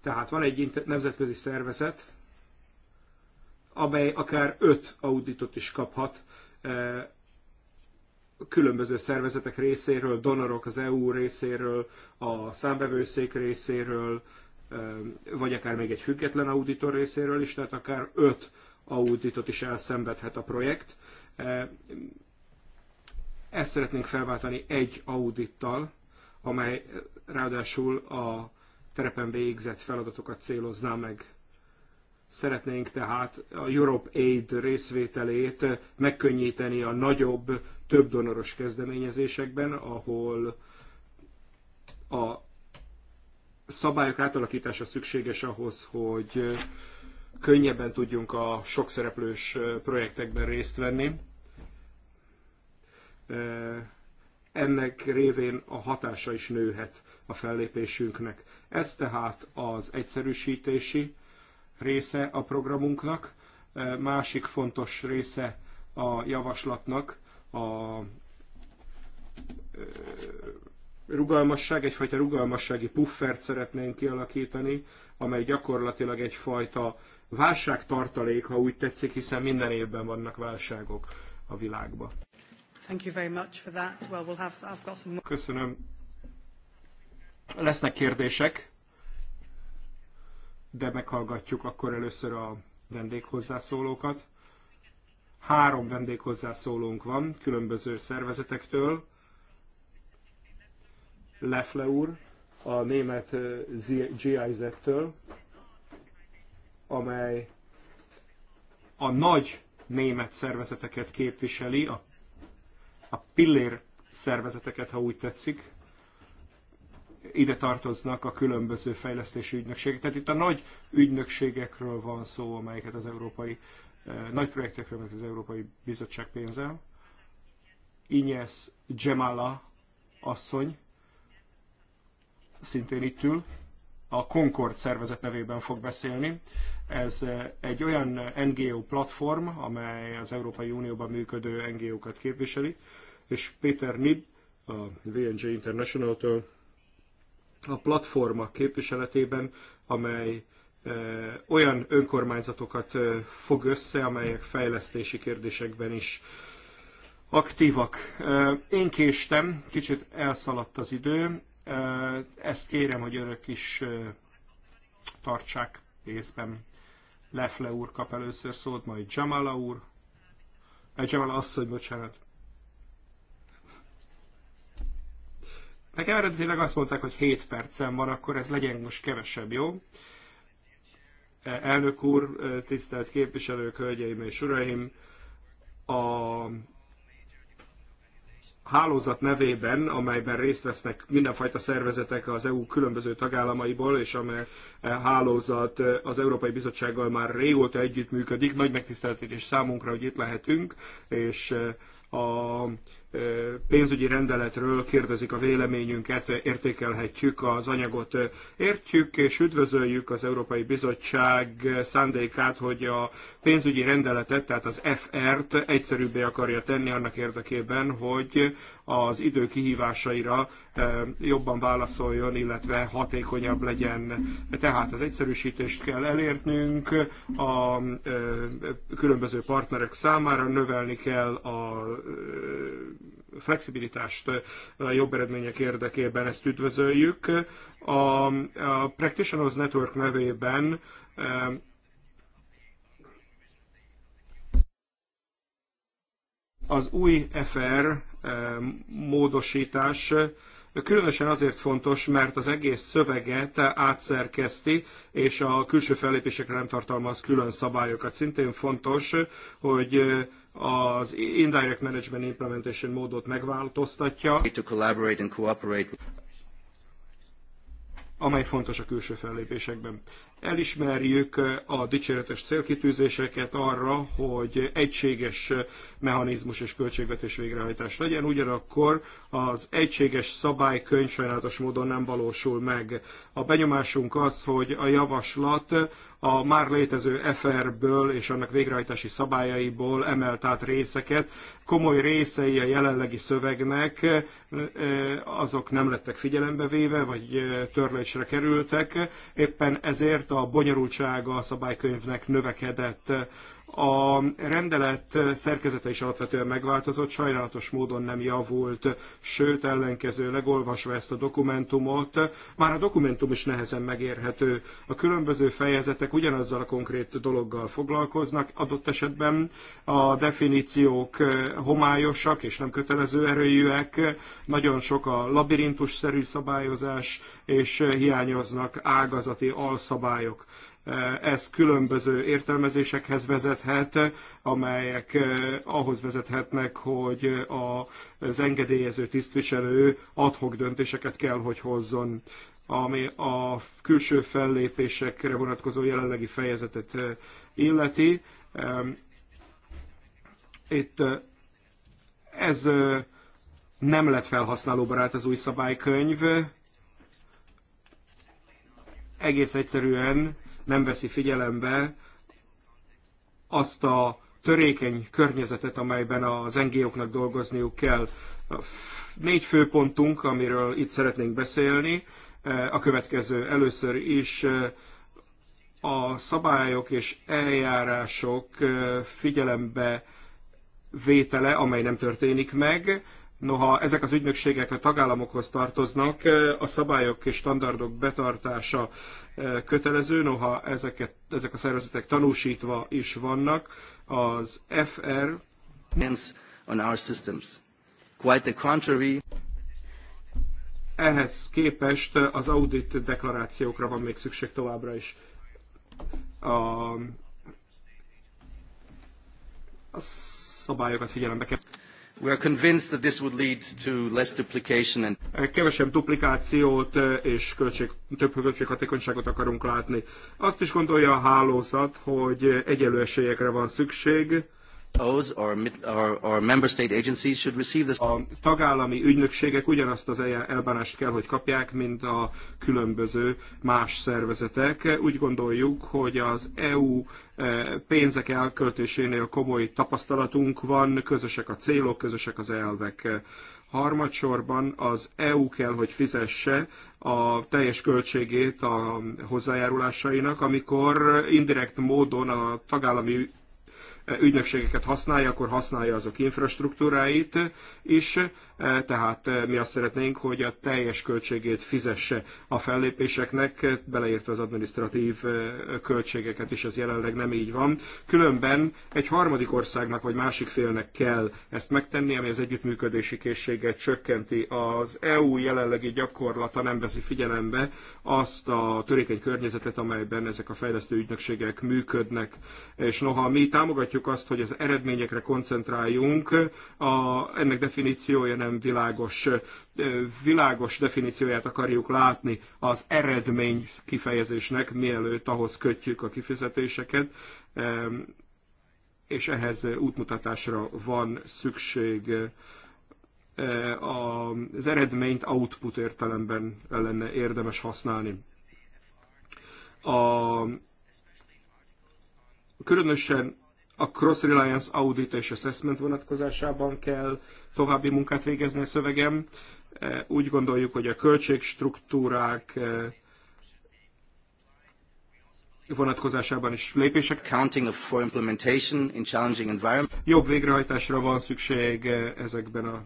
Tehát van egy nemzetközi szervezet, amely akár öt auditot is kaphat eh, különböző szervezetek részéről, donorok az EU részéről, a számbevőszék részéről, vagy akár még egy független auditor részéről is, tehát akár öt auditot is elszenvedhet a projekt. Ezt szeretnénk felváltani egy audittal, amely ráadásul a terepen végzett feladatokat célozná meg. Szeretnénk tehát a Europe Aid részvételét megkönnyíteni a nagyobb, több donoros kezdeményezésekben, ahol a szabályok átalakítása szükséges ahhoz, hogy könnyebben tudjunk a sokszereplős projektekben részt venni. Ennek révén a hatása is nőhet a fellépésünknek. Ez tehát az egyszerűsítési része a programunknak, másik fontos része a javaslatnak a rugalmasság, egyfajta rugalmassági puffert szeretnénk kialakítani, amely gyakorlatilag egyfajta válságtartalék, ha úgy tetszik, hiszen minden évben vannak válságok a világban. Thank you very much for that. Well, we'll have, I've got some... Köszönöm. Lesznek kérdések de meghallgatjuk akkor először a vendéghozzászólókat. Három vendéghozzászólónk van, különböző szervezetektől. Lefle úr, a német GIZ-től, amely a nagy német szervezeteket képviseli, a, a pillér szervezeteket, ha úgy tetszik ide tartoznak a különböző fejlesztési ügynökségek. Tehát itt a nagy ügynökségekről van szó, amelyeket az európai, eh, nagy projektekről, amelyeket az Európai Bizottság pénzel. Ines Gemala asszony, szintén itt ül, a Concord szervezet nevében fog beszélni. Ez eh, egy olyan NGO platform, amely az Európai Unióban működő NGO-kat képviseli, és Péter Nib, a VNG International-től a platforma képviseletében, amely e, olyan önkormányzatokat e, fog össze, amelyek fejlesztési kérdésekben is aktívak. E, én késtem, kicsit elszaladt az idő, ezt kérem, hogy önök is tartsák észben. Lefle úr kap először szót, majd Jamala úr, eh, Jamala asszony, bocsánat. Nekem eredetileg azt mondták, hogy 7 percen van, akkor ez legyen most kevesebb, jó? E, elnök úr, e, tisztelt képviselők, hölgyeim és uraim, a hálózat nevében, amelyben részt vesznek mindenfajta szervezetek az EU különböző tagállamaiból, és amely e, hálózat az Európai Bizottsággal már régóta együttműködik. Nagy megtiszteltetés számunkra, hogy itt lehetünk, és a pénzügyi rendeletről kérdezik a véleményünket, értékelhetjük az anyagot. Értjük és üdvözöljük az Európai Bizottság szándékát, hogy a pénzügyi rendeletet, tehát az FR-t egyszerűbbé akarja tenni annak érdekében, hogy az idő kihívásaira jobban válaszoljon, illetve hatékonyabb legyen. Tehát az egyszerűsítést kell elérnünk a különböző partnerek számára, növelni kell a flexibilitást a jobb eredmények érdekében, ezt üdvözöljük. A, a Practitioners Network nevében az új FR módosítás különösen azért fontos, mert az egész szöveget átszerkeszti, és a külső fellépésekre nem tartalmaz külön szabályokat. Szintén fontos, hogy az Indirect Management Implementation módot megváltoztatja, amely fontos a külső fellépésekben. Elismerjük a dicséretes célkitűzéseket arra, hogy egységes mechanizmus és költségvetés végrehajtás legyen, ugyanakkor az egységes szabálykönyv sajnálatos módon nem valósul meg. A benyomásunk az, hogy a javaslat a már létező FR-ből és annak végrehajtási szabályaiból emelt át részeket. Komoly részei a jelenlegi szövegnek, azok nem lettek figyelembe véve, vagy törlésre kerültek. Éppen ezért a bonyolultsága a szabálykönyvnek növekedett a rendelet szerkezete is alapvetően megváltozott, sajnálatos módon nem javult, sőt ellenkezőleg olvasva ezt a dokumentumot, már a dokumentum is nehezen megérhető. A különböző fejezetek ugyanazzal a konkrét dologgal foglalkoznak, adott esetben a definíciók homályosak és nem kötelező erőjűek, nagyon sok a labirintusszerű szabályozás, és hiányoznak ágazati alszabályok. Ez különböző értelmezésekhez vezethet, amelyek eh, ahhoz vezethetnek, hogy az engedélyező tisztviselő adhok döntéseket kell, hogy hozzon ami a külső fellépésekre vonatkozó jelenlegi fejezetet eh, illeti. Itt eh, ez nem lett barát az új szabálykönyv. Egész egyszerűen nem veszi figyelembe azt a törékeny környezetet, amelyben az NGO-knak dolgozniuk kell. Négy főpontunk, amiről itt szeretnénk beszélni, e, a következő először is e, a szabályok és eljárások e, figyelembe vétele, amely nem történik meg, Noha ezek az ügynökségek a tagállamokhoz tartoznak, e, a szabályok és standardok betartása e, kötelező, noha ezeket, ezek a szervezetek tanúsítva is vannak, az FR on our systems. Quite the contrary. Ehhez képest az audit deklarációkra van még szükség továbbra is. A, a szabályokat figyelembe kell. Kevesebb duplikációt eh, és költség, több költséghatékonyságot akarunk látni. Azt is gondolja a hálózat, hogy egyelő esélyekre van szükség, a tagállami ügynökségek ugyanazt az elbánást kell, hogy kapják, mint a különböző más szervezetek. Úgy gondoljuk, hogy az EU eh, pénzek elköltésénél komoly tapasztalatunk van, közösek a célok, közösek az elvek. Harmadsorban az EU kell, hogy fizesse a teljes költségét a hozzájárulásainak, amikor indirekt módon a tagállami ügynökségeket használja, akkor használja azok infrastruktúráit is, e, tehát e, mi azt szeretnénk, hogy a teljes költségét fizesse a fellépéseknek, beleértve az administratív e, költségeket is, ez jelenleg nem így van. Különben egy harmadik országnak vagy másik félnek kell ezt megtenni, ami az együttműködési készséget csökkenti. Az EU jelenlegi gyakorlata nem veszi figyelembe azt a törékeny környezetet, amelyben ezek a fejlesztő ügynökségek működnek. És noha mi támogatjuk mondjuk azt, hogy az eredményekre koncentráljunk, a, ennek definíciója nem világos. Világos definícióját akarjuk látni az eredmény kifejezésnek, mielőtt ahhoz kötjük a kifizetéseket és ehhez útmutatásra van szükség. Az eredményt output értelemben lenne érdemes használni. A különösen a Cross Reliance Audit és Assessment vonatkozásában kell további munkát végezni a szövegem. E, úgy gondoljuk, hogy a költségstruktúrák e, vonatkozásában is lépések. Counting of for implementation in challenging environment. Jobb végrehajtásra van szükség e, ezekben a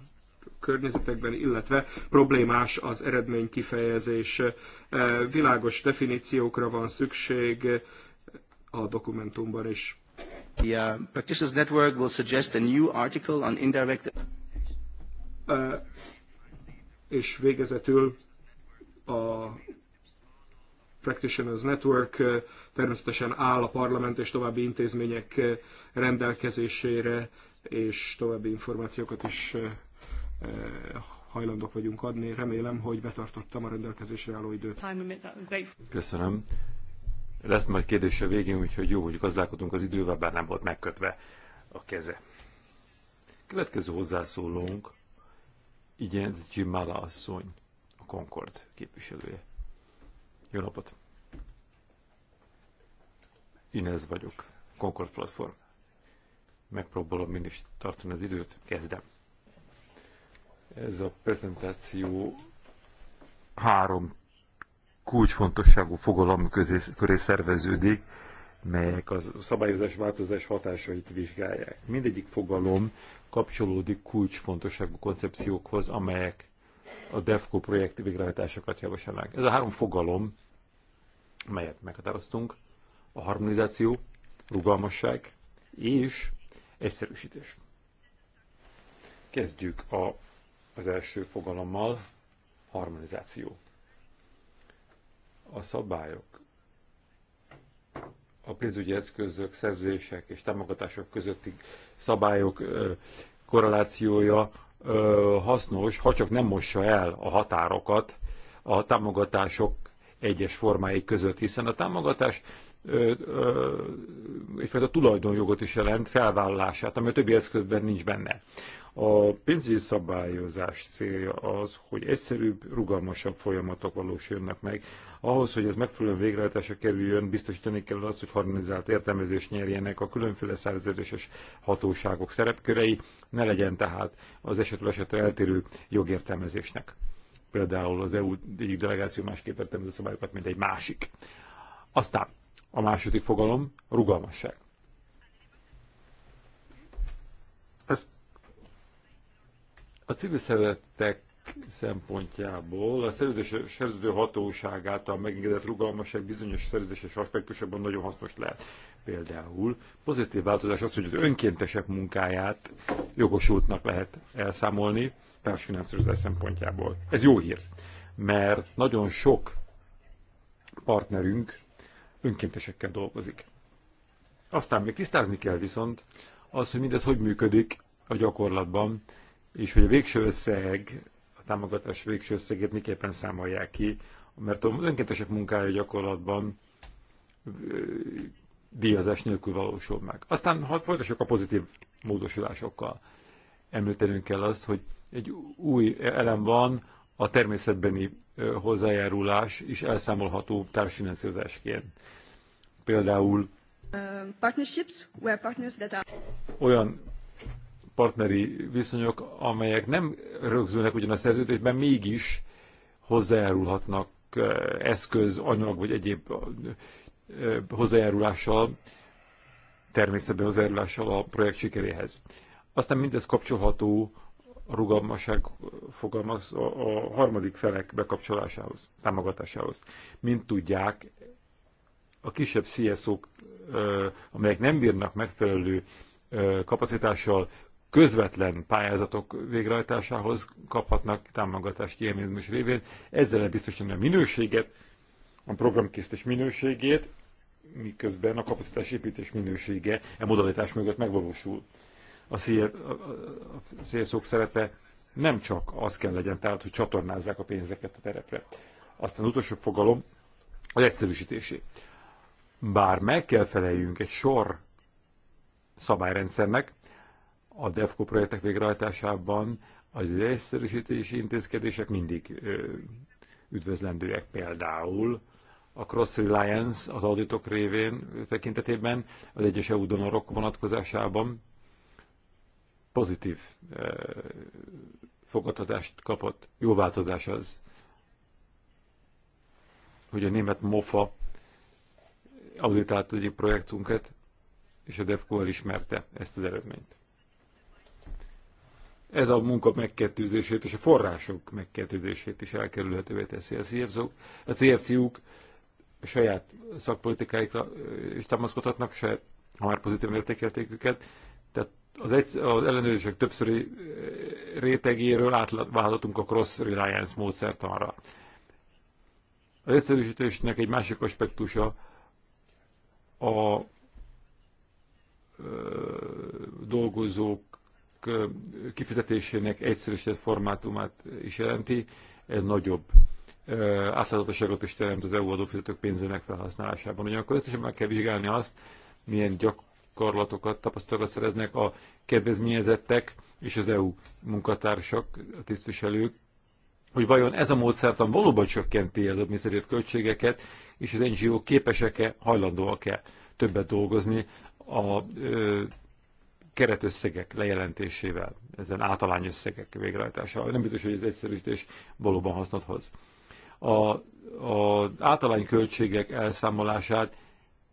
környezetekben, illetve problémás az eredmény kifejezés. Világos definíciókra van szükség a dokumentumban is. The uh, Practitioners Network will suggest a new article on indirect... Uh, és végezetül a Practitioners Network uh, természetesen áll a parlament és további intézmények uh, rendelkezésére, és további információkat is uh, hajlandók vagyunk adni. Remélem, hogy betartottam a rendelkezésre álló időt. Köszönöm. Lesz majd kérdés a végén, úgyhogy jó, hogy gazdálkodunk az idővel, bár nem volt megkötve a keze. Következő hozzászólónk, igen, Jimala asszony, a Concord képviselője. Jó napot! Inez vagyok, Concord Platform. Megpróbálom mindig tartani az időt, kezdem. Ez a prezentáció három kulcsfontosságú fogalom közé, köré szerveződik, melyek a szabályozás változás hatásait vizsgálják. Mindegyik fogalom kapcsolódik kulcsfontosságú koncepciókhoz, amelyek a DEFCO projekt végrehajtásokat javasolnak. Ez a három fogalom, melyet meghatároztunk, a harmonizáció, rugalmasság és egyszerűsítés. Kezdjük a, az első fogalommal, harmonizáció a szabályok a pénzügyi eszközök, szerződések és támogatások közötti szabályok korrelációja hasznos, ha csak nem mossa el a határokat a támogatások egyes formái között, hiszen a támogatás egyfajta tulajdonjogot is jelent felvállalását, ami a többi eszközben nincs benne. A pénzügyi szabályozás célja az, hogy egyszerűbb, rugalmasabb folyamatok valósulnak meg. Ahhoz, hogy ez megfelelően végrehajtásra kerüljön, biztosítani kell azt, hogy harmonizált értelmezést nyerjenek a különféle szerződéses hatóságok szerepkörei, ne legyen tehát az esetről esetre eltérő jogértelmezésnek. Például az EU egyik delegáció másképp értelmező szabályokat, mint egy másik. Aztán a második fogalom rugalmasság. civil szervezetek szempontjából a szerződés, szerződő hatóság által megengedett rugalmasság bizonyos szerződéses aspektusokban nagyon hasznos lehet. Például pozitív változás az, hogy az önkéntesek munkáját jogosultnak lehet elszámolni társfinanszírozás szempontjából. Ez jó hír, mert nagyon sok partnerünk önkéntesekkel dolgozik. Aztán még tisztázni kell viszont az, hogy mindez hogy működik a gyakorlatban, és hogy a végső összeg, a támogatás végső összegét miképpen számolják ki, mert a önkéntesek munkája gyakorlatban díjazás nélkül valósul meg. Aztán ha folytassuk a pozitív módosulásokkal. Említenünk kell azt, hogy egy új elem van, a természetbeni hozzájárulás is elszámolható társfinanszírozásként. Például partnerships, where partners that are... olyan partneri viszonyok, amelyek nem rögzülnek ugyan a szerződésben, mégis hozzájárulhatnak eszköz, anyag vagy egyéb hozzájárulással, természetben hozzájárulással a projekt sikeréhez. Aztán mindez kapcsolható a rugalmasság fogalmaz a harmadik felek bekapcsolásához, támogatásához. Mint tudják, a kisebb CSO-k, amelyek nem bírnak megfelelő kapacitással, közvetlen pályázatok végrehajtásához kaphatnak támogatást kiemélműs révén. Ezzel lehet biztosítani a minőséget, a programkészítés minőségét, miközben a építés minősége e modalitás mögött megvalósul. A, szél, a szélszók szerepe nem csak az kell legyen, tehát hogy csatornázzák a pénzeket a terepre. Aztán az utolsó fogalom az egyszerűsítésé. Bár meg kell feleljünk egy sor szabályrendszernek, a DEFCO projektek végrehajtásában az egyszerűsítési intézkedések mindig üdvözlendőek. Például a Cross Reliance az auditok révén tekintetében, az egyes EU donorok vonatkozásában pozitív fogadhatást kapott. Jó változás az, hogy a német MOFA auditált egyik projektunkat, és a DEFCO elismerte ezt az eredményt ez a munka megkettőzését és a források megkettőzését is elkerülhetővé teszi. A CFC-k, a CFC-k saját szakpolitikáikra is támaszkodhatnak, se, ha már pozitív értékelték őket. Tehát az, egy, az ellenőrzések többszöri rétegéről átváltatunk a cross-reliance módszertanra. Az egyszerűsítésnek egy másik aspektusa a dolgozók kifizetésének egyszerűsített formátumát is jelenti, ez nagyobb átláthatóságot is teremt az EU adófizetők pénzének felhasználásában. Ugyanakkor is meg kell vizsgálni azt, milyen gyakorlatokat tapasztalatokat szereznek a kedvezményezettek és az EU munkatársak, a tisztviselők, hogy vajon ez a módszertan valóban csökkenti az adminisztratív költségeket, és az NGO képesek-e, hajlandóak-e többet dolgozni a ö, keretösszegek lejelentésével, ezen általány összegek végrehajtásával. Nem biztos, hogy ez egyszerűsítés valóban hasznot hoz. A, a általány költségek elszámolását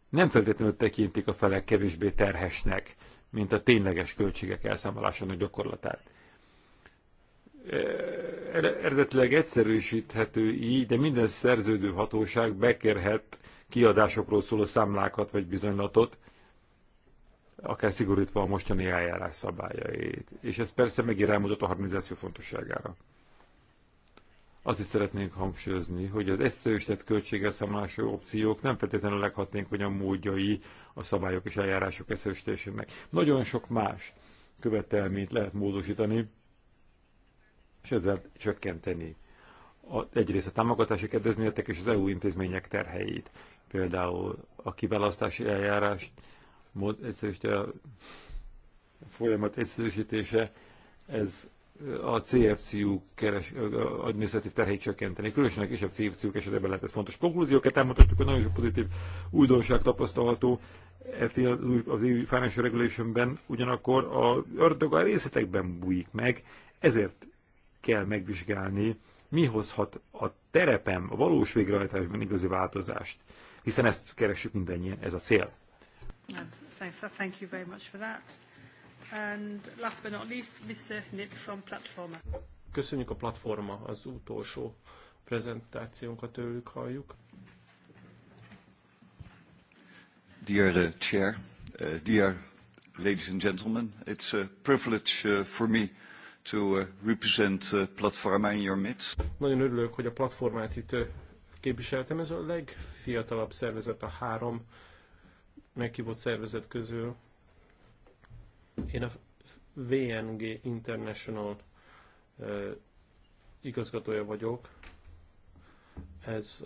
nem feltétlenül tekintik a felek kevésbé terhesnek, mint a tényleges költségek elszámolásának gyakorlatát. E, eredetileg egyszerűsíthető így, de minden szerződő hatóság bekérhet kiadásokról szóló számlákat vagy bizonylatot, akár szigorítva a mostani eljárás szabályait. És ez persze megint rámutat a harmonizáció fontosságára. Azt is szeretnénk hangsúlyozni, hogy az összeősített költségelszámolási opciók nem feltétlenül leghatékonyabb módjai a szabályok és eljárások összeősítésének. Nagyon sok más követelményt lehet módosítani, és ezzel csökkenteni a, egyrészt a támogatási kedvezményeket és az EU intézmények terheit. Például a kiválasztási eljárást mód, egyszerűsítése, a folyamat egyszerűsítése, ez a CFCU keres, adminisztratív terheit csökkenteni. Különösen a kisebb CFCU esetében lehet ez fontos. Konklúziókat elmondhatjuk, hogy nagyon sok pozitív újdonság tapasztalható e az EU Financial Regulation-ben, ugyanakkor a ördög a részletekben bújik meg, ezért kell megvizsgálni, mi hozhat a terepem a valós végrehajtásban igazi változást, hiszen ezt keresünk mindannyian, ez a cél. Thank you very much for that. And last but not least, Mr. Nick from Platforma. Köszönjük a Platforma, az utolsó prezentációnkat tőlük halljuk. Dear uh, Chair, uh, dear ladies and gentlemen, it's a privilege uh, for me to uh, represent uh, Platforma in your midst. Nagyon örülök, hogy a platformát itt uh, képviseltem. Ez a legfiatalabb szervezet a három meghívott szervezet közül én a VNG International igazgatója vagyok. Ez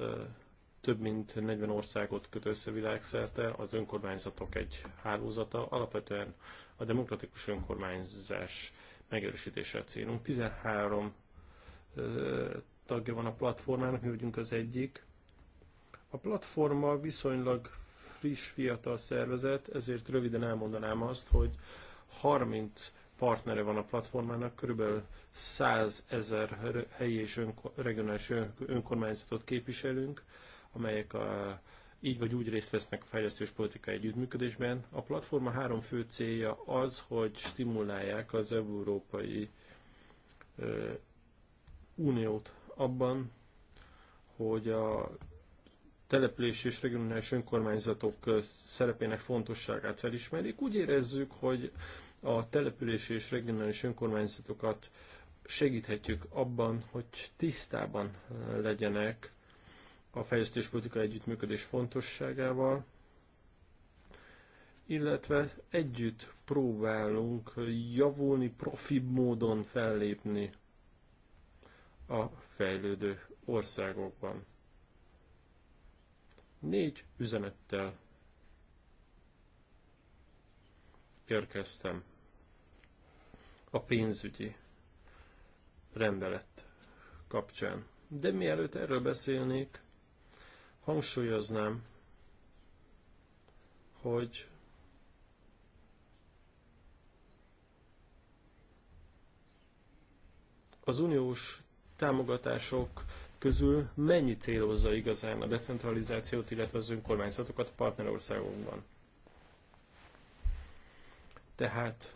több mint 40 országot köt össze világszerte, az önkormányzatok egy hálózata. Alapvetően a demokratikus önkormányzás megerősítése a célunk. 13 tagja van a platformának, mi vagyunk az egyik. A platforma viszonylag friss, fiatal szervezet, ezért röviden elmondanám azt, hogy 30 partnere van a platformának, körülbelül 100 ezer helyi és önko, regionális önkormányzatot képviselünk, amelyek a, így vagy úgy részt vesznek a fejlesztős politikai együttműködésben. A platforma három fő célja az, hogy stimulálják az Európai ö, Uniót abban, hogy a település és regionális önkormányzatok szerepének fontosságát felismerik. Úgy érezzük, hogy a település és regionális önkormányzatokat segíthetjük abban, hogy tisztában legyenek a fejlesztéspolitika együttműködés fontosságával, illetve együtt próbálunk javulni, profibb módon fellépni a fejlődő országokban. Négy üzenettel érkeztem a pénzügyi rendelet kapcsán. De mielőtt erről beszélnék, hangsúlyoznám, hogy az uniós támogatások közül mennyi célozza igazán a decentralizációt, illetve az önkormányzatokat a partnerországokban? Tehát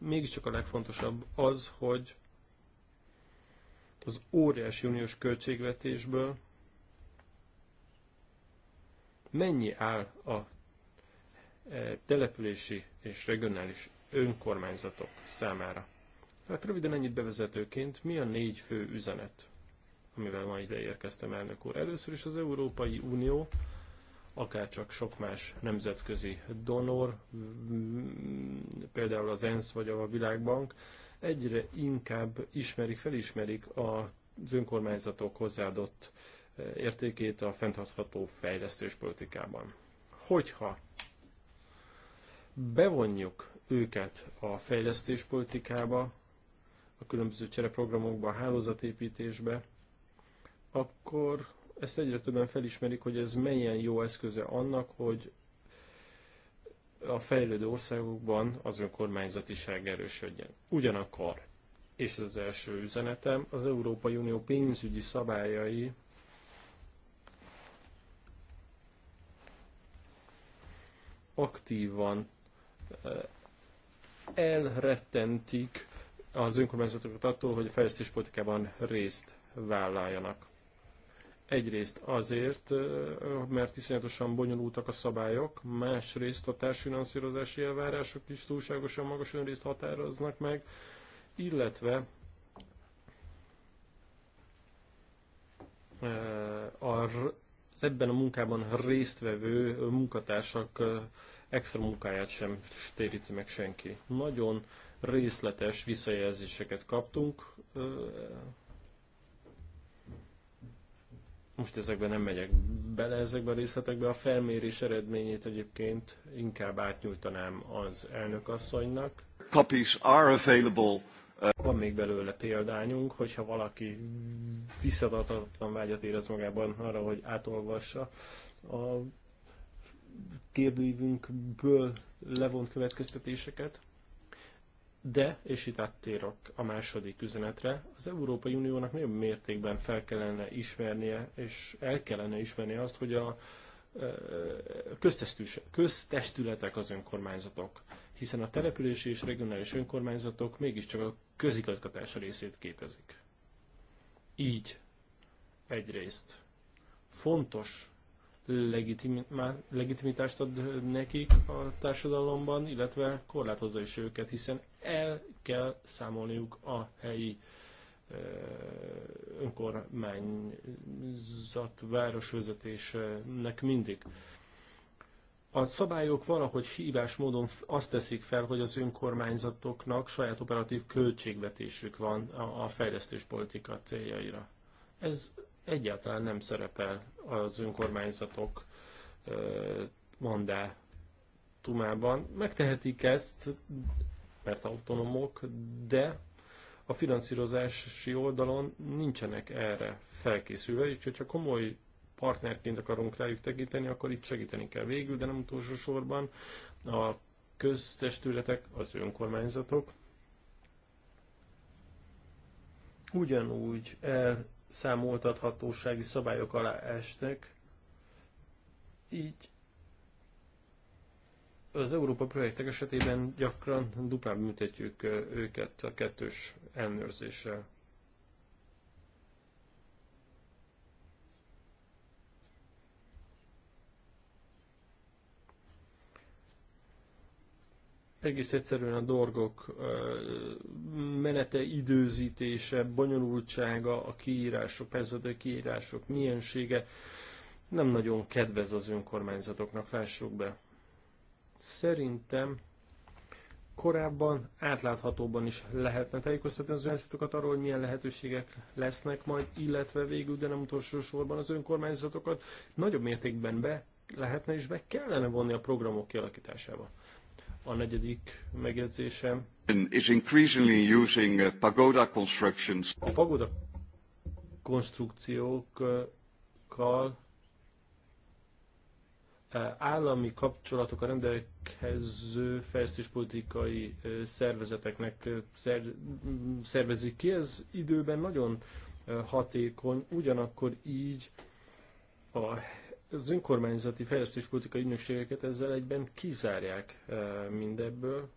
mégiscsak a legfontosabb az, hogy az óriási uniós költségvetésből mennyi áll a E, települési és regionális önkormányzatok számára. Tehát röviden ennyit bevezetőként, mi a négy fő üzenet, amivel ma ide érkeztem, elnök úr? Először is az Európai Unió, akárcsak sok más nemzetközi donor, például az ENSZ vagy a Világbank, egyre inkább ismerik, felismerik az önkormányzatok hozzáadott e, értékét a fenntartható fejlesztés politikában. Hogyha bevonjuk őket a fejlesztéspolitikába, a különböző csereprogramokba, a hálózatépítésbe, akkor ezt egyre többen felismerik, hogy ez milyen jó eszköze annak, hogy a fejlődő országokban az önkormányzatiság erősödjen. Ugyanakkor, és ez az első üzenetem, az Európai Unió pénzügyi szabályai aktívan elrettentik az önkormányzatokat attól, hogy a fejlesztéspolitikában részt vállaljanak. Egyrészt azért, mert iszonyatosan bonyolultak a szabályok, másrészt a társfinanszírozási elvárások is túlságosan magas önrészt határoznak meg, illetve az ebben a munkában résztvevő munkatársak extra munkáját sem téríti meg senki. Nagyon részletes visszajelzéseket kaptunk. Most ezekben nem megyek bele ezekbe a részletekbe. A felmérés eredményét egyébként inkább átnyújtanám az elnök asszonynak. Copies are available. Van még belőle példányunk, hogyha valaki visszatartatlan vágyat érez magában arra, hogy átolvassa a kérdőívünkből levont következtetéseket, de, és itt áttérok a második üzenetre, az Európai Uniónak nagyobb mértékben fel kellene ismernie, és el kellene ismernie azt, hogy a köztestületek az önkormányzatok, hiszen a települési és regionális önkormányzatok mégiscsak a közigazgatás részét képezik. Így egyrészt fontos legitimitást ad nekik a társadalomban, illetve korlátozza is őket, hiszen el kell számolniuk a helyi önkormányzat, városvezetésnek mindig. A szabályok valahogy hívás módon azt teszik fel, hogy az önkormányzatoknak saját operatív költségvetésük van a fejlesztéspolitika céljaira. Ez egyáltalán nem szerepel az önkormányzatok mandátumában. Megtehetik ezt, mert autonomok, de a finanszírozási oldalon nincsenek erre felkészülve, és hogyha komoly partnerként akarunk rájuk tekinteni, akkor itt segíteni kell végül, de nem utolsó sorban a köztestületek, az önkormányzatok ugyanúgy el számoltathatósági szabályok alá esnek, így az Európa projektek esetében gyakran duplán büntetjük őket a kettős ellenőrzéssel. Egész egyszerűen a dolgok menete, időzítése, bonyolultsága, a kiírások, vezető kiírások miensége nem nagyon kedvez az önkormányzatoknak, lássuk be. Szerintem korábban átláthatóban is lehetne tájékoztatni az önkormányzatokat arról, hogy milyen lehetőségek lesznek majd, illetve végül, de nem utolsó sorban az önkormányzatokat nagyobb mértékben be lehetne és be kellene vonni a programok kialakításába a negyedik megjegyzésem. Is increasingly using uh, pagoda constructions. A pagoda konstrukciókkal e, állami kapcsolatokkal rendelkező fejlesztéspolitikai e, szervezeteknek e, szervezik ki. Ez időben nagyon hatékony, ugyanakkor így a az önkormányzati fejlesztéspolitikai ügynökségeket ezzel egyben kizárják eh, mindebből.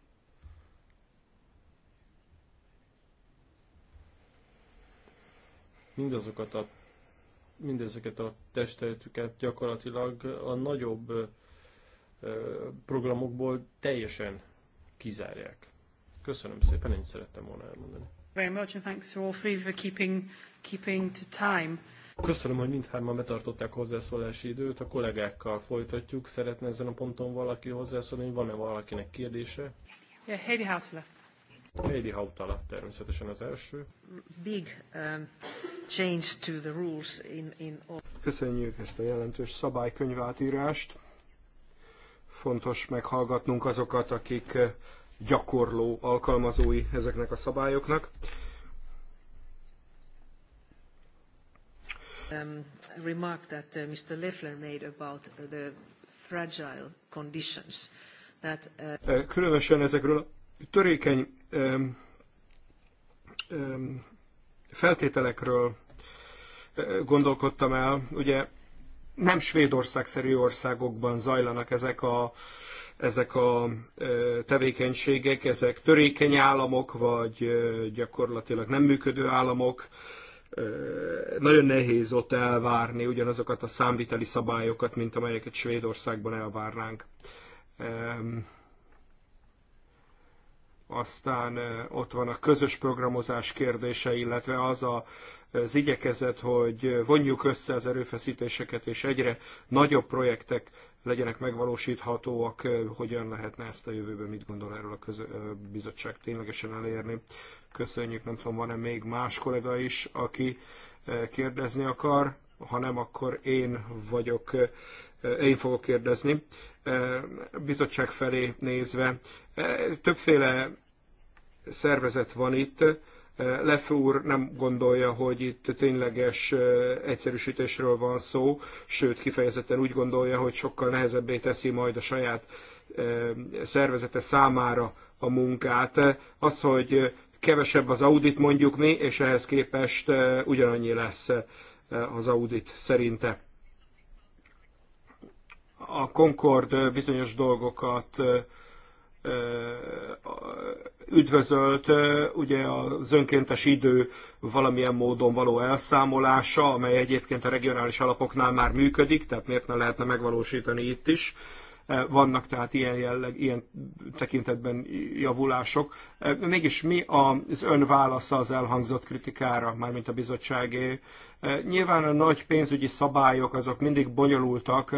Mindazokat a, mindezeket a testületüket gyakorlatilag a nagyobb eh, programokból teljesen kizárják. Köszönöm szépen, én szerettem volna elmondani. Very much and thanks to all three for keeping, keeping to time. Köszönöm, hogy mindhárman betartották hozzászólási időt. A kollégákkal folytatjuk. Szeretne ezen a ponton valaki hozzászólni? Van-e valakinek kérdése? Yeah, Heidi Hautala. Heidi Hautala természetesen az első. Big um, change to the rules in, in all... Köszönjük ezt a jelentős szabálykönyvátírást. Fontos meghallgatnunk azokat, akik uh, gyakorló alkalmazói ezeknek a szabályoknak. um, remark that uh, Mr. Leffler made about uh, the fragile conditions. That, uh... uh különösen ezekről a törékeny um, um, feltételekről uh, gondolkodtam el. Ugye nem Svédország-szerű országokban zajlanak ezek a, ezek a tevékenységek, ezek törékeny államok, vagy gyakorlatilag nem működő államok, nagyon nehéz ott elvárni ugyanazokat a számviteli szabályokat, mint amelyeket Svédországban elvárnánk. Aztán ott van a közös programozás kérdése, illetve az a, az igyekezet, hogy vonjuk össze az erőfeszítéseket, és egyre nagyobb projektek legyenek megvalósíthatóak, hogyan lehetne ezt a jövőben, mit gondol erről a közö- bizottság ténylegesen elérni. Köszönjük, nem tudom, van-e még más kollega is, aki eh, kérdezni akar, ha nem, akkor én vagyok, eh, én fogok kérdezni. Eh, bizottság felé nézve, többféle szervezet van itt, Lefő úr nem gondolja, hogy itt tényleges egyszerűsítésről van szó, sőt kifejezetten úgy gondolja, hogy sokkal nehezebbé teszi majd a saját szervezete számára a munkát. Az, hogy kevesebb az audit mondjuk mi, és ehhez képest eh, ugyanannyi lesz eh, az audit szerinte. A Concord eh, bizonyos dolgokat üdvözölt ugye az önkéntes idő valamilyen módon való elszámolása, amely egyébként a regionális alapoknál már működik, tehát miért ne lehetne megvalósítani itt is. E, vannak tehát ilyen jelleg, ilyen tekintetben javulások. E, mégis mi az ön válasza az elhangzott kritikára, mármint a bizottságé? E, nyilván a nagy pénzügyi szabályok azok mindig bonyolultak.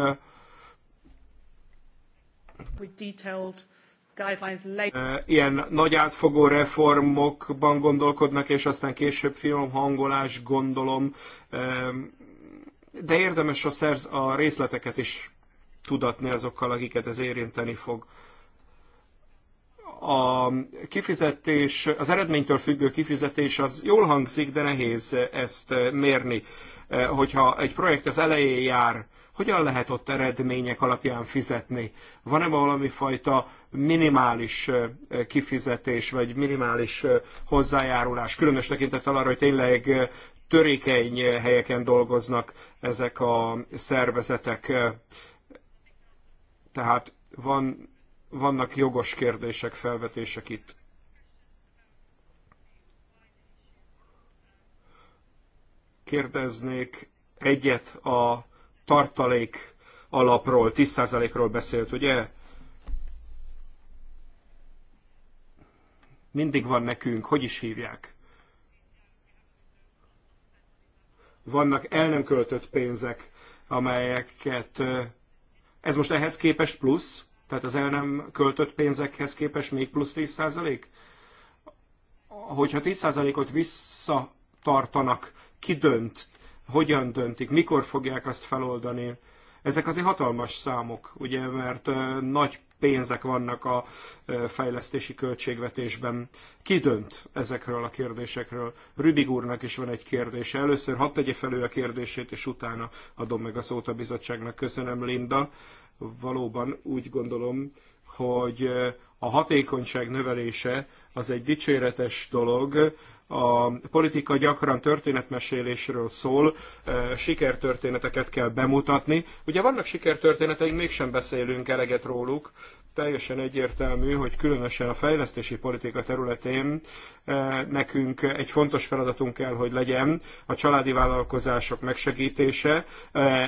Ilyen nagy átfogó reformokban gondolkodnak, és aztán később hangolás gondolom de érdemes a, szerz, a részleteket is tudatni azokkal, akiket ez érinteni fog. A kifizetés, az eredménytől függő kifizetés az jól hangzik, de nehéz ezt mérni. Hogyha egy projekt az elején jár, hogyan lehet ott eredmények alapján fizetni? Van-e valami fajta minimális kifizetés, vagy minimális hozzájárulás, különös tekintettel arra, hogy tényleg törékeny helyeken dolgoznak ezek a szervezetek. Tehát van, vannak jogos kérdések, felvetések itt. Kérdeznék egyet a tartalék alapról, 10%-ról beszélt, ugye? Mindig van nekünk, hogy is hívják? Vannak el nem költött pénzek, amelyeket ez most ehhez képest plusz? Tehát az el nem költött pénzekhez képest még plusz 10 Hogyha 10 ot visszatartanak, ki dönt? Hogyan döntik? Mikor fogják azt feloldani? Ezek azért hatalmas számok, ugye, mert nagy pénzek vannak a fejlesztési költségvetésben. Ki dönt ezekről a kérdésekről? Rübig úrnak is van egy kérdése. Először hadd tegye ő a kérdését, és utána adom meg a szót a bizottságnak. Köszönöm, Linda. Valóban úgy gondolom, hogy a hatékonyság növelése az egy dicséretes dolog, a politika gyakran történetmesélésről szól, sikertörténeteket kell bemutatni. Ugye vannak sikertörténeteink, mégsem beszélünk eleget róluk, teljesen egyértelmű, hogy különösen a fejlesztési politika területén nekünk egy fontos feladatunk kell, hogy legyen a családi vállalkozások megsegítése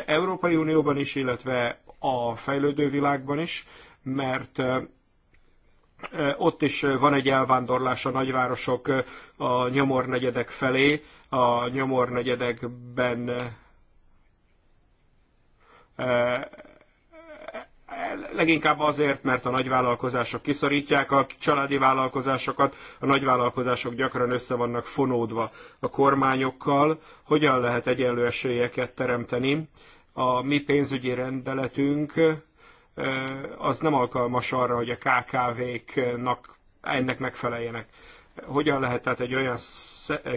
Európai Unióban is, illetve a fejlődő világban is, mert ott is van egy elvándorlás a nagyvárosok a nyomornegyedek felé, a nyomornegyedekben leginkább azért, mert a nagyvállalkozások kiszorítják a családi vállalkozásokat, a nagyvállalkozások gyakran össze vannak fonódva a kormányokkal, hogyan lehet egyenlő esélyeket teremteni. A mi pénzügyi rendeletünk az nem alkalmas arra, hogy a KKV-knak ennek megfeleljenek. Hogyan lehet tehát egy olyan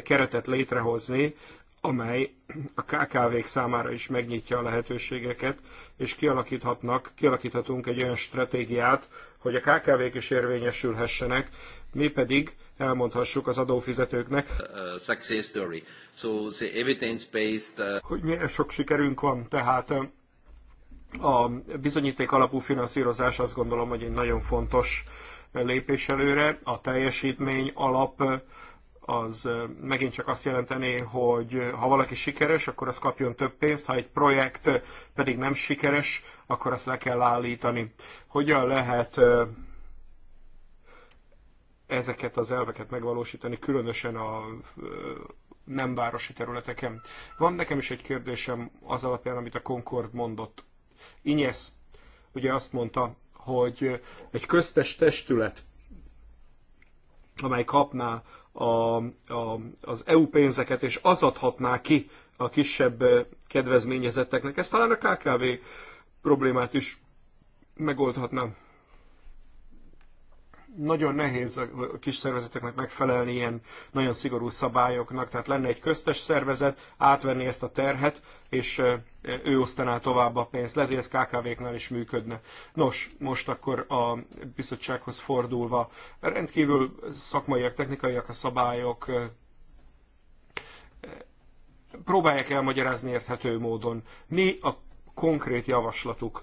keretet létrehozni, amely a KKV-k számára is megnyitja a lehetőségeket, és kialakíthatnak, kialakíthatunk egy olyan stratégiát, hogy a KKV-k is érvényesülhessenek, mi pedig elmondhassuk az adófizetőknek, uh, uh story. So the evidence-based, uh... hogy milyen sok sikerünk van, tehát a bizonyíték alapú finanszírozás azt gondolom, hogy egy nagyon fontos lépés előre. A teljesítmény alap az megint csak azt jelenteni, hogy ha valaki sikeres, akkor az kapjon több pénzt, ha egy projekt pedig nem sikeres, akkor azt le kell állítani. Hogyan lehet ezeket az elveket megvalósítani, különösen a nem városi területeken. Van nekem is egy kérdésem az alapján, amit a Concord mondott. Inyesz ugye azt mondta, hogy egy köztes testület, amely kapná a, a, az EU pénzeket, és az adhatná ki a kisebb kedvezményezetteknek. ezt talán a KKV problémát is megoldhatnám nagyon nehéz a kis szervezeteknek megfelelni ilyen nagyon szigorú szabályoknak, tehát lenne egy köztes szervezet, átvenni ezt a terhet, és ő osztaná tovább a pénzt. Lehet, hogy ez KKV-knál is működne. Nos, most akkor a bizottsághoz fordulva, rendkívül szakmaiak, technikaiak a szabályok, próbálják elmagyarázni érthető módon. Mi a konkrét javaslatuk?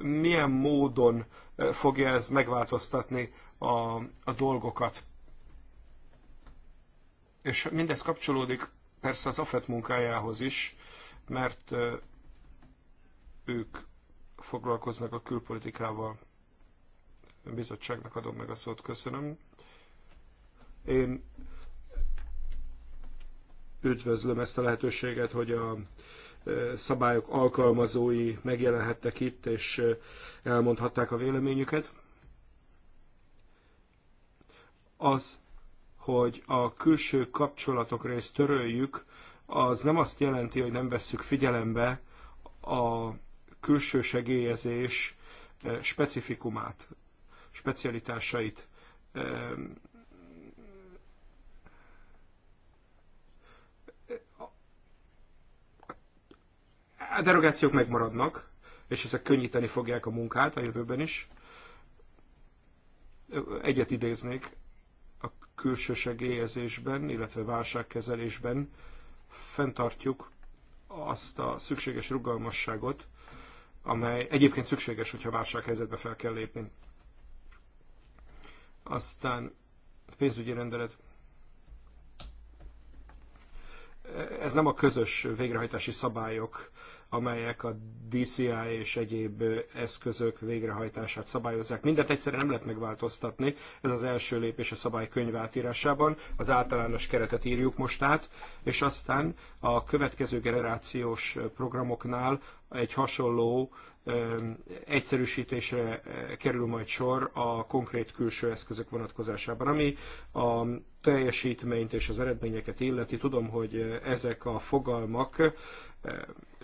Milyen módon fogja ez megváltoztatni a, a dolgokat. És mindez kapcsolódik persze az AFET munkájához is, mert ők foglalkoznak a külpolitikával. A bizottságnak adom meg a szót, köszönöm. Én üdvözlöm ezt a lehetőséget, hogy a szabályok alkalmazói megjelenhettek itt, és elmondhatták a véleményüket az, hogy a külső kapcsolatok részt töröljük, az nem azt jelenti, hogy nem vesszük figyelembe a külső segélyezés eh, specifikumát, specialitásait. Eh, a derogációk megmaradnak, és ezek könnyíteni fogják a munkát a jövőben is. Egyet idéznék, külső segélyezésben, illetve válságkezelésben fenntartjuk azt a szükséges rugalmasságot, amely egyébként szükséges, hogyha válsághelyzetbe fel kell lépni. Aztán pénzügyi rendelet. Ez nem a közös végrehajtási szabályok amelyek a DCI és egyéb eszközök végrehajtását szabályozzák. Mindet egyszerűen nem lehet megváltoztatni, ez az első lépés a szabálykönyv átírásában, az általános keretet írjuk most át, és aztán a következő generációs programoknál egy hasonló egyszerűsítésre eh, kerül majd sor a konkrét külső eszközök vonatkozásában, ami a teljesítményt és az eredményeket illeti. Tudom, hogy ezek a fogalmak eh,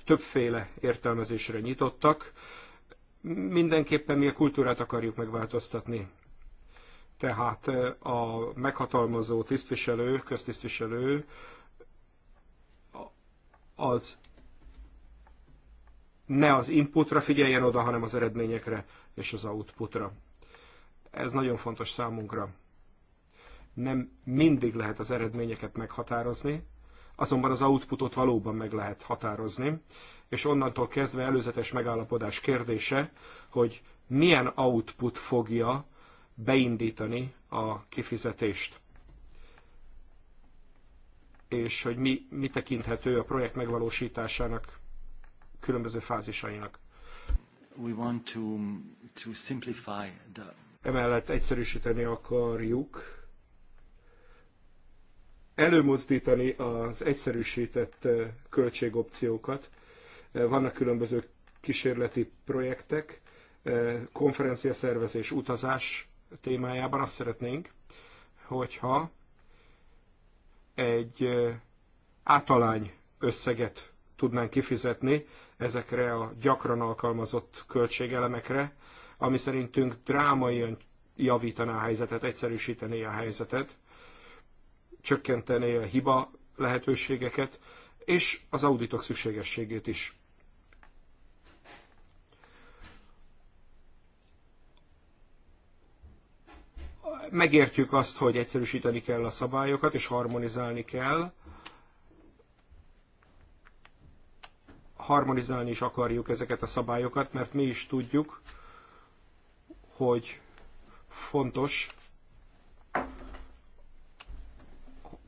többféle értelmezésre nyitottak. Mindenképpen mi a kultúrát akarjuk megváltoztatni. Tehát eh, a meghatalmazó tisztviselő, köztisztviselő az ne az inputra figyeljen oda, hanem az eredményekre és az outputra. Ez nagyon fontos számunkra. Nem mindig lehet az eredményeket meghatározni, azonban az outputot valóban meg lehet határozni, és onnantól kezdve előzetes megállapodás kérdése, hogy milyen output fogja beindítani a kifizetést és hogy mi, mi tekinthető a projekt megvalósításának különböző fázisainak. We want to, to simplify the... Emellett egyszerűsíteni akarjuk előmozdítani az egyszerűsített költségopciókat. Vannak különböző kísérleti projektek, konferenciaszervezés, utazás témájában azt szeretnénk, hogyha egy általány összeget tudnánk kifizetni ezekre a gyakran alkalmazott költségelemekre, ami szerintünk drámaian javítaná a helyzetet, egyszerűsítené a helyzetet, csökkenteni a hiba lehetőségeket, és az auditok szükségességét is. Megértjük azt, hogy egyszerűsíteni kell a szabályokat, és harmonizálni kell. Harmonizálni is akarjuk ezeket a szabályokat, mert mi is tudjuk, hogy fontos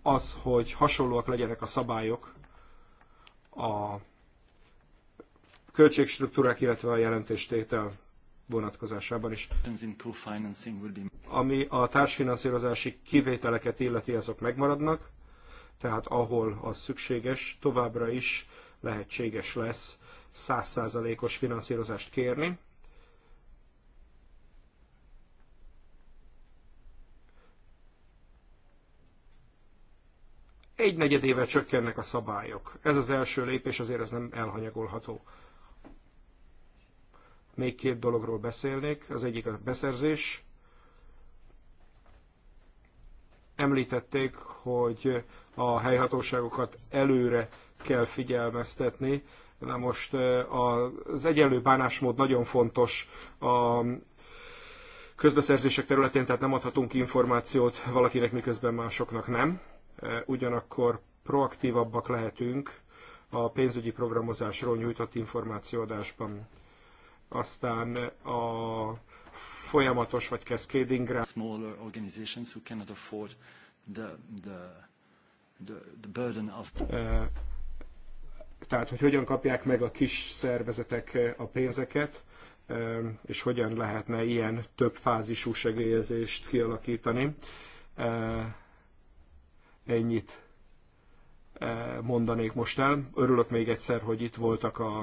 az, hogy hasonlóak legyenek a szabályok a költségstruktúrák, illetve a jelentéstétel vonatkozásában is. Ami a társfinanszírozási kivételeket illeti, azok megmaradnak, tehát ahol az szükséges, továbbra is lehetséges lesz százszázalékos finanszírozást kérni. egy negyedével csökkennek a szabályok. Ez az első lépés, azért ez nem elhanyagolható. Még két dologról beszélnék. Az egyik a beszerzés. Említették, hogy a helyhatóságokat előre kell figyelmeztetni. Na most az egyenlő bánásmód nagyon fontos a közbeszerzések területén, tehát nem adhatunk információt valakinek, miközben másoknak nem ugyanakkor proaktívabbak lehetünk a pénzügyi programozásról nyújtott információadásban. Aztán a folyamatos vagy cascading Smaller organizations who cannot afford the, the, the, the burden of... Tehát, hogy hogyan kapják meg a kis szervezetek a pénzeket, és hogyan lehetne ilyen több fázisú segélyezést kialakítani Ennyit eh, mondanék most el. Örülök még egyszer, hogy itt voltak a,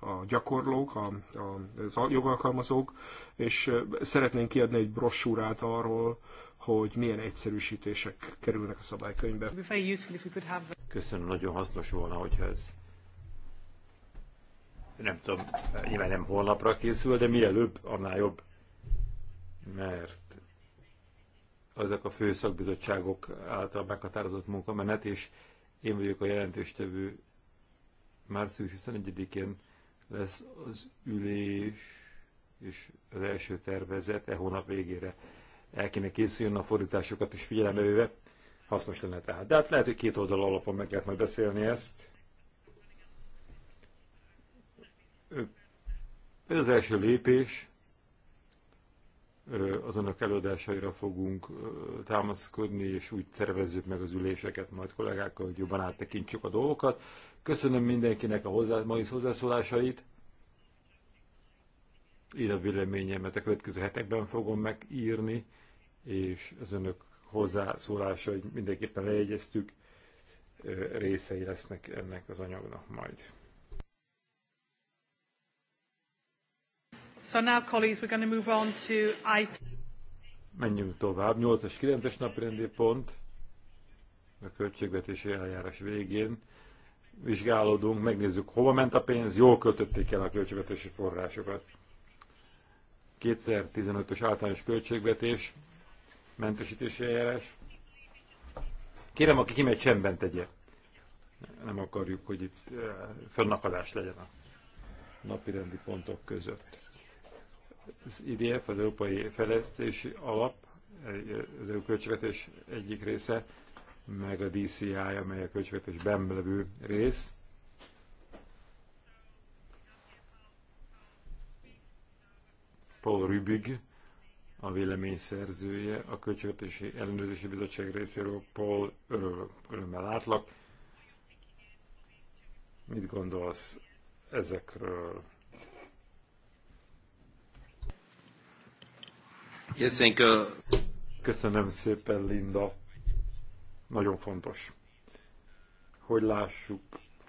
a gyakorlók, a, a, a jogalkalmazók, és eh, szeretnénk kiadni egy brossúrát arról, hogy milyen egyszerűsítések kerülnek a szabálykönyvbe. Köszönöm, nagyon hasznos volna, hogyha ez nem tudom, nyilván nem holnapra készül, de mielőbb, annál jobb. Mert ezek a fő szakbizottságok által meghatározott munkamenet, és én vagyok a jelentéstevő. Március 21-én lesz az ülés, és az első tervezet e hónap végére el kéne készüljön a fordításokat is figyelembe véve. Hasznos lenne tehát. De hát lehet, hogy két oldal alapon meg lehet majd beszélni ezt. Ez az első lépés az önök előadásaira fogunk támaszkodni, és úgy szervezzük meg az üléseket majd kollégákkal, hogy jobban áttekintsük a dolgokat. Köszönöm mindenkinek a hozzá, mai hozzászólásait. Én a véleményemet a következő hetekben fogom megírni, és az önök hozzászólásait mindenképpen lejegyeztük, részei lesznek ennek az anyagnak majd. So now, colleagues, we're going to move on to item... Menjünk tovább. 8 és 9-es naprendi pont a költségvetési eljárás végén vizsgálódunk, megnézzük, hova ment a pénz, jól kötötték el a költségvetési forrásokat. 2015-ös általános költségvetés, mentesítési eljárás. Kérem, aki kimegy, csendben tegye. Nem akarjuk, hogy itt eh, fönnakadás legyen a napirendi pontok között az IDF, az Európai Fejlesztési Alap, az EU költségvetés egyik része, meg a DCI, amely a költségvetés bemlevő rész. Paul Rübig, a vélemény szerzője, a Költségvetési Ellenőrzési Bizottság részéről Paul öröm, örömmel látlak. Mit gondolsz ezekről? Köszönöm szépen, Linda. Nagyon fontos, hogy lássuk,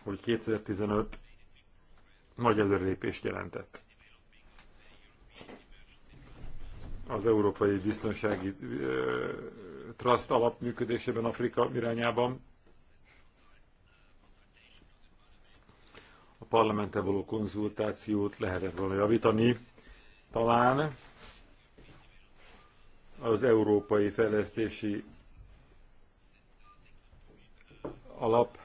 hogy 2015 nagy előrelépést jelentett. Az Európai Biztonsági ö, Trust alap Afrika irányában a parlamente való konzultációt lehetett volna javítani, talán az Európai Fejlesztési Alap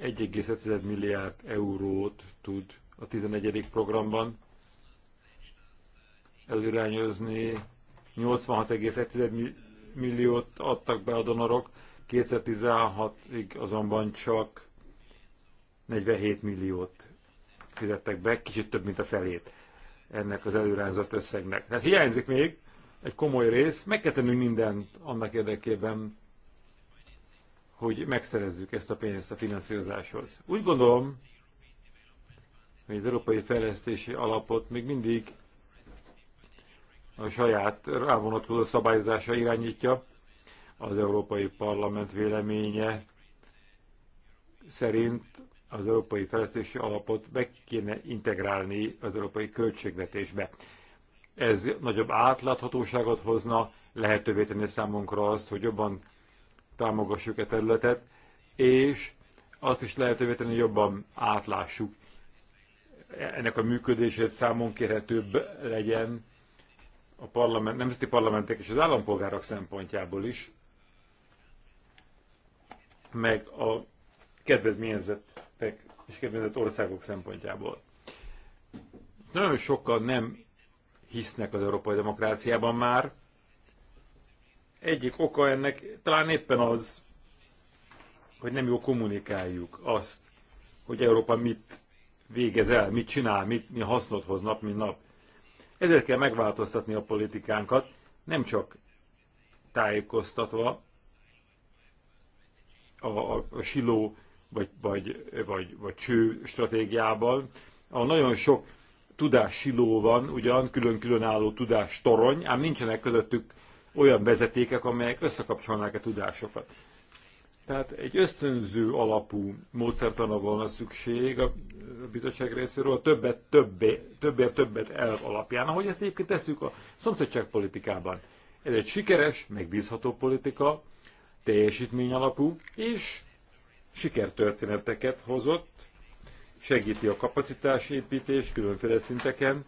1,5 milliárd eurót tud a 11. programban előirányozni. 86,1 milliót adtak be a donorok, 2016-ig azonban csak 47 milliót fizettek be, kicsit több, mint a felét ennek az előrányzott összegnek. Tehát hiányzik még, egy komoly rész. Meg kell tennünk mindent annak érdekében, hogy megszerezzük ezt a pénzt a finanszírozáshoz. Úgy gondolom, hogy az Európai Fejlesztési Alapot még mindig a saját rávonatkozó szabályozása irányítja. Az Európai Parlament véleménye szerint az Európai Fejlesztési Alapot be kéne integrálni az európai költségvetésbe. Ez nagyobb átláthatóságot hozna, lehetővé tenni számunkra azt, hogy jobban támogassuk e területet, és azt is lehetővé tenni, hogy jobban átlássuk ennek a működését számon kérhetőbb legyen a parlament, nemzeti parlamentek és az állampolgárok szempontjából is, meg a kedvezményezettek és kedvezett országok szempontjából. Nagyon sokkal nem hisznek az európai demokráciában már. Egyik oka ennek talán éppen az, hogy nem jól kommunikáljuk azt, hogy Európa mit végez el, mit csinál, mit, mi hasznot hoz nap, mint nap. Ezért kell megváltoztatni a politikánkat, nem csak tájékoztatva a, a, a siló vagy, vagy, vagy, vagy cső stratégiában, a nagyon sok tudássiló van, ugyan külön-külön álló tudástorony, ám nincsenek közöttük olyan vezetékek, amelyek összekapcsolnák a tudásokat. Tehát egy ösztönző alapú módszertana volna szükség a bizottság részéről a többet, többé, többért többet elv alapján, ahogy ezt egyébként tesszük a szomszédság politikában. Ez egy sikeres, megbízható politika, teljesítmény alapú, és sikertörténeteket hozott, segíti a kapacitásépítést különféle szinteken,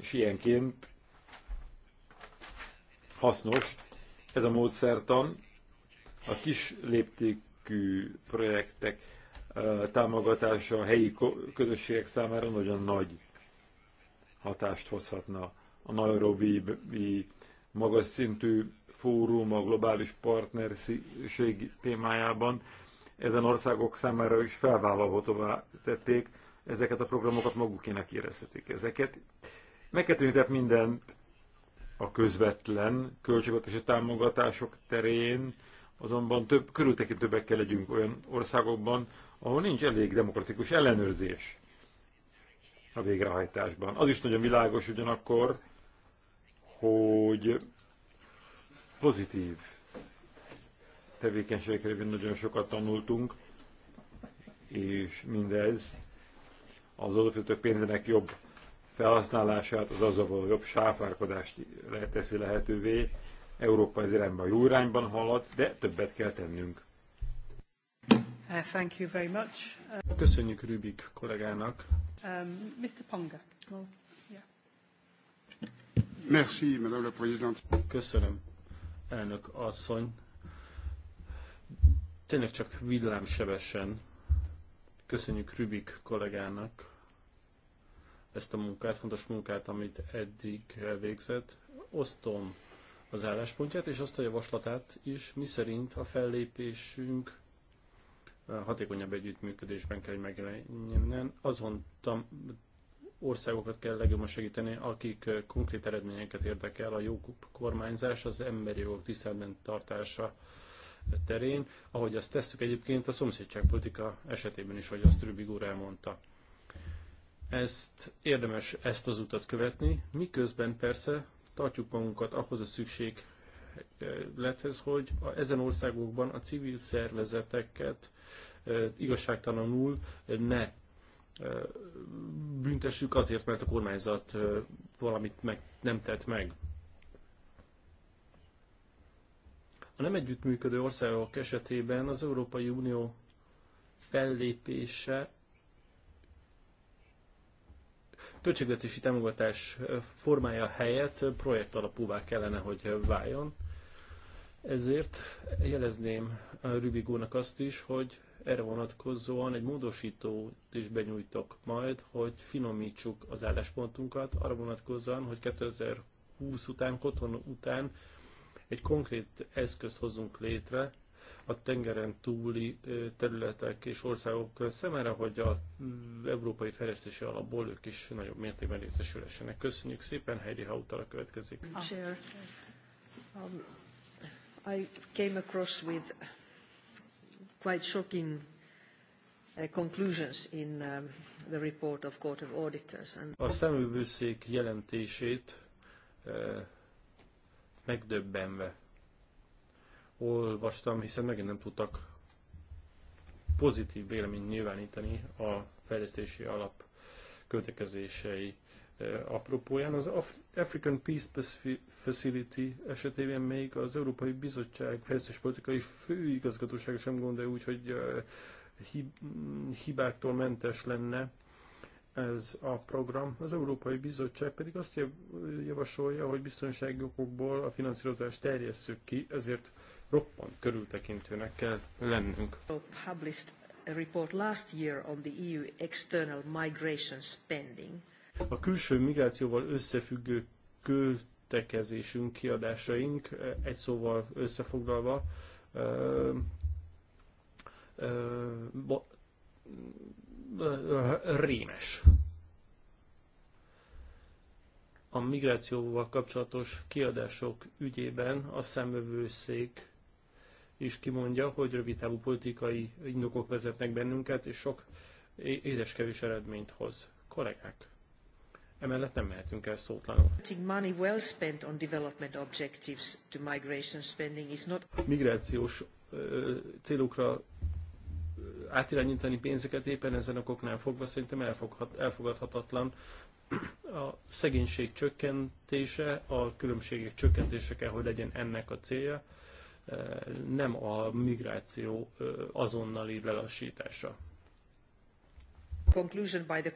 és ilyenként hasznos ez a módszertan a kis léptékű projektek támogatása a helyi közösségek számára nagyon nagy hatást hozhatna. A Nairobi magas szintű fórum a globális partnerség témájában ezen országok számára is felvállalhatóvá tették, ezeket a programokat magukének érezhetik ezeket. Megkettőnyített mindent a közvetlen költségvetési támogatások terén, azonban több, körültekintőbbek kell legyünk olyan országokban, ahol nincs elég demokratikus ellenőrzés a végrehajtásban. Az is nagyon világos ugyanakkor, hogy pozitív tevékenységek nagyon sokat tanultunk, és mindez az adófizetők pénzének jobb felhasználását, az azzal való jobb sáfárkodást teszi lehetővé. Európa ez irányban jó irányban halad, de többet kell tennünk. Uh, thank you very much. Köszönjük Rübik kollégának. Um, Mr. Ponga. Oh. Merci, Madame la Présidente. Köszönöm, elnök asszony. Tényleg csak villámsebesen köszönjük Rübik kollégának ezt a munkát, fontos munkát, amit eddig végzett. Osztom az álláspontját és azt a javaslatát is, Mi szerint a fellépésünk hatékonyabb együttműködésben kell, hogy megjelenjen. Azon tam, országokat kell legjobban segíteni, akik konkrét eredményeket érdekel, a jó kormányzás, az emberi jogok tiszteletben tartása, terén, ahogy azt tesszük egyébként a szomszédságpolitika esetében is, hogy azt Rübig úr elmondta. Ezt érdemes ezt az utat követni, miközben persze tartjuk magunkat ahhoz a szükség lethez, hogy a, ezen országokban a civil szervezeteket e, igazságtalanul ne e, büntessük azért, mert a kormányzat e, valamit meg, nem tett meg. A nem együttműködő országok esetében az Európai Unió fellépése költségvetési támogatás formája helyett projekt alapúvá kellene, hogy váljon. Ezért jelezném Rübigónak azt is, hogy erre vonatkozóan egy módosító is benyújtok majd, hogy finomítsuk az álláspontunkat arra vonatkozóan, hogy 2020 után, Koton után egy konkrét eszközt hozunk létre a tengeren túli területek és országok szemére, hogy az Európai Fejlesztési Alapból ők is nagyobb mértékben részesülhessenek. Köszönjük szépen, Heidi Hautala következik. Um, I came across with quite shocking uh, conclusions in um, the report of Court of Auditors. A szemövőszék jelentését uh, megdöbbenve olvastam, hiszen megint nem tudtak pozitív véleményt nyilvánítani a fejlesztési alap költekezései e, apropóján. Az African Peace Facility esetében még az Európai Bizottság politikai főigazgatóság sem gondolja úgy, hogy e, hibáktól mentes lenne ez a program. Az Európai Bizottság pedig azt javasolja, hogy biztonsági okokból a finanszírozást terjesszük ki, ezért roppant körültekintőnek kell lennünk. A külső migrációval összefüggő költekezésünk, kiadásaink, eh, egy szóval összefoglalva, eh, eh, rémes. A migrációval kapcsolatos kiadások ügyében a szemövőszék is kimondja, hogy rövidtávú politikai indokok vezetnek bennünket, és sok édeskevés eredményt hoz. Kollégák, emellett nem mehetünk el szótlanul. Migrációs célokra átirányítani pénzeket éppen ezen okoknál fogva szerintem elfogadhatatlan. A szegénység csökkentése, a különbségek csökkentése kell, hogy legyen ennek a célja, e, nem a migráció e, azonnali lelassítása. E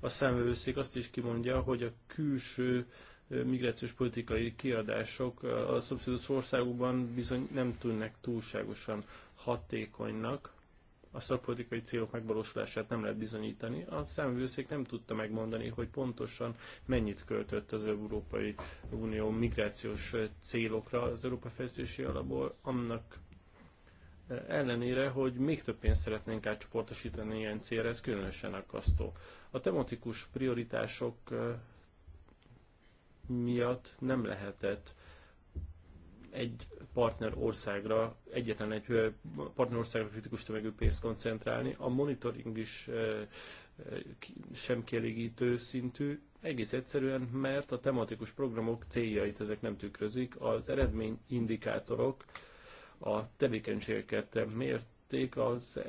a számvevőszék azt is kimondja, hogy a külső migrációs politikai kiadások a szomszédos országokban bizony nem tűnnek túlságosan hatékonynak, a szakpolitikai célok megvalósulását nem lehet bizonyítani. A számvőszék nem tudta megmondani, hogy pontosan mennyit költött az Európai Unió migrációs célokra az Európa Fejlesztési Alapból, annak ellenére, hogy még több pénzt szeretnénk átcsoportosítani ilyen célra, ez különösen akasztó. A tematikus prioritások miatt nem lehetett egy partner országra, egyetlen egy partner országra kritikus tömegű pénzt koncentrálni. A monitoring is sem kielégítő szintű, egész egyszerűen, mert a tematikus programok céljait ezek nem tükrözik, az eredmény indikátorok a tevékenységeket mérték az e,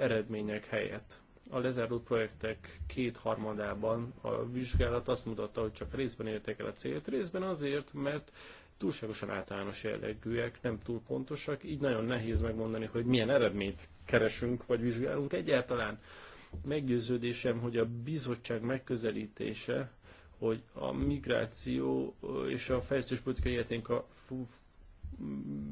eredmények helyett. A lezárult projektek kétharmadában a vizsgálat azt mutatta, hogy csak részben érték el a célt, részben azért, mert túlságosan általános jellegűek, nem túl pontosak, így nagyon nehéz megmondani, hogy milyen eredményt keresünk vagy vizsgálunk egyáltalán. Meggyőződésem, hogy a bizottság megközelítése, hogy a migráció és a politikai életénk a fú,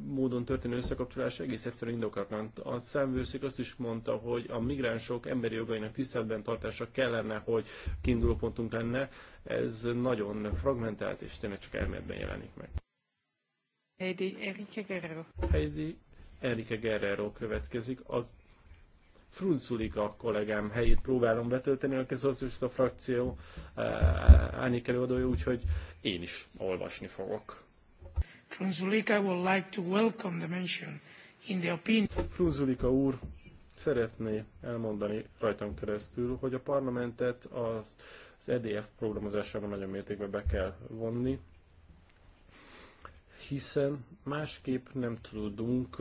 módon történő összekapcsolás egész egyszerűen indokatlan. A számvőszék azt is mondta, hogy a migránsok emberi jogainak tiszteletben tartása kellene, hogy kiinduló pontunk lenne. Ez nagyon fragmentált és tényleg csak elméletben jelenik meg. Heidi Erika Guerrero. Heidi Erika Guerrero következik. A Frunculika kollégám helyét próbálom betölteni, aki az a frakció eh, árnyék előadója, úgyhogy én is olvasni fogok. Frunzulika would like to welcome the mention in the opinion. Frunzulika úr szeretné elmondani rajtam keresztül, hogy a parlamentet az, az e EDF programozásában nagyon mértékben be kell vonni hiszen másképp nem tudunk,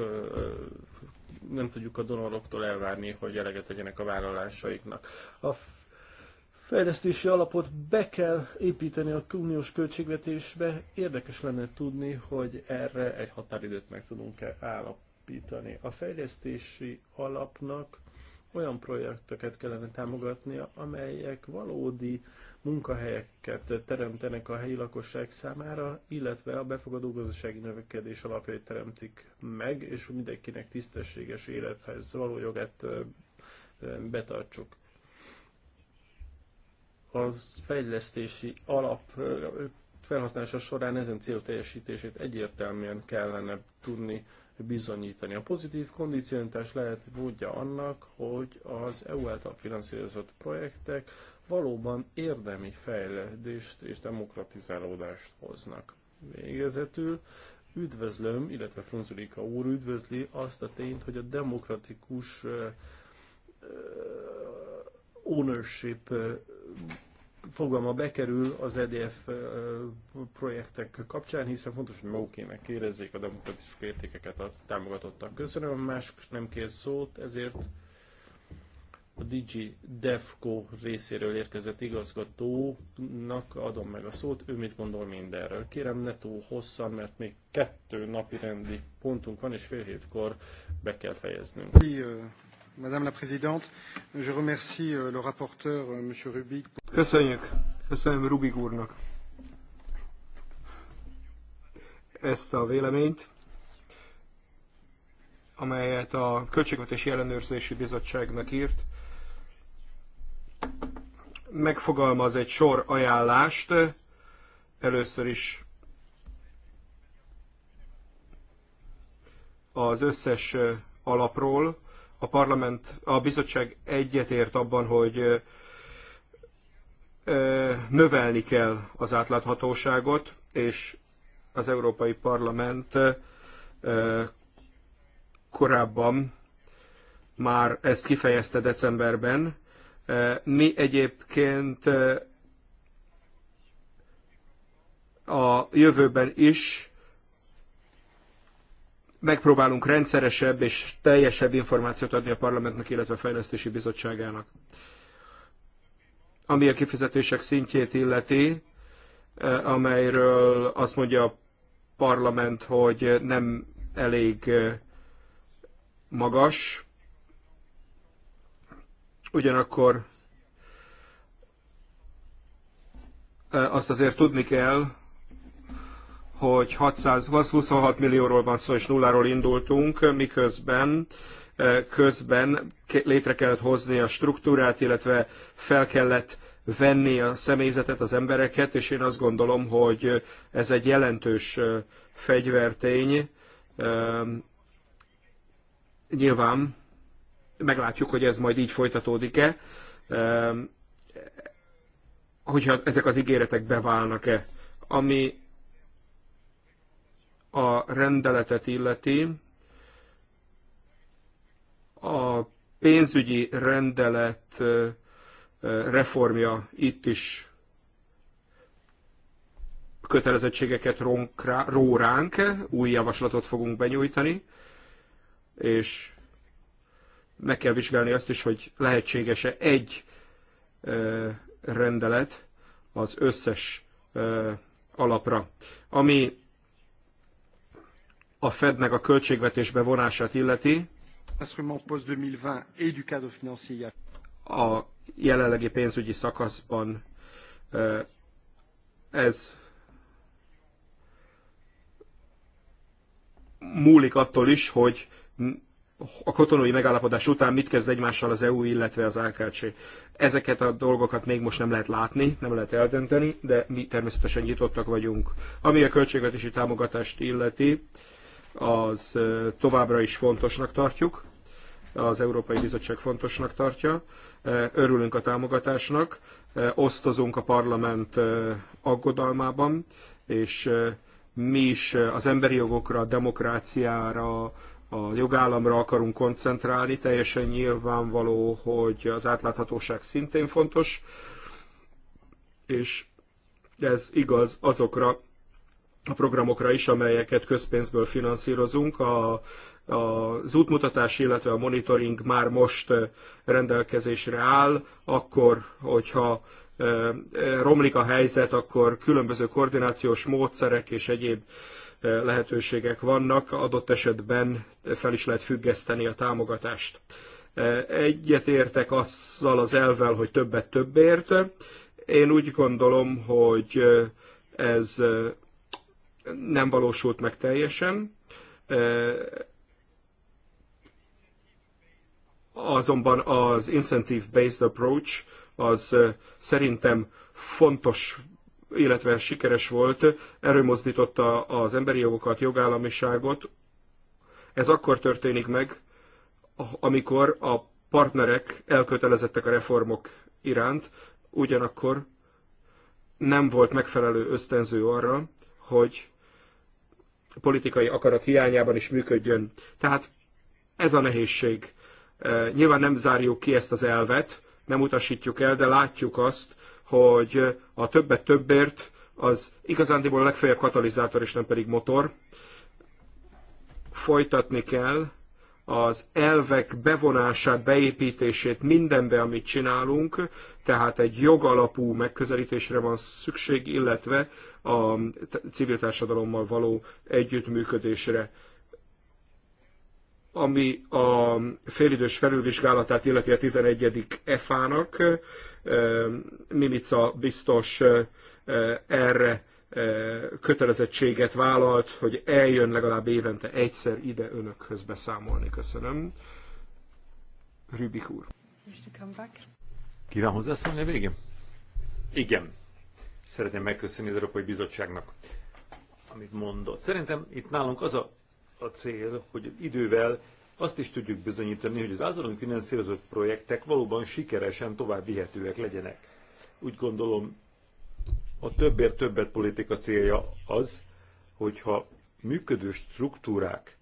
nem tudjuk a donoroktól elvárni, hogy eleget tegyenek a vállalásaiknak. A fejlesztési alapot be kell építeni a uniós költségvetésbe. Érdekes lenne tudni, hogy erre egy határidőt meg tudunk-e állapítani. A fejlesztési alapnak olyan projekteket kellene támogatnia, amelyek valódi munkahelyeket teremtenek a helyi lakosság számára, illetve a befogadó gazdasági növekedés alapjait teremtik meg, és mindenkinek tisztességes élethez való jogát betartsuk. Az fejlesztési alap felhasználása során ezen cél teljesítését egyértelműen kellene tudni bizonyítani. A pozitív kondicionitás lehet módja annak, hogy az EU által finanszírozott projektek valóban érdemi fejlődést és demokratizálódást hoznak. Végezetül üdvözlöm, illetve Frunzulika úr üdvözli azt a tényt, hogy a demokratikus ownership fogalma bekerül az EDF projektek kapcsán, hiszen fontos, hogy magukének érezzék a demokratikus értékeket a támogatottak. Köszönöm, más nem kér szót, ezért a DG DEFCO részéről érkezett igazgatónak adom meg a szót, ő mit gondol mindenről. Kérem, ne túl hosszan, mert még kettő napi rendi pontunk van, és fél hétkor be kell fejeznünk. Yeah. Madame la Présidente, je remercie euh, le rapporteur, euh, M. Rubik. Köszönjük. Köszönöm Rubik úrnak ezt a véleményt, amelyet a Költségvetési Ellenőrzési Bizottságnak írt. Megfogalmaz egy sor ajánlást, először is az összes alapról, a parlament, a bizottság egyetért abban, hogy növelni kell az átláthatóságot, és az Európai Parlament korábban már ezt kifejezte decemberben. Mi egyébként a jövőben is megpróbálunk rendszeresebb és teljesebb információt adni a parlamentnek, illetve a fejlesztési bizottságának. Ami a kifizetések szintjét illeti, eh, amelyről azt mondja a parlament, hogy nem elég eh, magas, ugyanakkor eh, azt azért tudni kell, hogy 626 millióról van szó, és nulláról indultunk, miközben eh, közben létre kellett hozni a struktúrát, illetve fel kellett venni a személyzetet, az embereket, és én azt gondolom, hogy ez egy jelentős eh, fegyvertény. Ehm, nyilván meglátjuk, hogy ez majd így folytatódik-e, ehm, hogyha ezek az ígéretek beválnak-e. Ami a rendeletet illeti, a pénzügyi rendelet reformja itt is kötelezettségeket ró ránk, új javaslatot fogunk benyújtani, és meg kell vizsgálni azt is, hogy lehetséges-e egy rendelet az összes alapra. Ami a Fednek a költségvetésbe vonását illeti, a jelenlegi pénzügyi szakaszban ez múlik attól is, hogy a kotonói megállapodás után mit kezd egymással az EU, illetve az AKC. Ezeket a dolgokat még most nem lehet látni, nem lehet eldönteni, de mi természetesen nyitottak vagyunk. Ami a költségvetési támogatást illeti, az továbbra is fontosnak tartjuk, az Európai Bizottság fontosnak tartja. Örülünk a támogatásnak, osztozunk a parlament aggodalmában, és mi is az emberi jogokra, a demokráciára, a jogállamra akarunk koncentrálni. Teljesen nyilvánvaló, hogy az átláthatóság szintén fontos, és ez igaz azokra a programokra is, amelyeket közpénzből finanszírozunk. A, az útmutatás, illetve a monitoring már most rendelkezésre áll, akkor, hogyha romlik a helyzet, akkor különböző koordinációs módszerek és egyéb lehetőségek vannak, adott esetben fel is lehet függeszteni a támogatást. Egyetértek azzal az elvel, hogy többet többért. Én úgy gondolom, hogy ez nem valósult meg teljesen, azonban az incentive-based approach az szerintem fontos illetve sikeres volt, erőmozdította az emberi jogokat, jogállamiságot. Ez akkor történik meg, amikor a partnerek elkötelezettek a reformok iránt, ugyanakkor nem volt megfelelő ösztönző arra, hogy politikai akarat hiányában is működjön. Tehát ez a nehézség. E, nyilván nem zárjuk ki ezt az elvet, nem utasítjuk el, de látjuk azt, hogy a többet többért az igazándiból legfeljebb katalizátor és nem pedig motor. Folytatni kell az elvek bevonását, beépítését mindenbe, amit csinálunk, tehát egy jogalapú megközelítésre van szükség, illetve a civil társadalommal való együttműködésre ami a félidős felülvizsgálatát illeti a 11. EFA-nak. Eh, Mimica biztos eh, erre kötelezettséget vállalt, hogy eljön legalább évente egyszer ide önökhöz beszámolni. Köszönöm. Rübik úr. Kíván hozzászólni a végén? Igen. Szeretném megköszönni az Európai Bizottságnak, amit mondott. Szerintem itt nálunk az a, a cél, hogy idővel azt is tudjuk bizonyítani, hogy az általunk finanszírozott projektek valóban sikeresen tovább vihetőek legyenek. Úgy gondolom, a többért többet politika célja az, hogyha működő struktúrák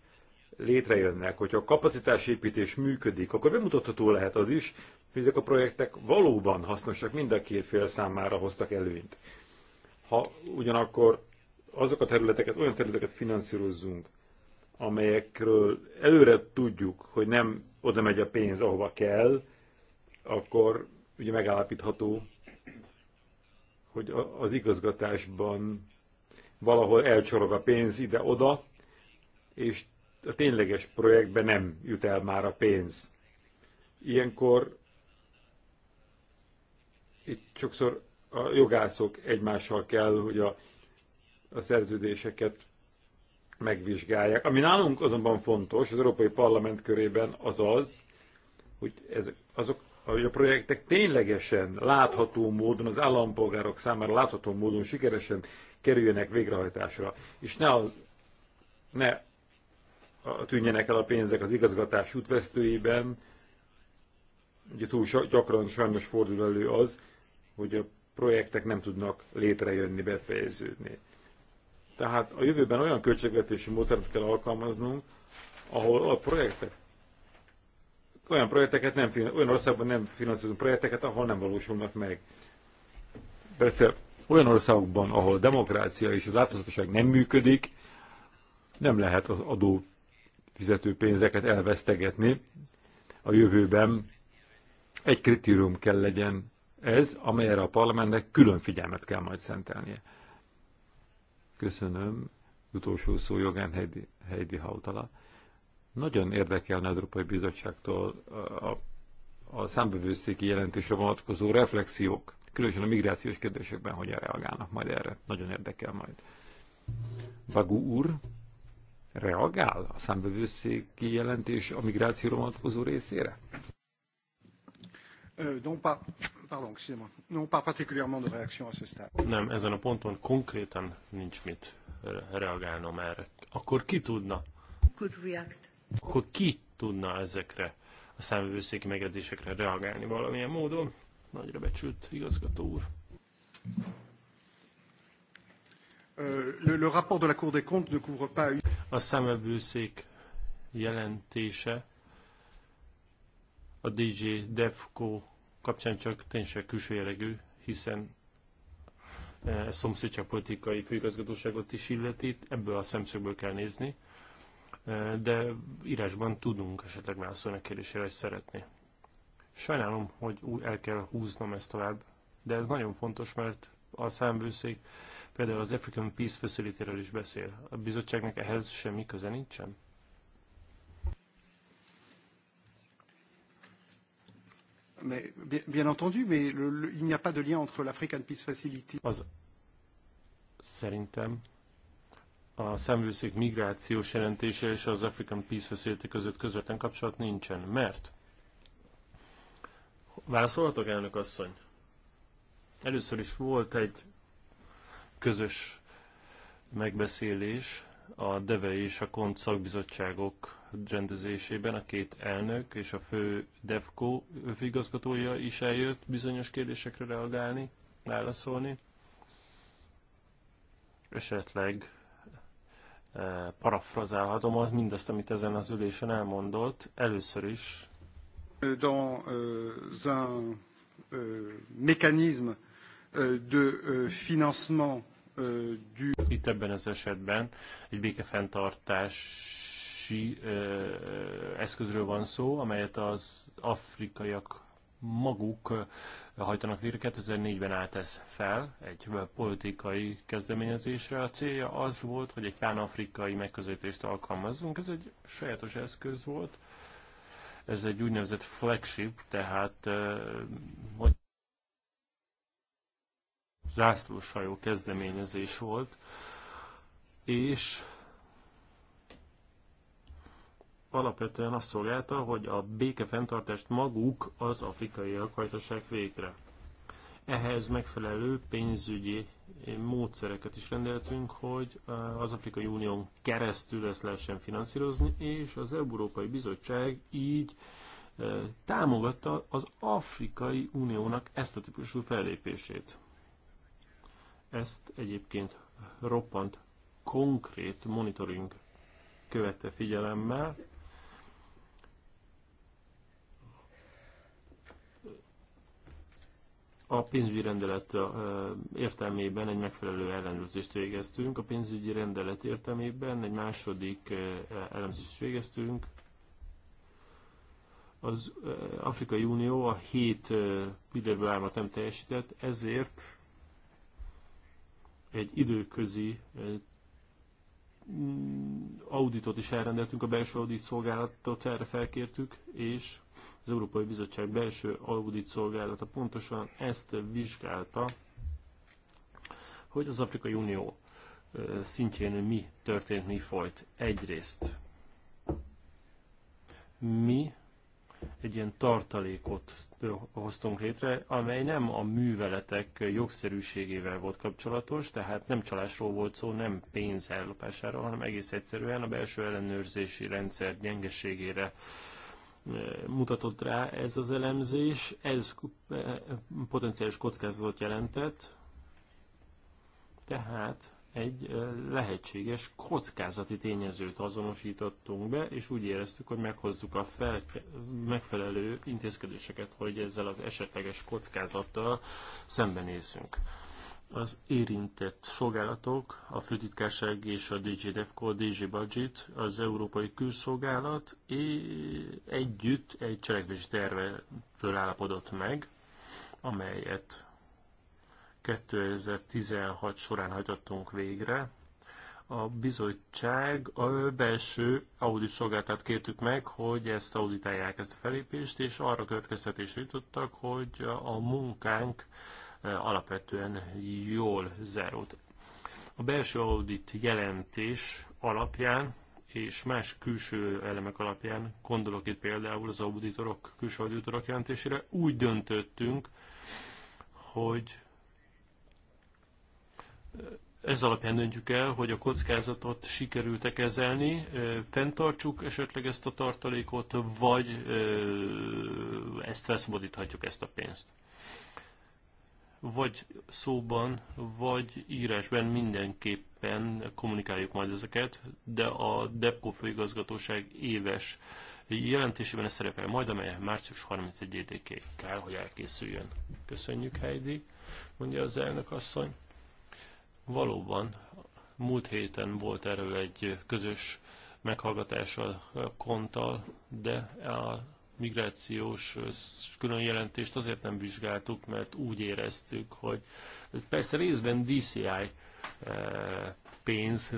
létrejönnek, hogyha a kapacitásépítés működik, akkor bemutatható lehet az is, hogy ezek a projektek valóban hasznosak mind a két fél számára hoztak előnyt. Ha ugyanakkor azok a területeket, olyan területeket finanszírozzunk, amelyekről előre tudjuk, hogy nem oda megy a pénz, ahova kell, akkor ugye megállapítható, hogy az igazgatásban valahol elcsorog a pénz ide-oda, és a tényleges projektbe nem jut el már a pénz. Ilyenkor itt sokszor a jogászok egymással kell, hogy a, a szerződéseket megvizsgálják. Ami nálunk azonban fontos, az Európai Parlament körében az az, hogy ezek, azok hogy a projektek ténylegesen látható módon, az állampolgárok számára látható módon sikeresen kerüljenek végrehajtásra, és ne az ne tűnjenek el a pénzek az igazgatás útvesztőjében, ugye túl gyakran sajnos fordul elő az, hogy a projektek nem tudnak létrejönni, befejeződni. Tehát a jövőben olyan költségvetési módszert kell alkalmaznunk, ahol a projektek olyan projekteket nem, olyan országban nem finanszírozunk projekteket, ahol nem valósulnak meg. Persze olyan országokban, ahol a demokrácia és az átláthatóság nem működik, nem lehet az adó fizető pénzeket elvesztegetni a jövőben. Egy kritérium kell legyen ez, amelyre a parlamentnek külön figyelmet kell majd szentelnie. Köszönöm. Utolsó szó jogán Heidi, Heidi Hautala. Nagyon érdekelne az Európai Bizottságtól a, a számbevőszéki jelentésre vonatkozó reflexiók, különösen a migrációs kérdésekben hogyan reagálnak majd erre. Nagyon érdekel majd. Bagú úr reagál a számbevőszéki jelentés a migrációra vonatkozó részére? Euh, Nem, ezen a ponton konkrétan nincs mit reagálnom erre. Akkor ki tudna? Could react akkor ki tudna ezekre a számvevőszéki megjegyzésekre reagálni valamilyen módon? Nagyra becsült igazgató úr. A számvevőszék jelentése a DJ Defco kapcsán csak tényleg külső jellegű, hiszen eh, szomszédságpolitikai főigazgatóságot is illeti, ebből a szemszögből kell nézni de írásban tudunk esetleg válaszolni a kérdésére, hogy szeretné. Sajnálom, hogy el kell húznom ezt tovább, de ez nagyon fontos, mert a számvőszék például az African Peace facility is beszél. A bizottságnak ehhez semmi köze nincsen? Mais, bien entendu, mais le, le, il n'y a pas de lien entre l'African Peace Facility. Az szerintem a szemvőszék migrációs jelentése és az African Peace Facility között közvetlen kapcsolat nincsen, mert Válaszolhatok, elnök asszony? Először is volt egy közös megbeszélés a DEVE és a KONT szakbizottságok rendezésében a két elnök és a fő DEFCO főigazgatója is eljött bizonyos kérdésekre reagálni, válaszolni. Esetleg parafrazálhatom az mindazt, amit ezen az ülésen elmondott. Először is. Dans un mécanisme de financement du... Itt ebben az esetben egy békefenntartási eszközről van szó, amelyet az afrikaiak maguk hajtanak végre. 2004-ben állt ez fel egy politikai kezdeményezésre. A célja az volt, hogy egy pánafrikai megközelítést alkalmazzunk. Ez egy sajátos eszköz volt. Ez egy úgynevezett flagship, tehát hogy zászlóshajó kezdeményezés volt, és alapvetően azt szolgálta, hogy a békefenntartást maguk az afrikaiak hajtassák végre. Ehhez megfelelő pénzügyi módszereket is rendeltünk, hogy az Afrikai Unión keresztül ezt lehessen finanszírozni, és az Európai Bizottság így e, támogatta az Afrikai Uniónak ezt a típusú fellépését. Ezt egyébként roppant konkrét monitoring követte figyelemmel, a pénzügyi rendelet értelmében egy megfelelő ellenőrzést végeztünk. A pénzügyi rendelet értelmében egy második ellenőrzést végeztünk. Az Afrikai Unió a hét pillérből álmat nem teljesített, ezért egy időközi Mm, auditot is elrendeltünk, a belső audit szolgálatot erre felkértük, és az Európai Bizottság belső audit szolgálata pontosan ezt vizsgálta, hogy az Afrikai Unió szintjén mi történt, mi folyt. Egyrészt mi egy ilyen tartalékot hoztunk létre, amely nem a műveletek jogszerűségével volt kapcsolatos, tehát nem csalásról volt szó, nem pénz ellopásáról, hanem egész egyszerűen a belső ellenőrzési rendszer gyengeségére mutatott rá ez az elemzés, ez potenciális kockázatot jelentett, tehát egy lehetséges kockázati tényezőt azonosítottunk be, és úgy éreztük, hogy meghozzuk a fel, megfelelő intézkedéseket, hogy ezzel az esetleges kockázattal szembenézzünk. Az érintett szolgálatok, a Főtitkárság és a DG DevCo, a DG Budget, az Európai Külszolgálat együtt egy cselekvési tervetől állapodott meg, amelyet 2016 során hajtottunk végre. A bizottság a belső audit szolgáltat kértük meg, hogy ezt auditálják ezt a felépést, és arra következtetésre jutottak, hogy a munkánk e, alapvetően jól zárult. A belső audit jelentés alapján és más külső elemek alapján, gondolok itt például az auditorok, külső auditorok jelentésére, úgy döntöttünk, hogy ez alapján döntjük el, hogy a kockázatot sikerült-e kezelni, fenntartsuk esetleg ezt a tartalékot, vagy ezt felszabadíthatjuk, ezt a pénzt. Vagy szóban, vagy írásban mindenképpen kommunikáljuk majd ezeket, de a DEFCO főigazgatóság éves jelentésében ez szerepel majd, amely március 31-ig kell, hogy elkészüljön. Köszönjük, Heidi, mondja az elnök asszony. Valóban múlt héten volt erről egy közös meghallgatás a konttal, de a migrációs külön jelentést azért nem vizsgáltuk, mert úgy éreztük, hogy ez persze részben DCI eh, pénz,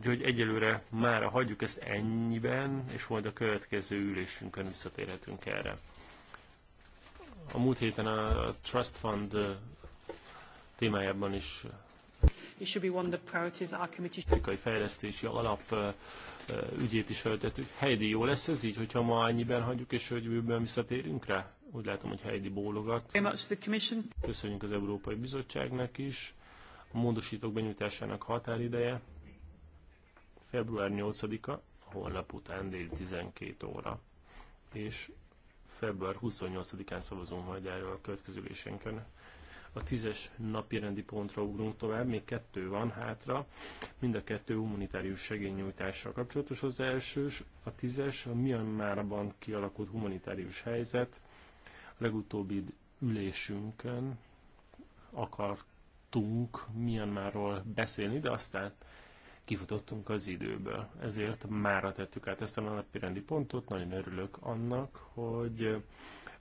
úgyhogy egyelőre már hagyjuk ezt ennyiben, és majd a következő ülésünkön visszatérhetünk erre. A múlt héten a Trust Fund eh, témájában is It should be one of the priorities our committee. Politikai fejlesztési alap ügyét is feltettük. Heidi, jó lesz ez így, hogyha ma annyiben hagyjuk, és hogy jövőben visszatérünk rá? Úgy látom, hogy Heidi bólogat. Köszönjük az Európai Bizottságnak is. A módosítók benyújtásának határideje február 8-a, holnap után dél 12 óra. És február 28-án szavazunk majd erről a következő a tízes napi rendi pontra ugrunk tovább, még kettő van hátra. Mind a kettő humanitárius segélynyújtással kapcsolatos. Az elsős, a tízes, a Myanmarban kialakult humanitárius helyzet. A legutóbbi ülésünkön akartunk Myanmarról beszélni, de aztán kifutottunk az időből. Ezért mára tettük át ezt a napi rendi pontot. Nagyon örülök annak, hogy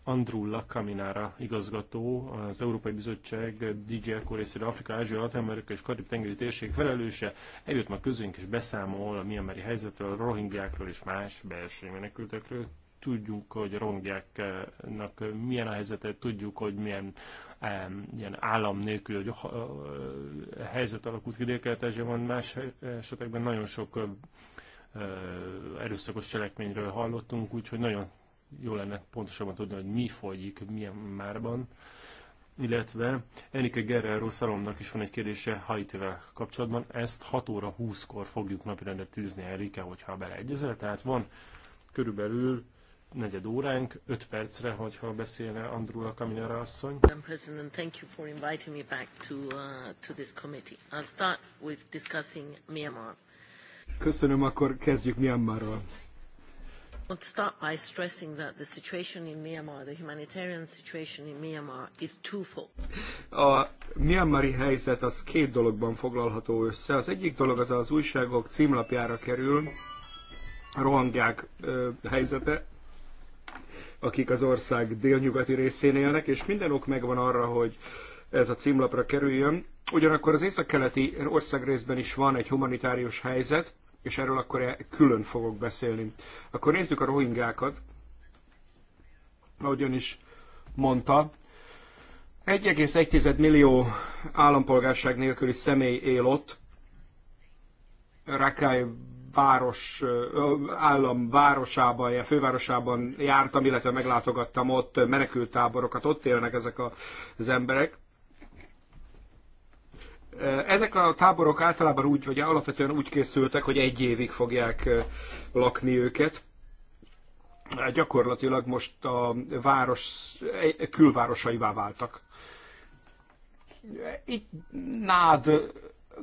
Andrulla Kaminára igazgató, az Európai Bizottság DJ Eco részére Afrika, Ázsia, Latin Amerika és Karib tengeri térség felelőse. Eljött ma közünk és beszámol a miameri helyzetről, a rohingyákról és más belső menekültekről. Tudjuk, hogy a rohingyáknak milyen a helyzete, tudjuk, hogy milyen um, ilyen állam nélkül hogy, a helyzet alakult ki dél van más esetekben nagyon sok uh, erőszakos cselekményről hallottunk, úgyhogy nagyon jó lenne pontosabban tudni, hogy mi folyik, milyen márban. Illetve Enike Gerrero Szalomnak is van egy kérdése Haitivel kapcsolatban. Ezt 6 óra 20-kor fogjuk napirendre tűzni Enrique, hogyha beleegyezel. Tehát van körülbelül negyed óránk, öt percre, hogyha beszélne Andrula Kaminara asszony. Madam President, thank you for inviting me back to, uh, to this committee. I'll start with discussing Myanmar. Köszönöm, akkor kezdjük Myanmarral. I want to start by stressing that the situation in Myanmar, the humanitarian situation in Myanmar is twofold. A Myanmari helyzet az két dologban foglalható össze. Az egyik dolog az az újságok címlapjára kerül, rohangják helyzete, akik az ország délnyugati részén élnek, és minden ok megvan arra, hogy ez a címlapra kerüljön. Ugyanakkor az északkeleti részben is van egy humanitárius helyzet, és erről akkor e- külön fogok beszélni. Akkor nézzük a rohingákat. Ahogyan is mondta, 1,1 millió állampolgárság nélküli személy él ott. Rakály város, állam városában, fővárosában jártam, illetve meglátogattam ott menekültáborokat, ott élnek ezek az emberek. Ezek a táborok általában úgy, vagy alapvetően úgy készültek, hogy egy évig fogják lakni őket. Gyakorlatilag most a város külvárosaivá váltak. Itt nád,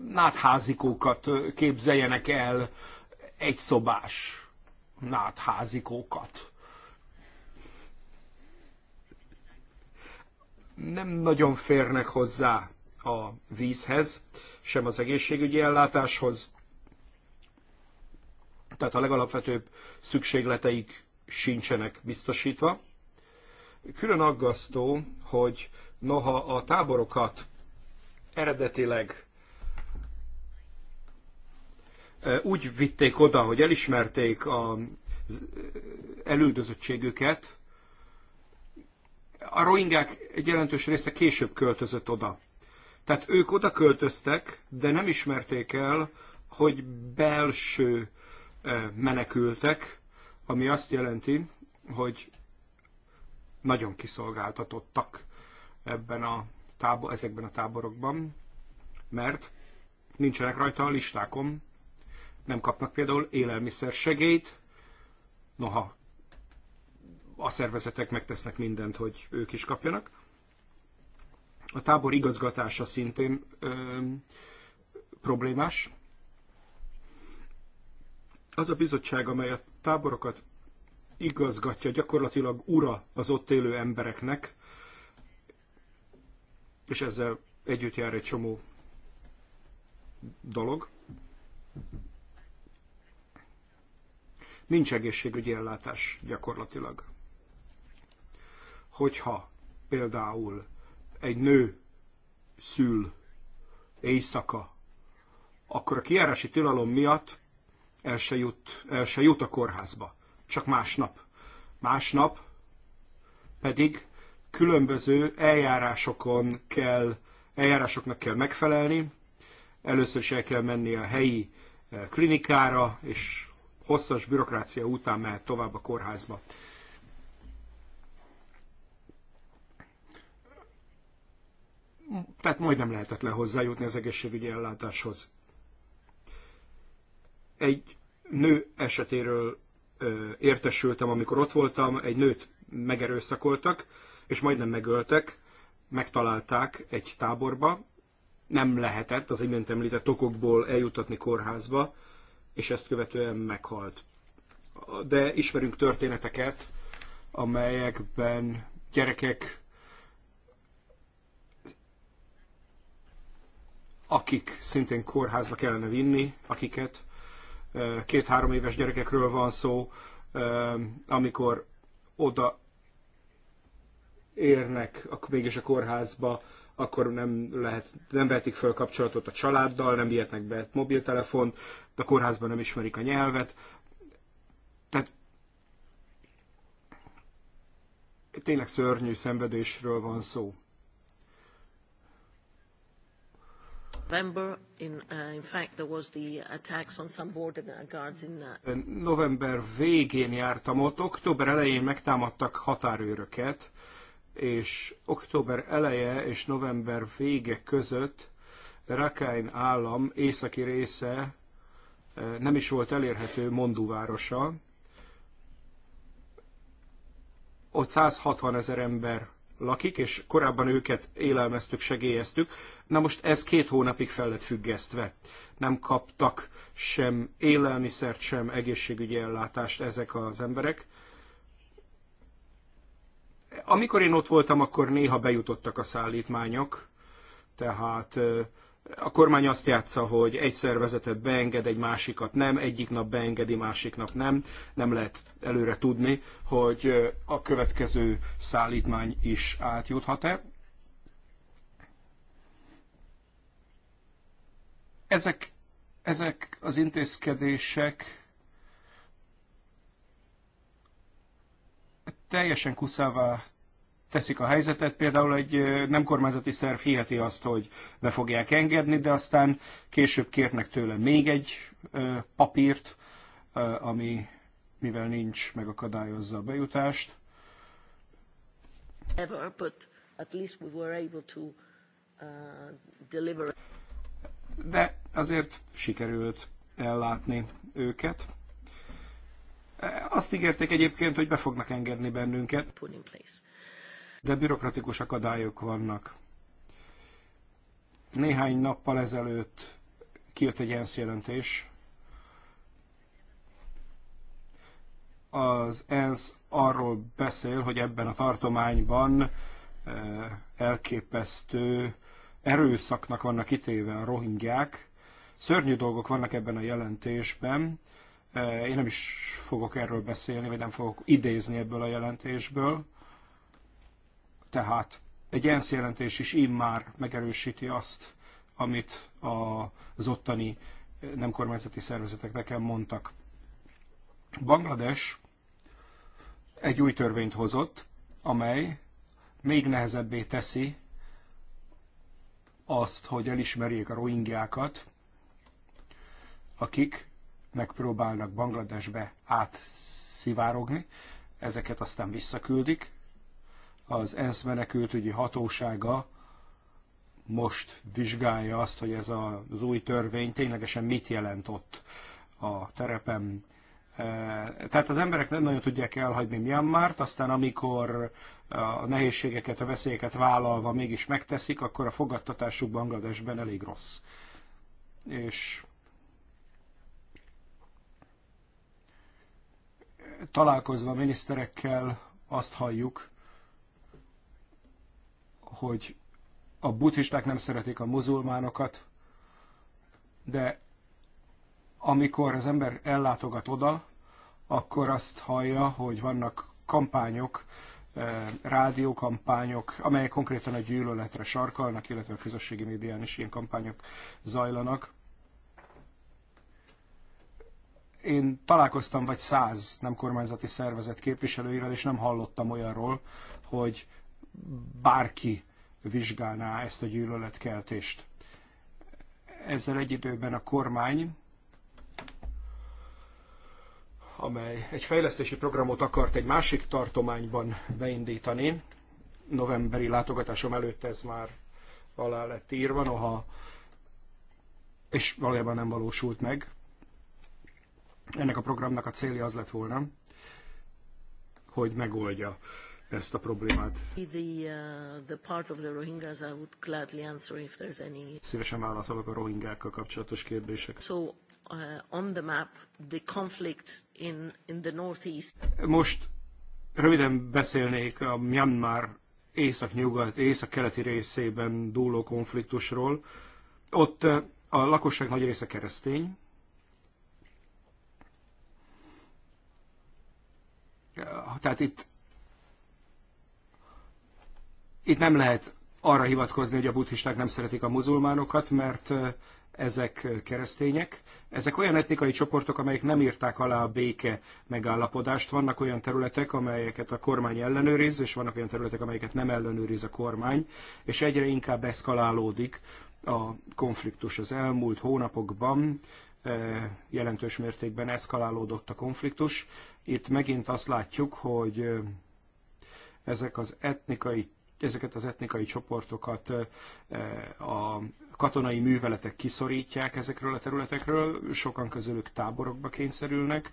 nádházikókat képzeljenek el, egy szobás nádházikókat. Nem nagyon férnek hozzá a vízhez, sem az egészségügyi ellátáshoz. Tehát a legalapvetőbb szükségleteik sincsenek biztosítva. Külön aggasztó, hogy noha a táborokat eredetileg e, úgy vitték oda, hogy elismerték az elüldözöttségüket, a rohingák egy jelentős része később költözött oda. Tehát ők oda költöztek, de nem ismerték el, hogy belső eh, menekültek, ami azt jelenti, hogy nagyon kiszolgáltatottak ebben a tábor, ezekben a táborokban, mert nincsenek rajta a listákon, nem kapnak például élelmiszer segélyt, noha a szervezetek megtesznek mindent, hogy ők is kapjanak. A tábor igazgatása szintén ö, problémás. Az a bizottság, amely a táborokat igazgatja, gyakorlatilag ura az ott élő embereknek, és ezzel együtt jár egy csomó dolog. Nincs egészségügyi ellátás gyakorlatilag. Hogyha például egy nő szül éjszaka, akkor a kiárási tilalom miatt el se jut, el se jut a kórházba, csak másnap. Másnap pedig különböző eljárásokon kell, eljárásoknak kell megfelelni. Először is el kell menni a helyi eh, klinikára, és hosszas bürokrácia után mehet tovább a kórházba. tehát majdnem lehetetlen hozzájutni az egészségügyi ellátáshoz. Egy nő esetéről ö, értesültem, amikor ott voltam, egy nőt megerőszakoltak, és majdnem megöltek, megtalálták egy táborba, nem lehetett az imént említett okokból eljutatni kórházba, és ezt követően meghalt. De ismerünk történeteket, amelyekben gyerekek akik szintén kórházba kellene vinni, akiket két-három éves gyerekekről van szó, amikor oda érnek, akkor mégis a kórházba, akkor nem lehet, nem vetik fel kapcsolatot a családdal, nem vihetnek be mobiltelefont, a kórházban nem ismerik a nyelvet. Tehát tényleg szörnyű szenvedésről van szó. November. In, uh, in fact, there was the attacks on some border guards in... Uh... November végén jártam ott, október elején megtámadtak határőröket, és október eleje és november vége között Rakhine állam északi része nem is volt elérhető Mondu városa. Ott 160 ezer ember lakik, és korábban őket élelmeztük, segélyeztük. Na most ez két hónapig fel lett függesztve. Nem kaptak sem élelmiszert, sem egészségügyi ellátást ezek az emberek. Amikor én ott voltam, akkor néha bejutottak a szállítmányok, tehát a kormány azt játsza, hogy egy szervezetet beenged, egy másikat nem, egyik nap beengedi, másik nap nem. Nem lehet előre tudni, hogy a következő szállítmány is átjuthat-e. Ezek, ezek az intézkedések teljesen kuszává teszik a helyzetet. Például egy nem kormányzati szerv hiheti azt, hogy be fogják engedni, de aztán később kérnek tőle még egy papírt, ami mivel nincs, megakadályozza a bejutást. Uh, de azért sikerült ellátni őket. Azt ígérték egyébként, hogy be fognak engedni bennünket. Put in place de bürokratikus akadályok vannak. Néhány nappal ezelőtt kijött egy ENSZ jelentés. Az ENSZ arról beszél, hogy ebben a tartományban eh, elképesztő erőszaknak vannak kitéve a rohingyák. Szörnyű dolgok vannak ebben a jelentésben. Eh, én nem is fogok erről beszélni, vagy nem fogok idézni ebből a jelentésből. Tehát egy ENSZ jelentés is immár megerősíti azt, amit az ottani eh, nem kormányzati szervezetek nekem mondtak. Banglades egy új törvényt hozott, amely még nehezebbé teszi azt, hogy elismerjék a rohingyákat, akik megpróbálnak Bangladesbe átszivárogni, ezeket aztán visszaküldik, az ENSZ menekültügyi hatósága most vizsgálja azt, hogy ez az új törvény ténylegesen mit jelent ott a terepen. E, tehát az emberek nem nagyon tudják elhagyni Myanmart, aztán amikor a nehézségeket, a veszélyeket vállalva mégis megteszik, akkor a fogadtatásuk Bangladesben elég rossz. És találkozva miniszterekkel azt halljuk, hogy a buddhisták nem szeretik a muzulmánokat, de amikor az ember ellátogat oda, akkor azt hallja, hogy vannak kampányok, eh, rádiókampányok, amelyek konkrétan a gyűlöletre sarkalnak, illetve a közösségi médián is ilyen kampányok zajlanak. Én találkoztam vagy száz nem kormányzati szervezet képviselőivel, és nem hallottam olyanról, hogy bárki vizsgálná ezt a gyűlöletkeltést. Ezzel egy időben a kormány, amely egy fejlesztési programot akart egy másik tartományban beindítani, novemberi látogatásom előtt ez már alá lett írva, noha, és valójában nem valósult meg. Ennek a programnak a célja az lett volna, hogy megoldja ezt a problémát. Szívesen válaszolok a rohingákkal kapcsolatos kérdések. So uh, on the map the conflict in in the northeast. Most röviden beszélnék a Myanmar észak-nyugat, észak-keleti részében dúló konfliktusról. Ott uh, a lakosság nagy része keresztény, uh, tehát itt itt nem lehet arra hivatkozni, hogy a buddhisták nem szeretik a muzulmánokat, mert ezek keresztények. Ezek olyan etnikai csoportok, amelyek nem írták alá a béke megállapodást. Vannak olyan területek, amelyeket a kormány ellenőriz, és vannak olyan területek, amelyeket nem ellenőriz a kormány, és egyre inkább eszkalálódik a konfliktus. Az elmúlt hónapokban jelentős mértékben eszkalálódott a konfliktus. Itt megint azt látjuk, hogy ezek az etnikai ezeket az etnikai csoportokat a katonai műveletek kiszorítják ezekről a területekről, sokan közülük táborokba kényszerülnek,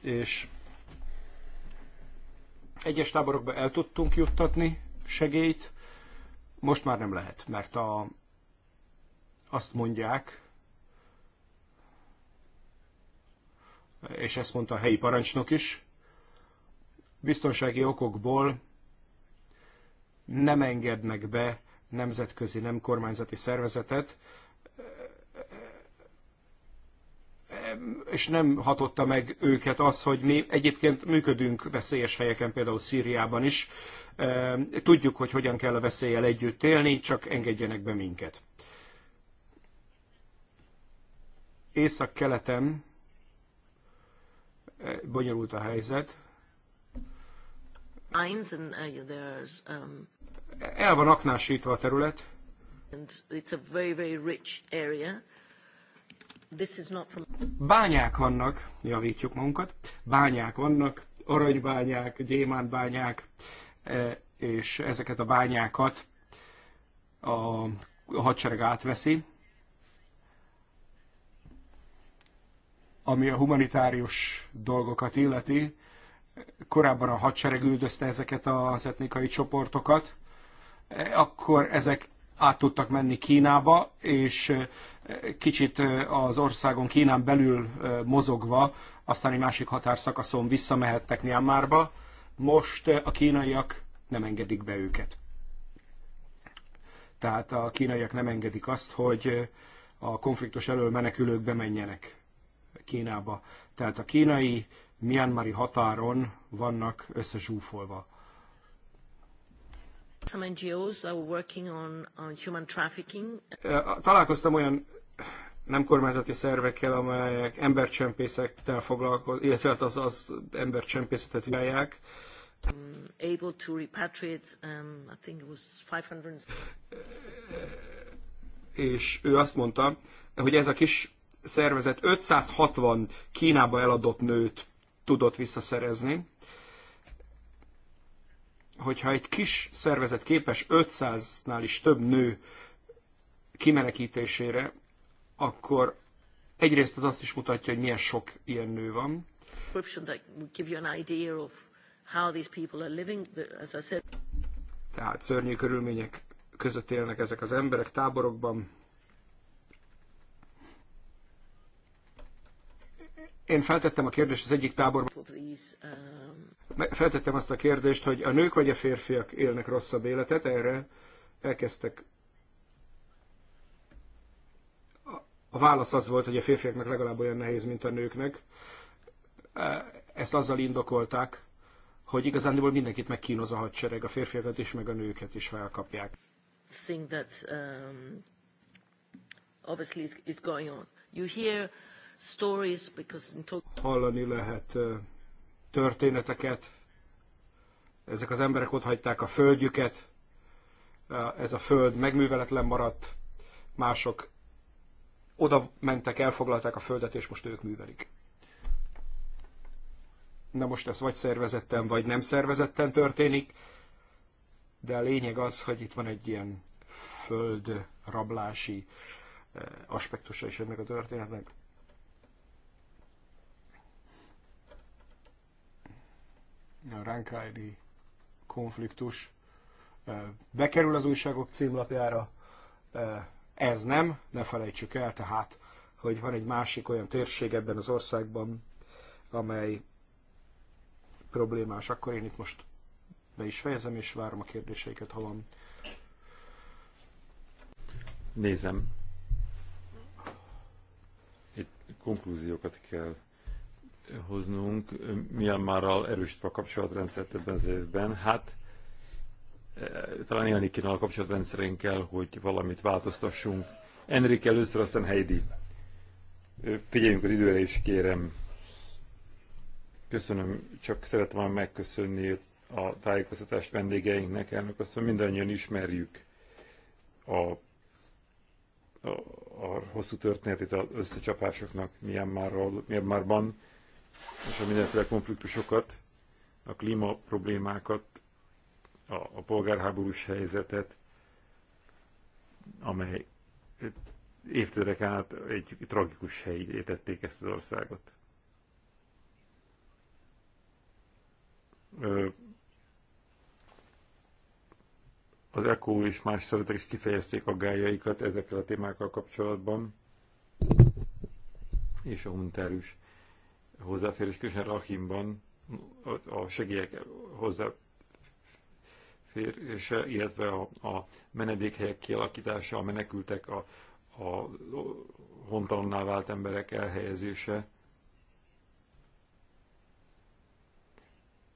és egyes táborokba el tudtunk juttatni segélyt, most már nem lehet, mert a, azt mondják, és ezt mondta a helyi parancsnok is, biztonsági okokból nem engednek be nemzetközi, nem kormányzati szervezetet, és nem hatotta meg őket az, hogy mi egyébként működünk veszélyes helyeken, például Szíriában is. Tudjuk, hogy hogyan kell a veszéllyel együtt élni, csak engedjenek be minket. Észak-keleten bonyolult a helyzet, mines and uh, there's um, el van aknásítva a terület. And it's a very, very rich area. This is not from... Bányák vannak, javítjuk magunkat, bányák vannak, aranybányák, gyémántbányák, e, és ezeket a bányákat a hadsereg átveszi, ami a humanitárius dolgokat illeti, korábban a hadsereg üldözte ezeket az etnikai csoportokat, e, akkor ezek át tudtak menni Kínába, és e, kicsit e, az országon Kínán belül mozogva, aztán egy másik határszakaszon visszamehettek Myanmarba. Most a kínaiak nem engedik be őket. Tehát a kínaiak nem engedik azt, hogy a konfliktus elől menekülők bemenjenek Kínába. Tehát a kínai Myanmari határon vannak összezsúfolva. Some NGOs are working on, on human trafficking. Találkoztam olyan nem kormányzati szervekkel, amelyek embercsempészettel foglalkoznak, illetve hát az, az embercsempészetet vizsgálják. Um, able to repatriate, um, I think it was 500... És ő azt mondta, hogy ez a kis szervezet 560 Kínába eladott nőt tudott visszaszerezni. Hogyha egy kis szervezet képes 500-nál is több nő kimenekítésére, akkor egyrészt az azt is mutatja, hogy milyen sok ilyen nő van. Tehát szörnyű körülmények között élnek ezek az emberek táborokban, Én feltettem a kérdést az egyik táborban. Um, feltettem azt a kérdést, hogy a nők vagy a férfiak élnek rosszabb életet, erre elkezdtek. A válasz az volt, hogy a férfiaknak legalább olyan nehéz, mint a nőknek. E, ezt azzal indokolták, hogy igazándiból mindenkit megkínoz a hadsereg, a férfiakat is, meg a nőket is, ha elkapják. Thing that um, obviously is going on. You hear stories because Hallani lehet történeteket. Ezek az emberek ott hagyták a földjüket, ez a föld megműveletlen maradt, mások oda mentek, elfoglalták a földet, és most ők művelik. Na most ez vagy szervezetten, vagy nem szervezetten történik, de a lényeg az, hogy itt van egy ilyen földrablási aspektusa is ennek a történetnek. a konfliktus bekerül az újságok címlapjára, ez nem, ne felejtsük el tehát, hogy van egy másik olyan térség ebben az országban, amely problémás. Akkor én itt most be is fejezem, és várom a kérdéseiket, ha van. Nézem. Itt konklúziókat kell hoznunk. Myanmarral erősítve a kapcsolatrendszert ebben az évben. Hát e, talán élni kéne a kapcsolatrendszerénkkel, hogy valamit változtassunk. Enrik először, aztán Heidi. Figyeljünk az időre is, kérem. Köszönöm, csak szeretem már megköszönni a tájékoztatást vendégeinknek, elnök azt mondja, mindannyian ismerjük a, a, a hosszú történetét az összecsapásoknak Myanmarról, Myanmarban és a mindenféle konfliktusokat, a klíma problémákat, a, a polgárháborús helyzetet, amely évtizedek át egy tragikus helyé tették ezt az országot. Az ECO és más szervezetek is kifejezték a gájaikat ezekkel a témákkal kapcsolatban, és a humanitárius hozzáférés, különösen Rahimban a segélyek hozzáférése, illetve a, a menedékhelyek kialakítása, a menekültek, a, a hontalanná vált emberek elhelyezése,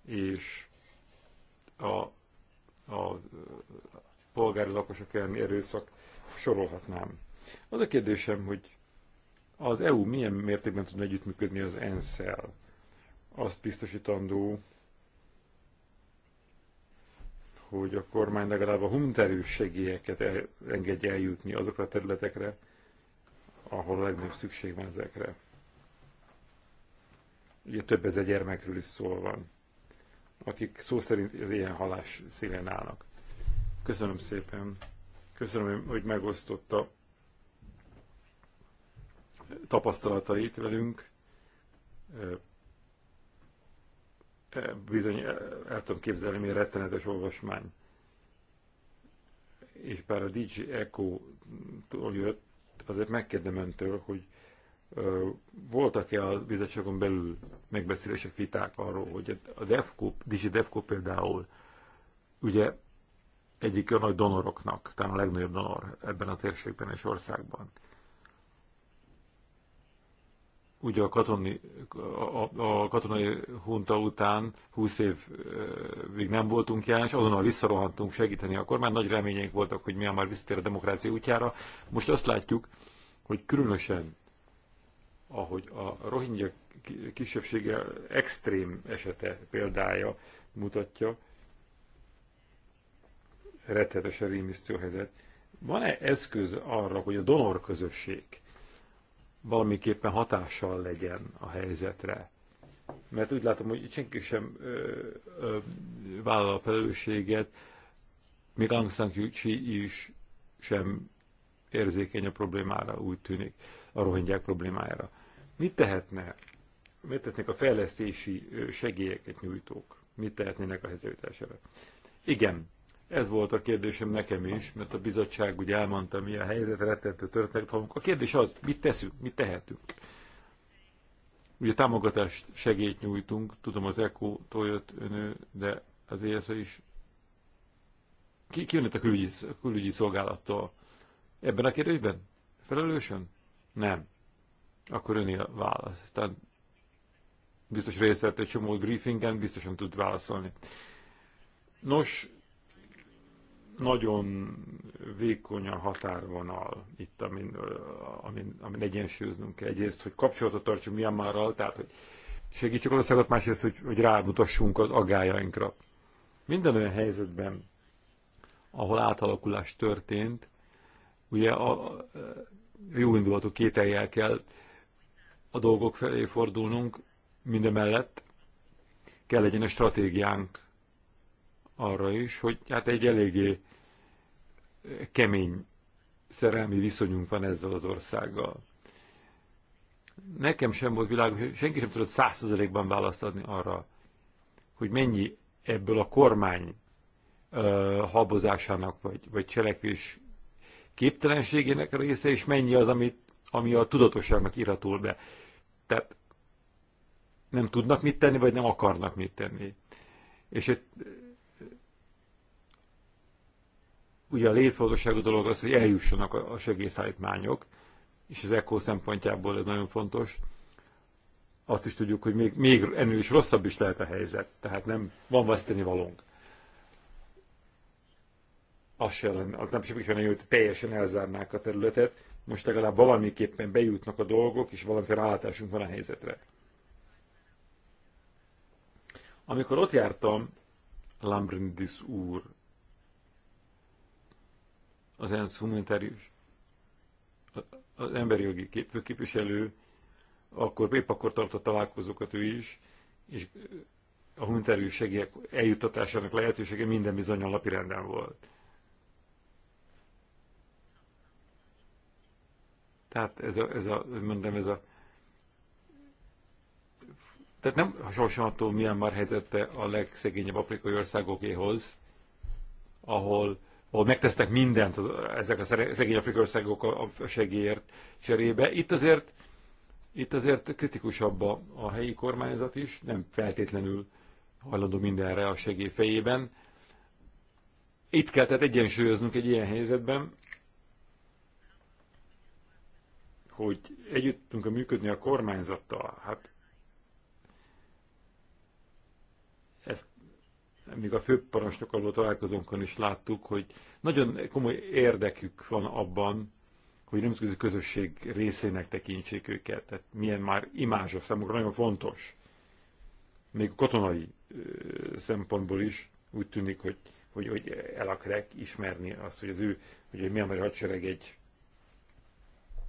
és a, a polgári lakosok elleni erőszak sorolhatnám. Az a kérdésem, hogy az EU milyen mértékben tudna együttműködni az ENSZ-el? Azt biztosítandó, hogy a kormány legalább a humanitárius segélyeket el, engedje eljutni azokra a területekre, ahol a legnagyobb szükség van ezekre. Ugye több ezer gyermekről is szó van, akik szó szerint az ilyen halás szélén állnak. Köszönöm szépen. Köszönöm, hogy megosztotta tapasztalatait velünk, e, bizony el tudom képzelni, milyen rettenetes olvasmány. És bár a DJ Echo-tól jött, azért megkérdem öntől, hogy voltak-e a bizottságon belül megbeszélések, viták arról, hogy a DEFCO, DJ DEFCO például ugye egyik a nagy donoroknak, talán a legnagyobb donor ebben a térségben és országban ugye a, katoni, a, a katonai hunta után 20 évig nem voltunk jelen, és azonnal visszarohantunk segíteni a kormány. Nagy reményeink voltak, hogy mi már visszatér a demokrácia útjára. Most azt látjuk, hogy különösen, ahogy a rohingya kisebbsége extrém esete példája mutatja, rettetesen rémisztő helyzet. Van-e eszköz arra, hogy a donor közösség valamiképpen hatással legyen a helyzetre. Mert úgy látom, hogy senki sem ö, ö, vállal a felelősséget, még Aung San Suu Kyi is sem érzékeny a problémára, úgy tűnik, a rohingyák problémájára. Mit tehetne? Mit tehetnek a fejlesztési segélyeket nyújtók? Mit tehetnének a helyzetására? Igen, ez volt a kérdésem nekem is, mert a bizottság ugye elmondta, mi a helyzet, rettentő történet A kérdés az, mit teszünk, mit tehetünk? Ugye támogatást, segélyt nyújtunk, tudom az ECO-tól jött önő, de az ESZ is. Ki, ki jön itt a külügyi, külügyi szolgálattól? Ebben a kérdésben? Felelősen? Nem. Akkor öné a válasz. Tehát biztos részt vett egy csomó briefingen, biztosan tud válaszolni. Nos, nagyon vékony a határvonal itt, amin, amin, amin egyensúlyoznunk kell. Egyrészt, hogy kapcsolatot tartsunk Myanmarral, tehát hogy segítsük Olaszországot, másrészt, hogy, hogy rámutassunk az agályainkra. Minden olyan helyzetben, ahol átalakulás történt, ugye a, a jó indulatú kételjel kell a dolgok felé fordulnunk, mindemellett kell legyen a stratégiánk arra is, hogy hát egy eléggé eh, kemény szerelmi viszonyunk van ezzel az országgal. Nekem sem volt világos, senki sem tudott százszerzelékben választ adni arra, hogy mennyi ebből a kormány uh, habozásának vagy, vagy cselekvés képtelenségének része, és mennyi az, amit, ami a tudatosságnak iratul be. Tehát nem tudnak mit tenni, vagy nem akarnak mit tenni. És ugye a létfontosságú dolog az, hogy eljussanak a segélyszállítmányok, és az ECO szempontjából ez nagyon fontos. Azt is tudjuk, hogy még, még ennél is rosszabb is lehet a helyzet, tehát nem van veszteni valónk. Az, se lenne, az nem sem jó, hogy teljesen elzárnák a területet, most legalább valamiképpen bejutnak a dolgok, és valamiféle rálátásunk van a helyzetre. Amikor ott jártam, Lambrindis úr az ENSZ humanitárius, az emberi jogi főképviselő, akkor épp akkor tartott találkozókat ő is, és a humanitárius segélyek eljuttatásának lehetősége minden bizony a napirenden volt. Tehát ez a, ez a mondom, ez a tehát nem milyen már helyzette a legszegényebb afrikai országokéhoz, ahol ahol megtesznek mindent ezek a szegény afrikai országok a segélyért cserébe. Itt azért, itt azért kritikusabb a, a helyi kormányzat is, nem feltétlenül hajlandó mindenre a segély fejében. Itt kell tehát egyensúlyoznunk egy ilyen helyzetben, hogy együtt tudunk működni a kormányzattal. Hát még a főparancsnokkal való találkozónkon is láttuk, hogy nagyon komoly érdekük van abban, hogy nemzetközi közösség részének tekintsék őket. Tehát milyen már imázsa számukra nagyon fontos. Még a katonai szempontból is úgy tűnik, hogy, hogy, hogy el akarják ismerni azt, hogy az ő, hogy egy Myanmar hadsereg egy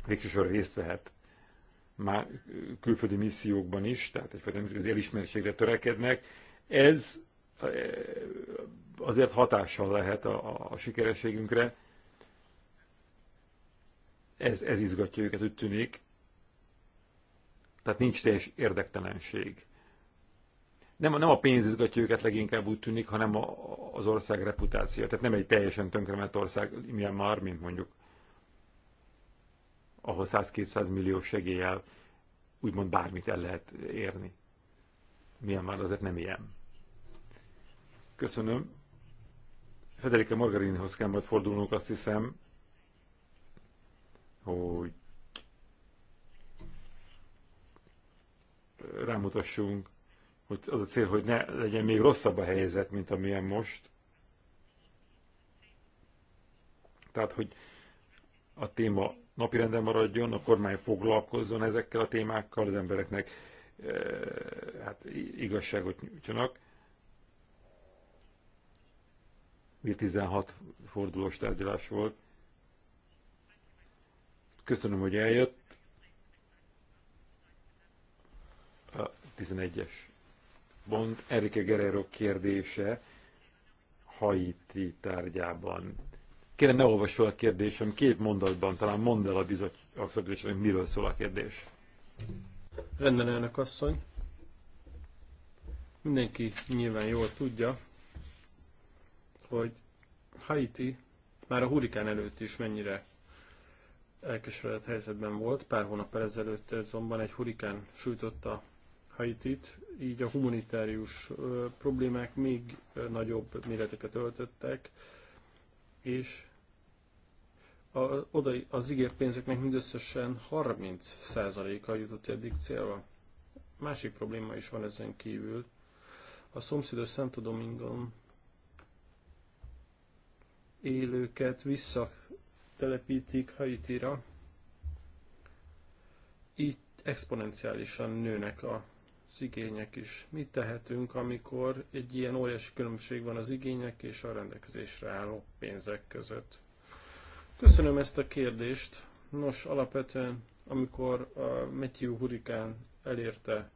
végsősorban részt vehet már külföldi missziókban is, tehát egyfajta nemzetközi elismertségre törekednek. Ez Eh, azért hatással lehet a, a sikerességünkre. Ez, ez izgatja őket, úgy tűnik. Tehát nincs teljes érdektelenség. Nem, nem a pénz izgatja őket leginkább úgy tűnik, hanem a, az ország reputáció. Tehát nem egy teljesen tönkrement ország, milyen már, mint mondjuk, ahol 100-200 millió segéllyel úgymond bármit el lehet érni. Milyen már azért nem ilyen. Köszönöm. Federica Margarinhoz kell majd fordulnunk, azt hiszem, hogy rámutassunk, hogy az a cél, hogy ne legyen még rosszabb a helyzet, mint amilyen most. Tehát, hogy a téma napirenden maradjon, a kormány foglalkozzon ezekkel a témákkal, az embereknek e, hát igazságot nyújtsanak. 16 fordulós tárgyalás volt. Köszönöm, hogy eljött. A 11-es pont Erike Guerrero kérdése Haiti tárgyában. Kérem, ne olvass fel a kérdésem, két mondatban talán mondd el a bizottság miről szól a kérdés. Rendben, elnök asszony. Mindenki nyilván jól tudja, hogy Haiti már a hurikán előtt is mennyire elkeseredett helyzetben volt. Pár hónap ezelőtt azonban egy hurikán sújtotta Haitit, így a humanitárius problémák még nagyobb méreteket öltöttek, és a, oda, az ígért pénzeknek mindösszesen 30%-a jutott eddig célra. Másik probléma is van ezen kívül. A szomszédos Santo Domingon élőket visszatelepítik Haitira, így exponenciálisan nőnek a az igények is. Mit tehetünk, amikor egy ilyen óriási különbség van az igények és a rendelkezésre álló pénzek között? Köszönöm ezt a kérdést. Nos, alapvetően, amikor a Matthew hurikán elérte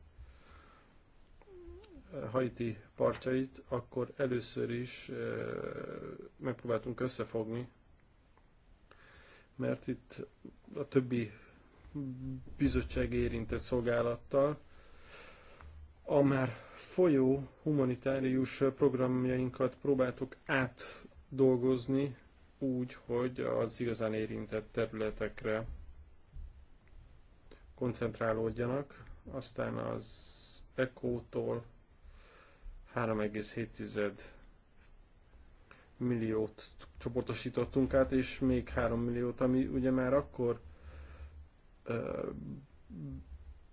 Haiti partjait, akkor először is eh, megpróbáltunk összefogni, mert itt a többi bizottság érintett szolgálattal a már folyó humanitárius programjainkat próbáltuk átdolgozni úgy, hogy az igazán érintett területekre koncentrálódjanak, aztán az ECO-tól 3,7 milliót csoportosítottunk át, és még 3 milliót, ami ugye már akkor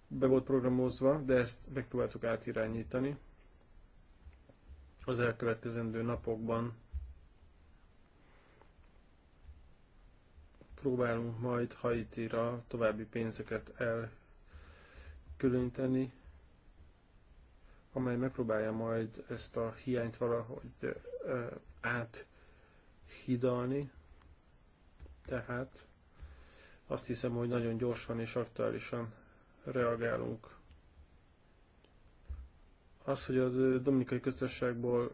be volt programozva, de ezt megpróbáltuk átirányítani. Az elkövetkezendő napokban próbálunk majd Haitira további pénzeket elkülöníteni, amely megpróbálja majd ezt a hiányt valahogy áthidalni. Tehát azt hiszem, hogy nagyon gyorsan és aktuálisan reagálunk. Az, hogy a dominikai köztársaságból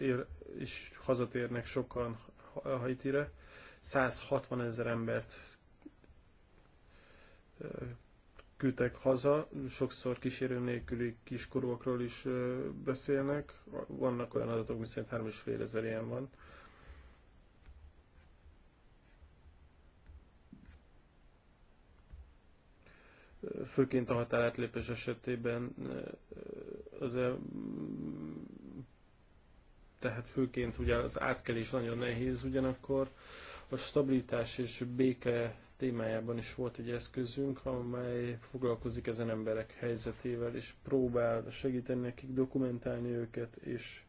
ér, is hazatérnek sokan Haitire, 160 ezer embert küldtek haza, sokszor kísérő nélküli kiskorúakról is beszélnek, vannak olyan adatok, szerint 3,5 ezer ilyen van. Főként a határátlépés esetében az -e, tehát főként ugye az átkelés nagyon nehéz ugyanakkor, a stabilitás és béke témájában is volt egy eszközünk, amely foglalkozik ezen emberek helyzetével, és próbál segíteni nekik dokumentálni őket, és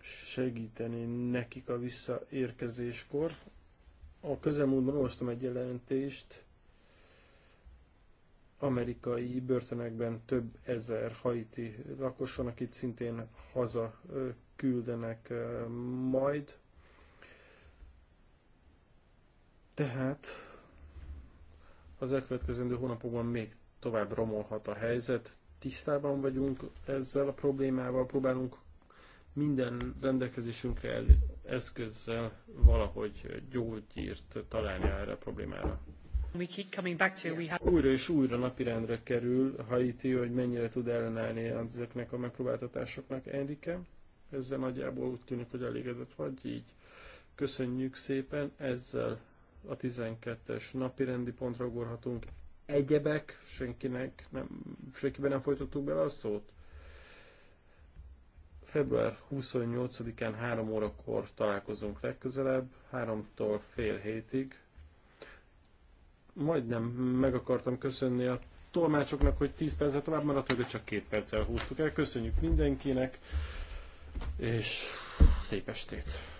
segíteni nekik a visszaérkezéskor. A közelmúltban olvastam egy jelentést, amerikai börtönekben több ezer haiti lakos van, akit szintén haza küldenek majd. Tehát az elkövetkező hónapokban még tovább romolhat a helyzet. Tisztában vagyunk ezzel a problémával, próbálunk minden rendelkezésünkre eszközzel valahogy gyógyírt találni erre a problémára. We keep coming back to, we have... Újra és újra napirendre kerül Haiti, hogy mennyire tud ellenállni ezeknek a megpróbáltatásoknak. Enrique, ezzel nagyjából úgy tűnik, hogy elégedett vagy, így köszönjük szépen, ezzel a 12-es napi rendi pontra ugorhatunk. Egyebek, senkinek nem, senkiben nem folytattuk bele a szót. Február 28-án 3 órakor találkozunk legközelebb, 3-tól fél hétig. Majdnem meg akartam köszönni a tolmácsoknak, hogy 10 perccel tovább maradt, de csak 2 perccel húztuk el. Köszönjük mindenkinek, és szép estét!